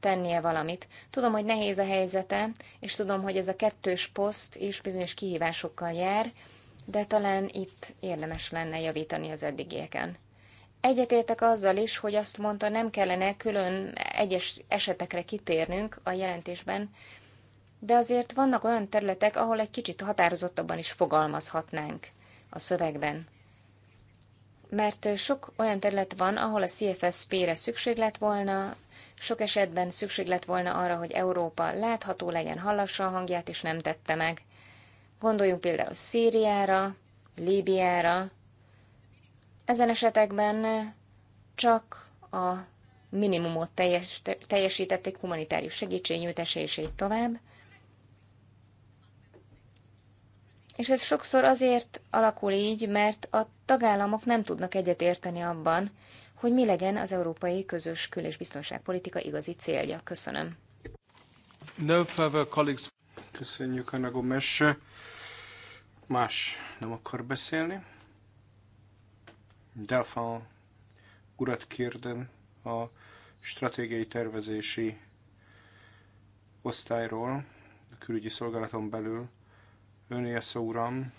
S2: tennie valamit. Tudom, hogy nehéz a helyzete, és tudom, hogy ez a kettős poszt is bizonyos kihívásokkal jár, de talán itt érdemes lenne javítani az eddigieken. Egyetértek azzal is, hogy azt mondta, nem kellene külön egyes esetekre kitérnünk a jelentésben, de azért vannak olyan területek, ahol egy kicsit határozottabban is fogalmazhatnánk a szövegben. Mert sok olyan terület van, ahol a CFSP-re szükség lett volna, sok esetben szükség lett volna arra, hogy Európa látható legyen, hallassa a hangját, és nem tette meg. Gondoljunk például Szíriára, Líbiára, ezen esetekben csak a minimumot teljes, teljesítették humanitárius segítségnyújtás és így tovább. És ez sokszor azért alakul így, mert a tagállamok nem tudnak egyetérteni abban, hogy mi legyen az európai közös kül- és biztonságpolitika igazi célja. Köszönöm.
S1: No further colleagues. Köszönjük, a Gomes. Más nem akar beszélni. Delfin urat kérdem a stratégiai tervezési osztályról, a külügyi szolgálaton belül. Öné a uram.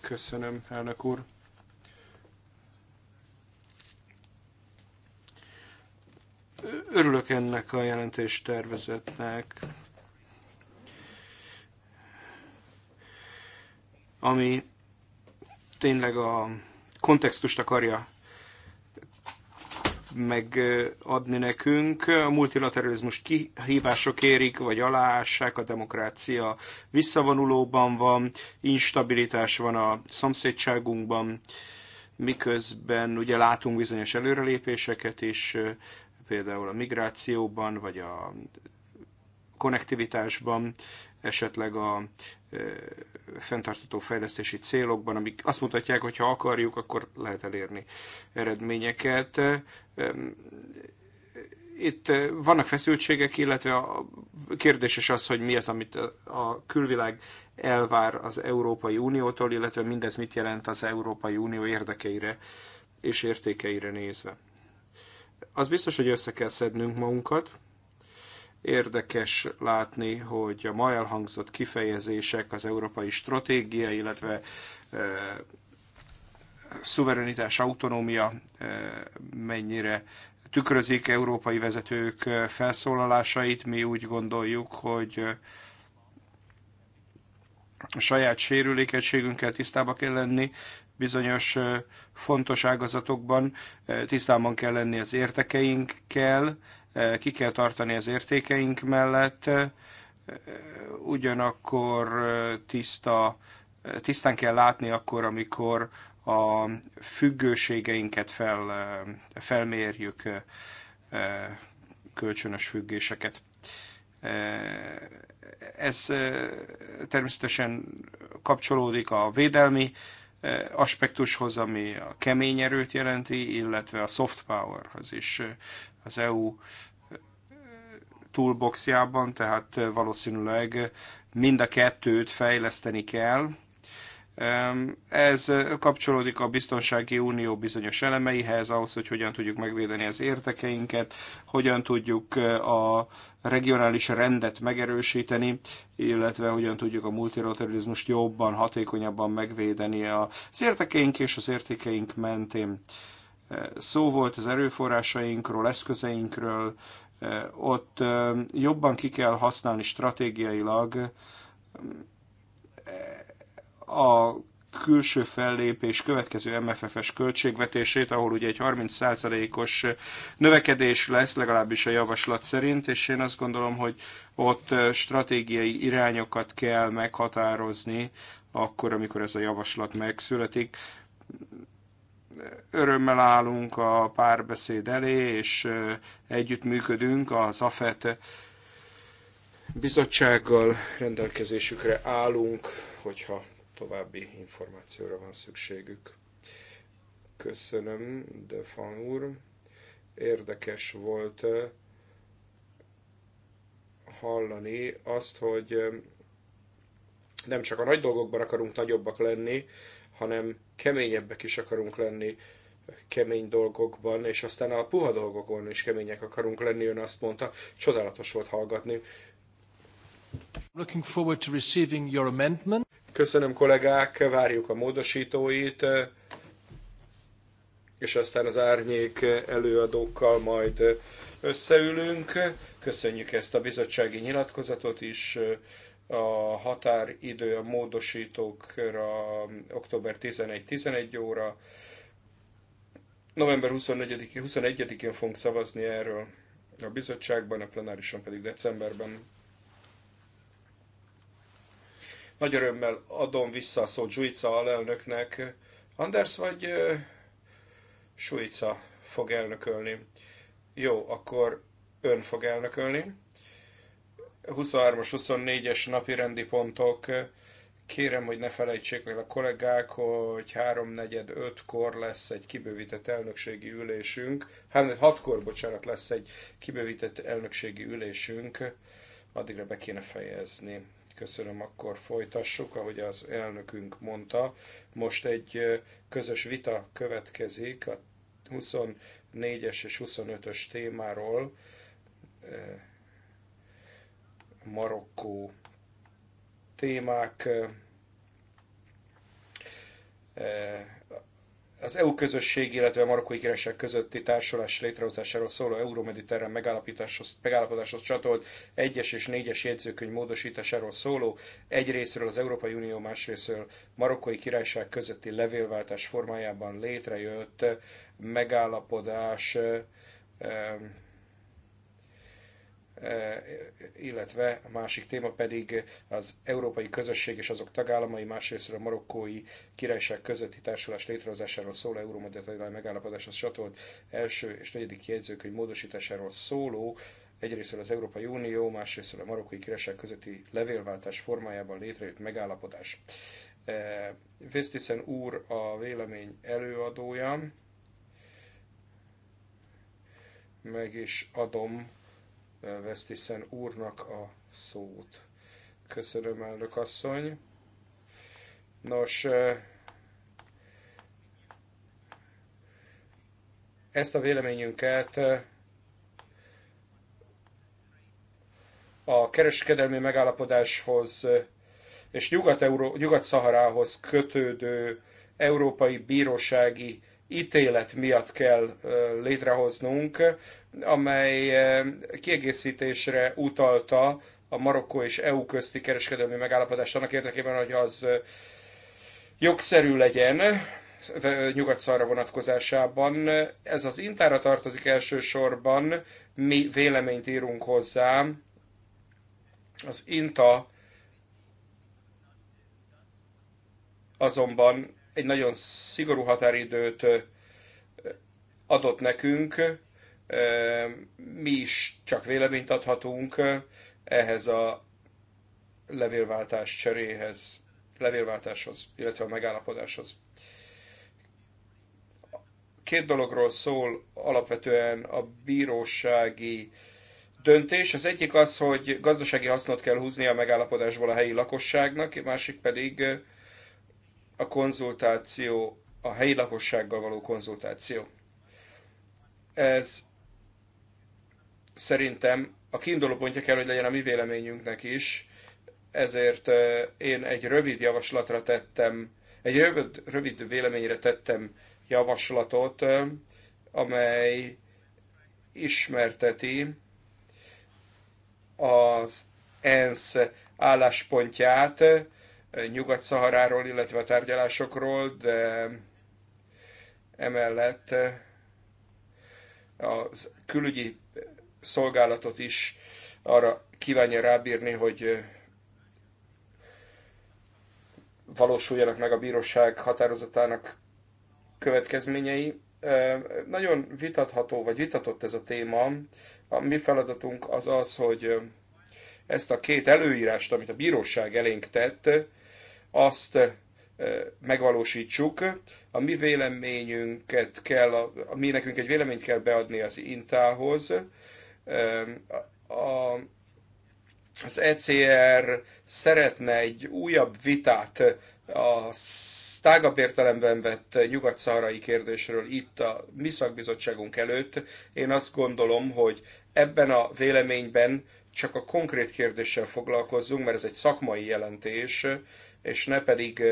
S1: Köszönöm, elnök úr. Örülök ennek a jelentés tervezetnek, ami tényleg a kontextust akarja megadni nekünk. A multilateralizmus kihívások érik, vagy aláássák, a demokrácia visszavonulóban van, instabilitás van a szomszédságunkban, miközben ugye látunk bizonyos előrelépéseket is, például a migrációban, vagy a konnektivitásban, esetleg a fenntartató fejlesztési célokban, amik azt mutatják, hogy ha akarjuk, akkor lehet elérni eredményeket. Itt vannak feszültségek, illetve a kérdéses az, hogy mi az, amit a külvilág elvár az Európai Uniótól, illetve mindez mit jelent az Európai Unió érdekeire és értékeire nézve. Az biztos, hogy össze kell szednünk magunkat, Érdekes látni, hogy a ma elhangzott kifejezések az európai stratégia, illetve szuverenitás, autonómia mennyire tükrözik európai vezetők felszólalásait. Mi úgy gondoljuk, hogy a saját sérülékenységünkkel tisztába kell lenni, bizonyos fontos ágazatokban tisztában kell lenni az értekeinkkel, ki kell tartani az értékeink mellett, ugyanakkor tiszta, tisztán kell látni akkor, amikor a függőségeinket fel, felmérjük, kölcsönös függéseket. Ez természetesen kapcsolódik a védelmi aspektushoz, ami a kemény erőt jelenti, illetve a soft powerhoz is. Az EU toolboxjában, tehát valószínűleg mind a kettőt fejleszteni kell. Ez kapcsolódik a biztonsági unió bizonyos elemeihez, ahhoz, hogy hogyan tudjuk megvédeni az értekeinket, hogyan tudjuk a regionális rendet megerősíteni, illetve hogyan tudjuk a multilateralizmust jobban, hatékonyabban megvédeni az értekeink és az értékeink mentén. Szó volt az erőforrásainkról, eszközeinkről, ott jobban ki kell használni stratégiailag a külső fellépés következő MFF-es költségvetését, ahol ugye egy 30%-os növekedés lesz, legalábbis a javaslat szerint, és én azt gondolom, hogy ott stratégiai irányokat kell meghatározni, akkor, amikor ez a javaslat megszületik örömmel állunk a párbeszéd elé, és együttműködünk az AFET bizottsággal rendelkezésükre állunk, hogyha további információra van szükségük. Köszönöm, Defan úr. Érdekes volt hallani azt, hogy nem csak a nagy dolgokban akarunk nagyobbak lenni, hanem keményebbek is akarunk lenni kemény dolgokban, és aztán a puha dolgokon is kemények akarunk lenni, ön azt mondta, csodálatos volt hallgatni. Looking forward to receiving
S2: your amendment.
S1: Köszönöm kollégák, várjuk a módosítóit, és aztán az árnyék előadókkal majd összeülünk. Köszönjük ezt a bizottsági nyilatkozatot is, a határidő a módosítókra október 11-11 óra. November 24 21-én fogunk szavazni erről a bizottságban, a plenárison pedig decemberben. Nagy örömmel adom vissza a szót Zsuica alelnöknek. Anders vagy Suica fog elnökölni? Jó, akkor ön fog elnökölni. 23-as, 24-es napi rendi pontok. Kérem, hogy ne felejtsék el a kollégák, hogy 3-4-5 kor lesz egy kibővített elnökségi ülésünk. 3-6 kor, bocsánat, lesz egy kibővített elnökségi ülésünk. Addigra be kéne fejezni. Köszönöm, akkor folytassuk, ahogy az elnökünk mondta. Most egy közös vita következik a 24-es és 25-ös témáról Marokkó témák, e, az EU közösség, illetve a marokkói királyság közötti társulás létrehozásáról szóló euromediterrán megállapításhoz, megállapodáshoz csatolt egyes és négyes jegyzőkönyv módosításáról szóló, egy részről az Európai Unió, másrésztről marokkói királyság közötti levélváltás formájában létrejött megállapodás e, E, illetve a másik téma pedig az európai közösség és azok tagállamai, másrészt a marokkói királyság közötti társulás létrehozásáról szóló megállapodás a csatolt első és negyedik hogy módosításáról szóló egyrészt az Európai Unió, másrészt a marokkói királyság közötti levélváltás formájában létrejött megállapodás. E, Vestisen úr a vélemény előadója, meg is adom Vesztiszen úrnak a szót. Köszönöm, elnök asszony. Nos, ezt a véleményünket a kereskedelmi megállapodáshoz és Nyugat-Szaharához Nyugat kötődő Európai Bírósági ítélet miatt kell létrehoznunk amely eh, kiegészítésre utalta a Marokkó és EU közti kereskedelmi megállapodást annak érdekében, hogy az eh, jogszerű legyen eh, nyugat vonatkozásában. Ez az intára tartozik elsősorban, mi véleményt írunk hozzá. Az inta azonban egy nagyon szigorú határidőt adott nekünk, mi is csak véleményt adhatunk ehhez a levélváltás cseréhez, levélváltáshoz, illetve a megállapodáshoz. Két dologról szól alapvetően a bírósági döntés. Az egyik az, hogy gazdasági hasznot kell húzni a megállapodásból a helyi lakosságnak, a másik pedig a konzultáció, a helyi lakossággal való konzultáció. Ez szerintem a pontja kell, hogy legyen a mi véleményünknek is, ezért én egy rövid javaslatra tettem, egy rövid, rövid véleményre tettem javaslatot, amely ismerteti az ENSZ álláspontját Nyugat-Szaharáról, illetve a tárgyalásokról, de emellett az külügyi szolgálatot is arra kívánja rábírni, hogy valósuljanak meg a bíróság határozatának következményei. Nagyon vitatható, vagy vitatott ez a téma. A mi feladatunk az az, hogy ezt a két előírást, amit a bíróság elénk tett, azt megvalósítsuk. A mi véleményünket kell, a, mi nekünk egy véleményt kell beadni az Intához, a, az ECR szeretne egy újabb vitát a tágabb értelemben vett nyugat-szaharai kérdésről itt a mi szakbizottságunk előtt. Én azt gondolom, hogy ebben a véleményben csak a konkrét kérdéssel foglalkozzunk, mert ez egy szakmai jelentés, és ne pedig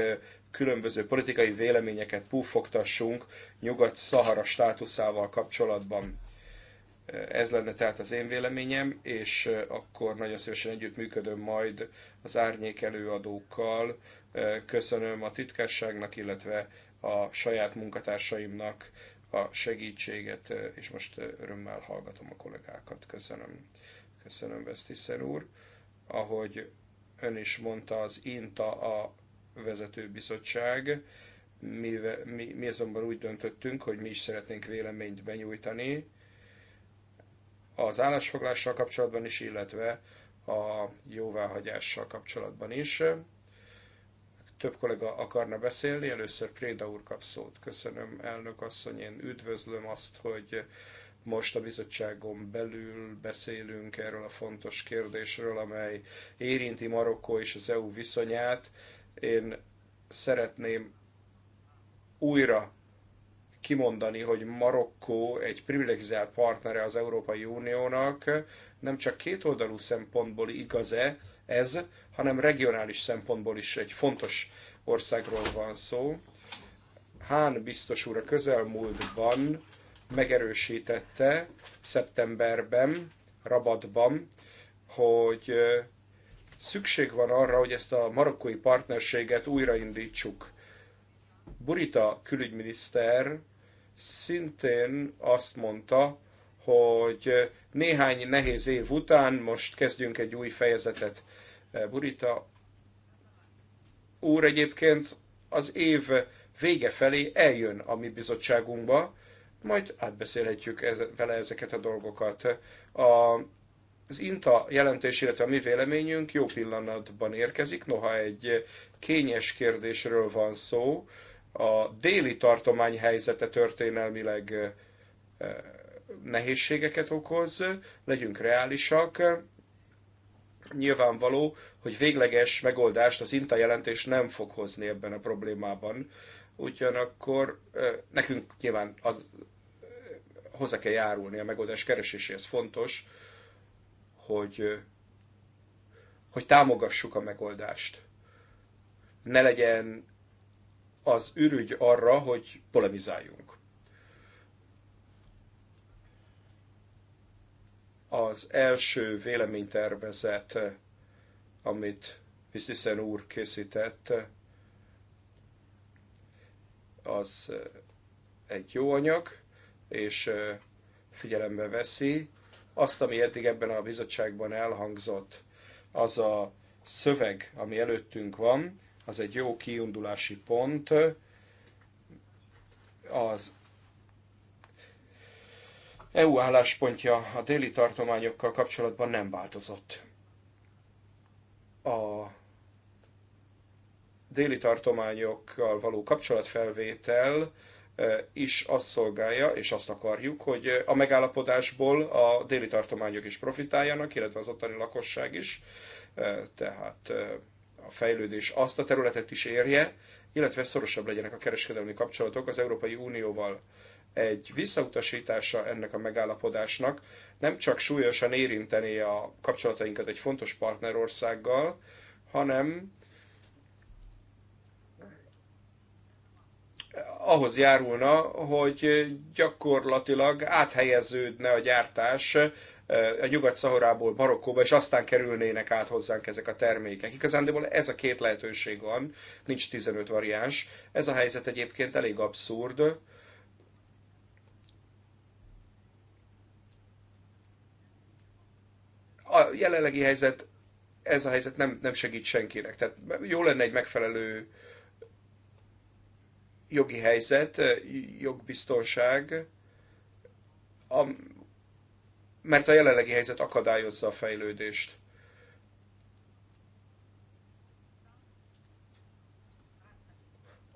S1: különböző politikai véleményeket puffogtassunk Nyugat-Szahara státuszával kapcsolatban. Ez lenne tehát az én véleményem, és akkor nagyon szívesen együttműködöm majd az árnyék előadókkal. Köszönöm a titkárságnak, illetve a saját munkatársaimnak a segítséget, és most örömmel hallgatom a kollégákat. Köszönöm. Köszönöm, Vesztiszer úr. Ahogy ön is mondta, az INTA a vezetőbizottság, mi, mi, mi azonban úgy döntöttünk, hogy mi is szeretnénk véleményt benyújtani, az állásfoglással kapcsolatban is, illetve a jóváhagyással kapcsolatban is. Több kollega akarna beszélni, először Préda úr kap szót. Köszönöm, elnök asszony, én üdvözlöm azt, hogy most a bizottságon belül beszélünk erről a fontos kérdésről, amely érinti Marokkó és az EU viszonyát. Én szeretném újra kimondani, hogy Marokkó egy privilegizált partnere az Európai Uniónak, nem csak kétoldalú szempontból igaz-e ez, hanem regionális szempontból is egy fontos országról van szó. Hán biztos úr a közelmúltban megerősítette szeptemberben, Rabatban, hogy szükség van arra, hogy ezt a marokkói partnerséget újraindítsuk. Burita külügyminiszter szintén azt mondta, hogy néhány nehéz év után most kezdjünk egy új fejezetet. Eh, Burita úr egyébként az év vége felé eljön a mi bizottságunkba, majd átbeszélhetjük vele ezeket a dolgokat. A, az INTA jelentés, illetve a mi véleményünk jó pillanatban érkezik, noha egy kényes kérdésről van szó, a déli tartomány helyzete történelmileg nehézségeket okoz, legyünk reálisak. Nyilvánvaló, hogy végleges megoldást az INTA jelentés nem fog hozni ebben a problémában. Ugyanakkor nekünk nyilván az, hozzá kell járulni a megoldás kereséséhez. Fontos, hogy, hogy támogassuk a megoldást. Ne legyen az ürügy arra, hogy polemizáljunk. Az első véleménytervezet, amit Viszisen úr készített, az eh, egy jó anyag, és eh, figyelembe veszi azt, ami eddig ebben a bizottságban elhangzott, az a szöveg, ami előttünk van, az egy jó kiindulási pont. Az EU álláspontja a déli tartományokkal kapcsolatban nem változott. A déli tartományokkal való kapcsolatfelvétel e, is azt szolgálja, és azt akarjuk, hogy a megállapodásból a déli tartományok is profitáljanak, illetve az ottani lakosság is. E, tehát e, a fejlődés azt a területet is érje, illetve szorosabb legyenek a kereskedelmi kapcsolatok az Európai Unióval. Egy visszautasítása ennek a megállapodásnak nem csak súlyosan érinteni a kapcsolatainkat egy fontos partnerországgal, hanem ahhoz járulna, hogy gyakorlatilag áthelyeződne a gyártás a nyugat szahorából Marokkóba, és aztán kerülnének át hozzánk ezek a termékek. Igazándiból ez a két lehetőség van, nincs 15 variáns. Ez a helyzet egyébként elég abszurd. A jelenlegi helyzet, ez a helyzet nem, nem segít senkinek. Tehát jó lenne egy megfelelő jogi helyzet, jogbiztonság, mert a jelenlegi helyzet akadályozza a fejlődést.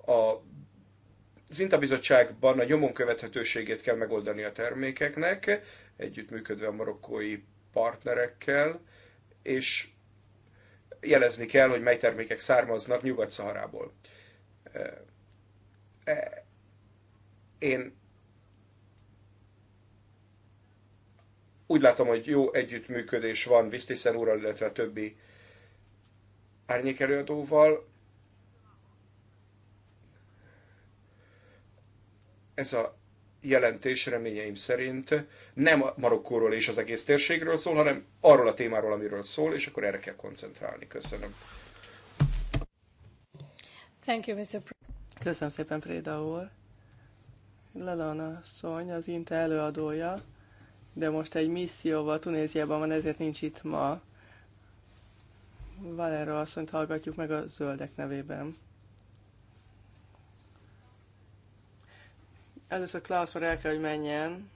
S1: A az Intabizottságban a nyomon követhetőségét kell megoldani a termékeknek, együttműködve a marokkói partnerekkel, és jelezni kell, hogy mely termékek származnak Nyugat-Szaharából. E, én Úgy látom, hogy jó együttműködés van Visztiszen úrral, illetve a többi árnyékelőadóval. Ez a jelentés reményeim szerint nem Marokkóról és az egész térségről szól, hanem arról a témáról, amiről szól, és akkor erre kell koncentrálni. Köszönöm.
S3: Thank you, Mr. Köszönöm szépen, Préda úr. Lelana Szony, az Inte előadója de most egy misszióval Tunéziában van, ezért nincs itt ma. Valera asszonyt hallgatjuk meg a zöldek nevében. Először Klaus már el kell, hogy menjen.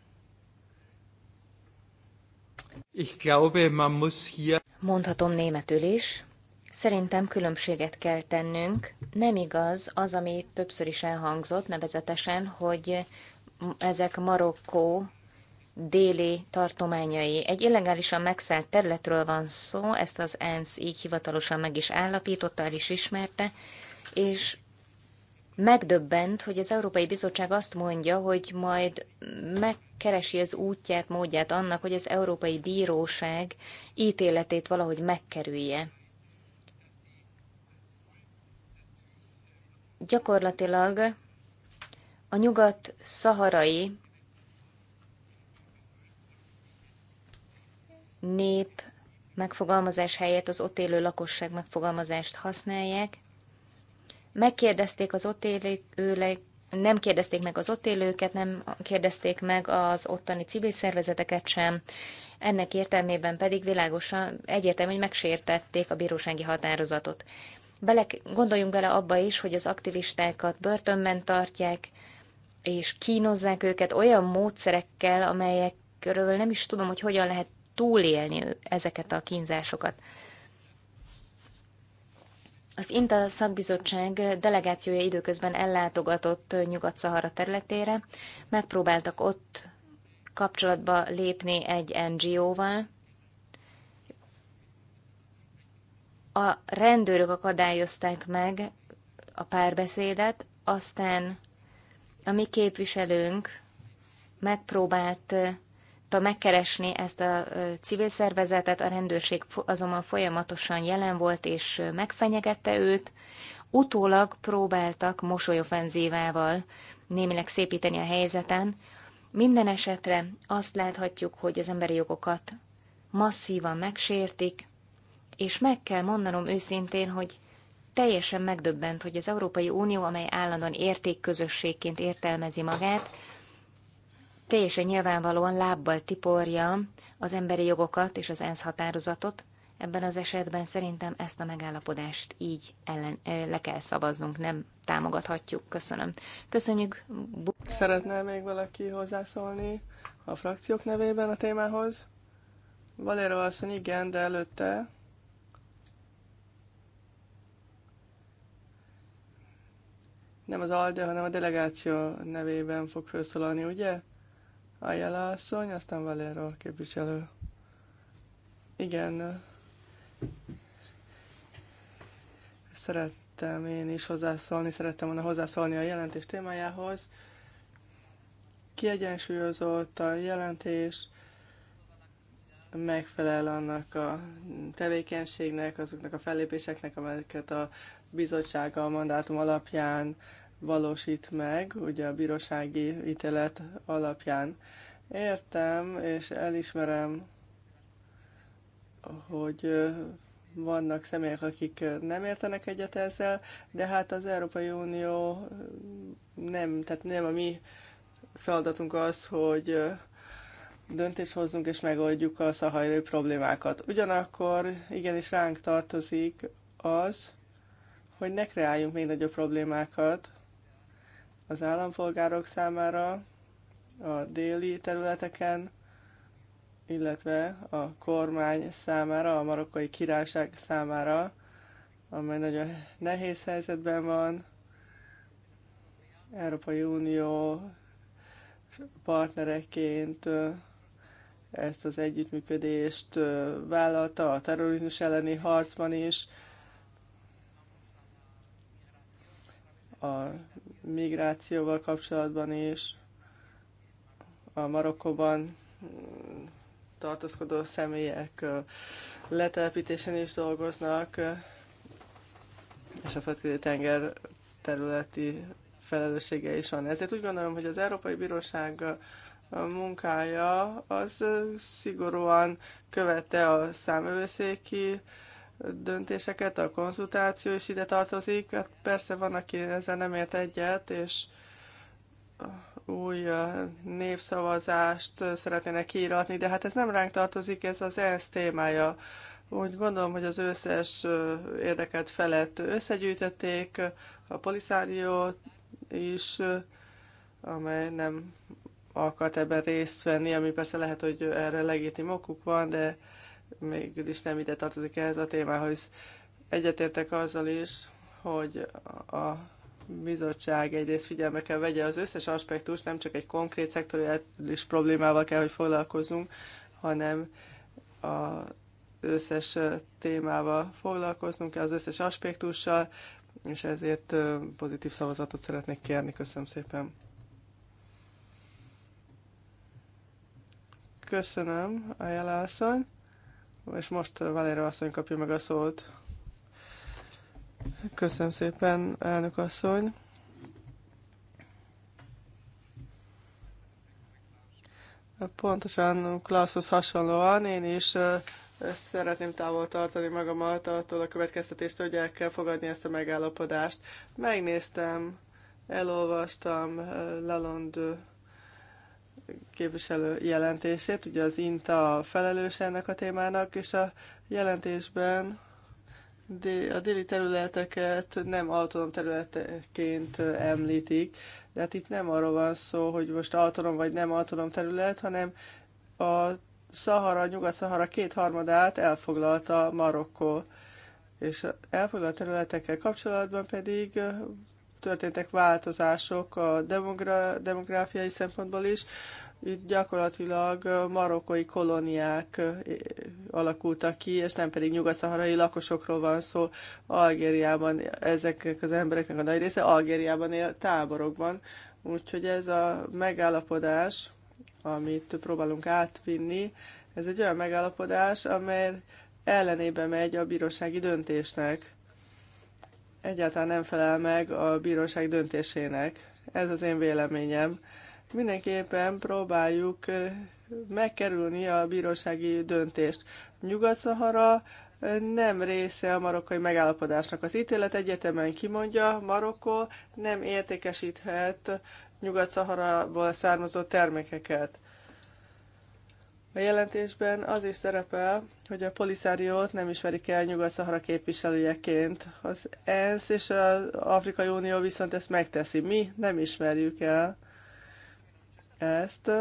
S3: Ich glaube, man muss hier...
S2: Mondhatom németül is. Szerintem különbséget kell tennünk. Nem igaz az, ami többször is elhangzott, nevezetesen, hogy ezek Marokkó déli tartományai. Egy illegálisan megszállt területről van szó, ezt az ENSZ így hivatalosan meg is állapította, el is ismerte, és megdöbbent, hogy az Európai Bizottság azt mondja, hogy majd megkeresi az útját, módját annak, hogy az Európai Bíróság ítéletét valahogy megkerülje. Gyakorlatilag a nyugat-szaharai nép megfogalmazás helyett az ott élő lakosság megfogalmazást használják. Megkérdezték az ott élők, nem kérdezték meg az ott élőket, nem kérdezték meg az ottani civil szervezeteket sem. Ennek értelmében pedig világosan egyértelmű, hogy megsértették a bírósági határozatot. Bele, gondoljunk bele abba is, hogy az aktivistákat börtönben tartják, és kínozzák őket olyan módszerekkel, amelyekről nem is tudom, hogy hogyan lehet túlélni ezeket a kínzásokat. Az INTA szakbizottság delegációja időközben ellátogatott Nyugat-Szahara területére, megpróbáltak ott kapcsolatba lépni egy NGO-val. A rendőrök akadályozták meg a párbeszédet, aztán a mi képviselőnk megpróbált megkeresni ezt a civil szervezetet, a rendőrség azonban folyamatosan jelen volt és megfenyegette őt. Utólag próbáltak mosolyoffenzívával némileg szépíteni a helyzeten. Minden esetre azt láthatjuk, hogy az emberi jogokat masszívan megsértik, és meg kell mondanom őszintén, hogy teljesen megdöbbent, hogy az Európai Unió, amely állandóan értékközösségként értelmezi magát, teljesen nyilvánvalóan lábbal tiporja az emberi jogokat és az ENSZ határozatot, ebben az esetben szerintem ezt a megállapodást így ellen, le kell szavaznunk, nem támogathatjuk. Köszönöm. Köszönjük. Szeretne még valaki hozzászólni a frakciók nevében a témához? Valéra
S3: asszony igen, de előtte nem az ALDE, hanem a delegáció nevében fog felszólalni, ugye? Ajala asszony, aztán Valero képviselő. Igen, szerettem én is hozzászólni, szerettem volna hozzászólni a jelentés témájához. Kiegyensúlyozott a jelentés, megfelel annak a tevékenységnek, azoknak a fellépéseknek, amelyeket a bizottsága a mandátum alapján valósít meg, ugye a bírósági ítélet alapján. Értem, és elismerem, hogy vannak személyek, akik nem értenek egyet ezzel, de hát az Európai Unió nem, tehát nem a mi feladatunk az, hogy döntést hozzunk és megoldjuk a szahajrai problémákat. Ugyanakkor igenis ránk tartozik az, hogy ne kreáljunk még nagyobb problémákat, az állampolgárok számára a déli területeken, illetve a kormány számára, a marokkai királyság számára, amely nagyon nehéz helyzetben van. Európai Unió partnereként ezt az együttműködést vállalta a terrorizmus elleni harcban is. A migrációval kapcsolatban is, a Marokkóban mm, tartózkodó személyek letelepítésen is dolgoznak, és a földközi tenger területi felelőssége is van. Ezért úgy gondolom, hogy az Európai Bíróság munkája az szigorúan követte a számövőszéki döntéseket, a konzultáció is ide tartozik. Hát persze van, aki ezzel nem ért egyet, és új népszavazást szeretnének kiíratni, de hát ez nem ránk tartozik, ez az ENSZ témája. Úgy gondolom, hogy az összes érdeket felett összegyűjtötték, a poliszárió is, amely nem akart ebben részt venni, ami persze lehet, hogy erre legitim okuk van, de mégis nem ide tartozik ehhez a témához. Egyetértek azzal is, hogy a bizottság egyrészt figyelme kell vegye az összes aspektus, nem csak egy konkrét szektoriális problémával kell, hogy foglalkozunk, hanem az összes témával foglalkoznunk kell, az összes aspektussal, és ezért pozitív szavazatot szeretnék kérni. Köszönöm szépen. Köszönöm, Ajala asszony. És most uh, Valéra asszony kapja meg a szót. Köszönöm szépen, elnök asszony. Pontosan Klauszhoz hasonlóan én is uh, szeretném távol tartani magamat attól a következtetést, hogy el kell fogadni ezt a megállapodást. Megnéztem, elolvastam uh, Lalond képviselő jelentését, ugye az INTA felelős ennek a témának, és a jelentésben a déli területeket nem autonóm területeként említik, de hát itt nem arról van szó, hogy most autonóm vagy nem autonóm terület, hanem a Szahara, Nyugat-Szahara kétharmadát elfoglalta Marokkó. És elfoglalt területekkel kapcsolatban pedig történtek változások a demogra- demográfiai szempontból is. Itt gyakorlatilag marokkói kolóniák alakultak ki, és nem pedig nyugat-szaharai lakosokról van szó. Algériában ezek az embereknek a nagy része Algériában él táborokban, úgyhogy ez a megállapodás, amit próbálunk átvinni, ez egy olyan megállapodás, amely ellenébe megy a bírósági döntésnek egyáltalán nem felel meg a bíróság döntésének. Ez az én véleményem. Mindenképpen próbáljuk megkerülni a bírósági döntést. Nyugat-Szahara nem része a marokkai megállapodásnak. Az ítélet egyetemen kimondja, Marokkó nem értékesíthet Nyugat-Szaharából származó termékeket. A jelentésben az is szerepel, hogy a poliszáriót nem ismerik el Nyugat-Szahara képviselőjeként. Az ENSZ és az Afrikai Unió viszont ezt megteszi. Mi nem ismerjük el ezt,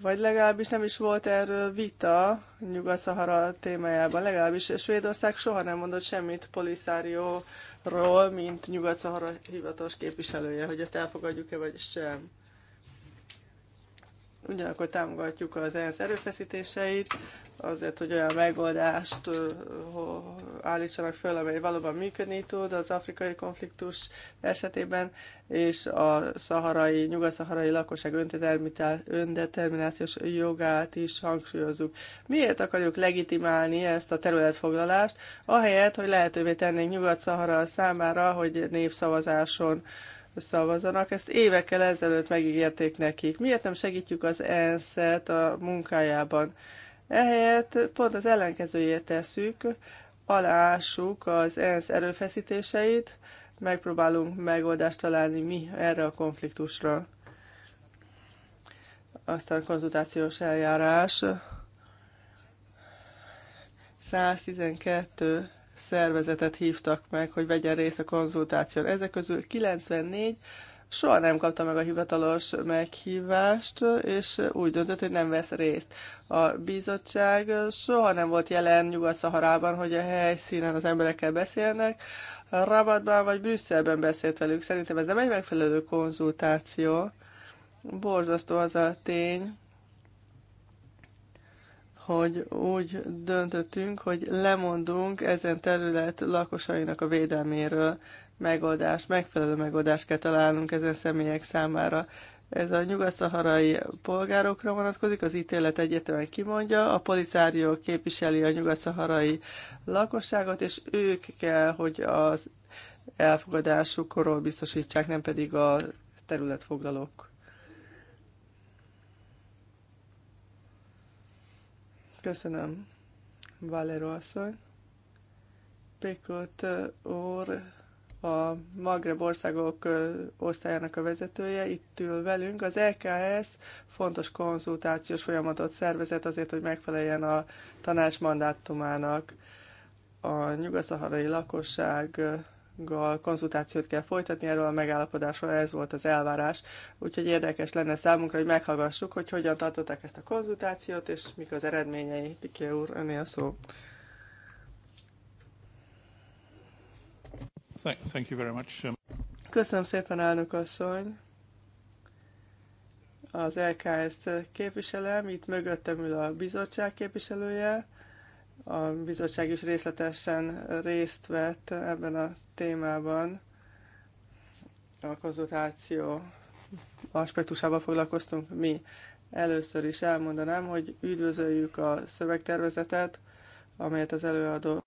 S3: vagy legalábbis nem is volt erről vita Nyugat-Szahara témájában, legalábbis Svédország soha nem mondott semmit Polisárióról, mint Nyugat-Szahara hivatalos képviselője, hogy ezt elfogadjuk-e vagy sem. Ugyanakkor támogatjuk az ENSZ erőfeszítéseit, azért, hogy olyan megoldást állítsanak föl, amely valóban működni tud az afrikai konfliktus esetében, és a szaharai, nyugat-szaharai lakosság öndeterminációs jogát is hangsúlyozzuk. Miért akarjuk legitimálni ezt a területfoglalást, ahelyett, hogy lehetővé tennénk nyugat-szahara számára, hogy népszavazáson szavazanak. Ezt évekkel ezelőtt megígérték nekik. Miért nem segítjük az ENSZ-et a munkájában? Ehelyett pont az ellenkezőjét tesszük, alássuk az ENSZ erőfeszítéseit, megpróbálunk megoldást találni mi erre a konfliktusra. Aztán konzultációs eljárás. 112 szervezetet hívtak meg, hogy vegyen részt a konzultáción. Ezek közül 94 soha nem kapta meg a hivatalos meghívást, és úgy döntött, hogy nem vesz részt. A bizottság soha nem volt jelen Nyugat-Szaharában, hogy a helyszínen az emberekkel beszélnek. Rabatban vagy Brüsszelben beszélt velük. Szerintem ez nem egy megfelelő konzultáció. Borzasztó az a tény, hogy úgy döntöttünk, hogy lemondunk ezen terület lakosainak a védelméről megoldást, megfelelő megoldást kell találnunk ezen személyek számára. Ez a nyugat-szaharai polgárokra vonatkozik, az ítélet egyetemen kimondja, a poliszárió képviseli a nyugat-szaharai lakosságot, és ők kell, hogy az elfogadásukról biztosítsák, nem pedig a területfoglalók. Köszönöm, Valero asszony. Pékot úr, a Magreb országok osztályának a vezetője, itt ül velünk. Az EKS fontos konzultációs folyamatot szervezett azért, hogy megfeleljen a tanács mandátumának. A nyugaszaharai lakosság gal konzultációt kell folytatni erről a megállapodásról, ez volt az elvárás. Úgyhogy érdekes lenne számunkra, hogy meghallgassuk, hogy hogyan tartották ezt a konzultációt, és mik az eredményei. Piké úr, öné a szó. Thank you very much. Köszönöm szépen, elnök asszony. Az LKS-t képviselem, itt mögöttem ül a bizottság képviselője a bizottság is részletesen részt vett ebben a témában a konzultáció aspektusával foglalkoztunk mi. Először is elmondanám, hogy üdvözöljük a szövegtervezetet, amelyet az előadó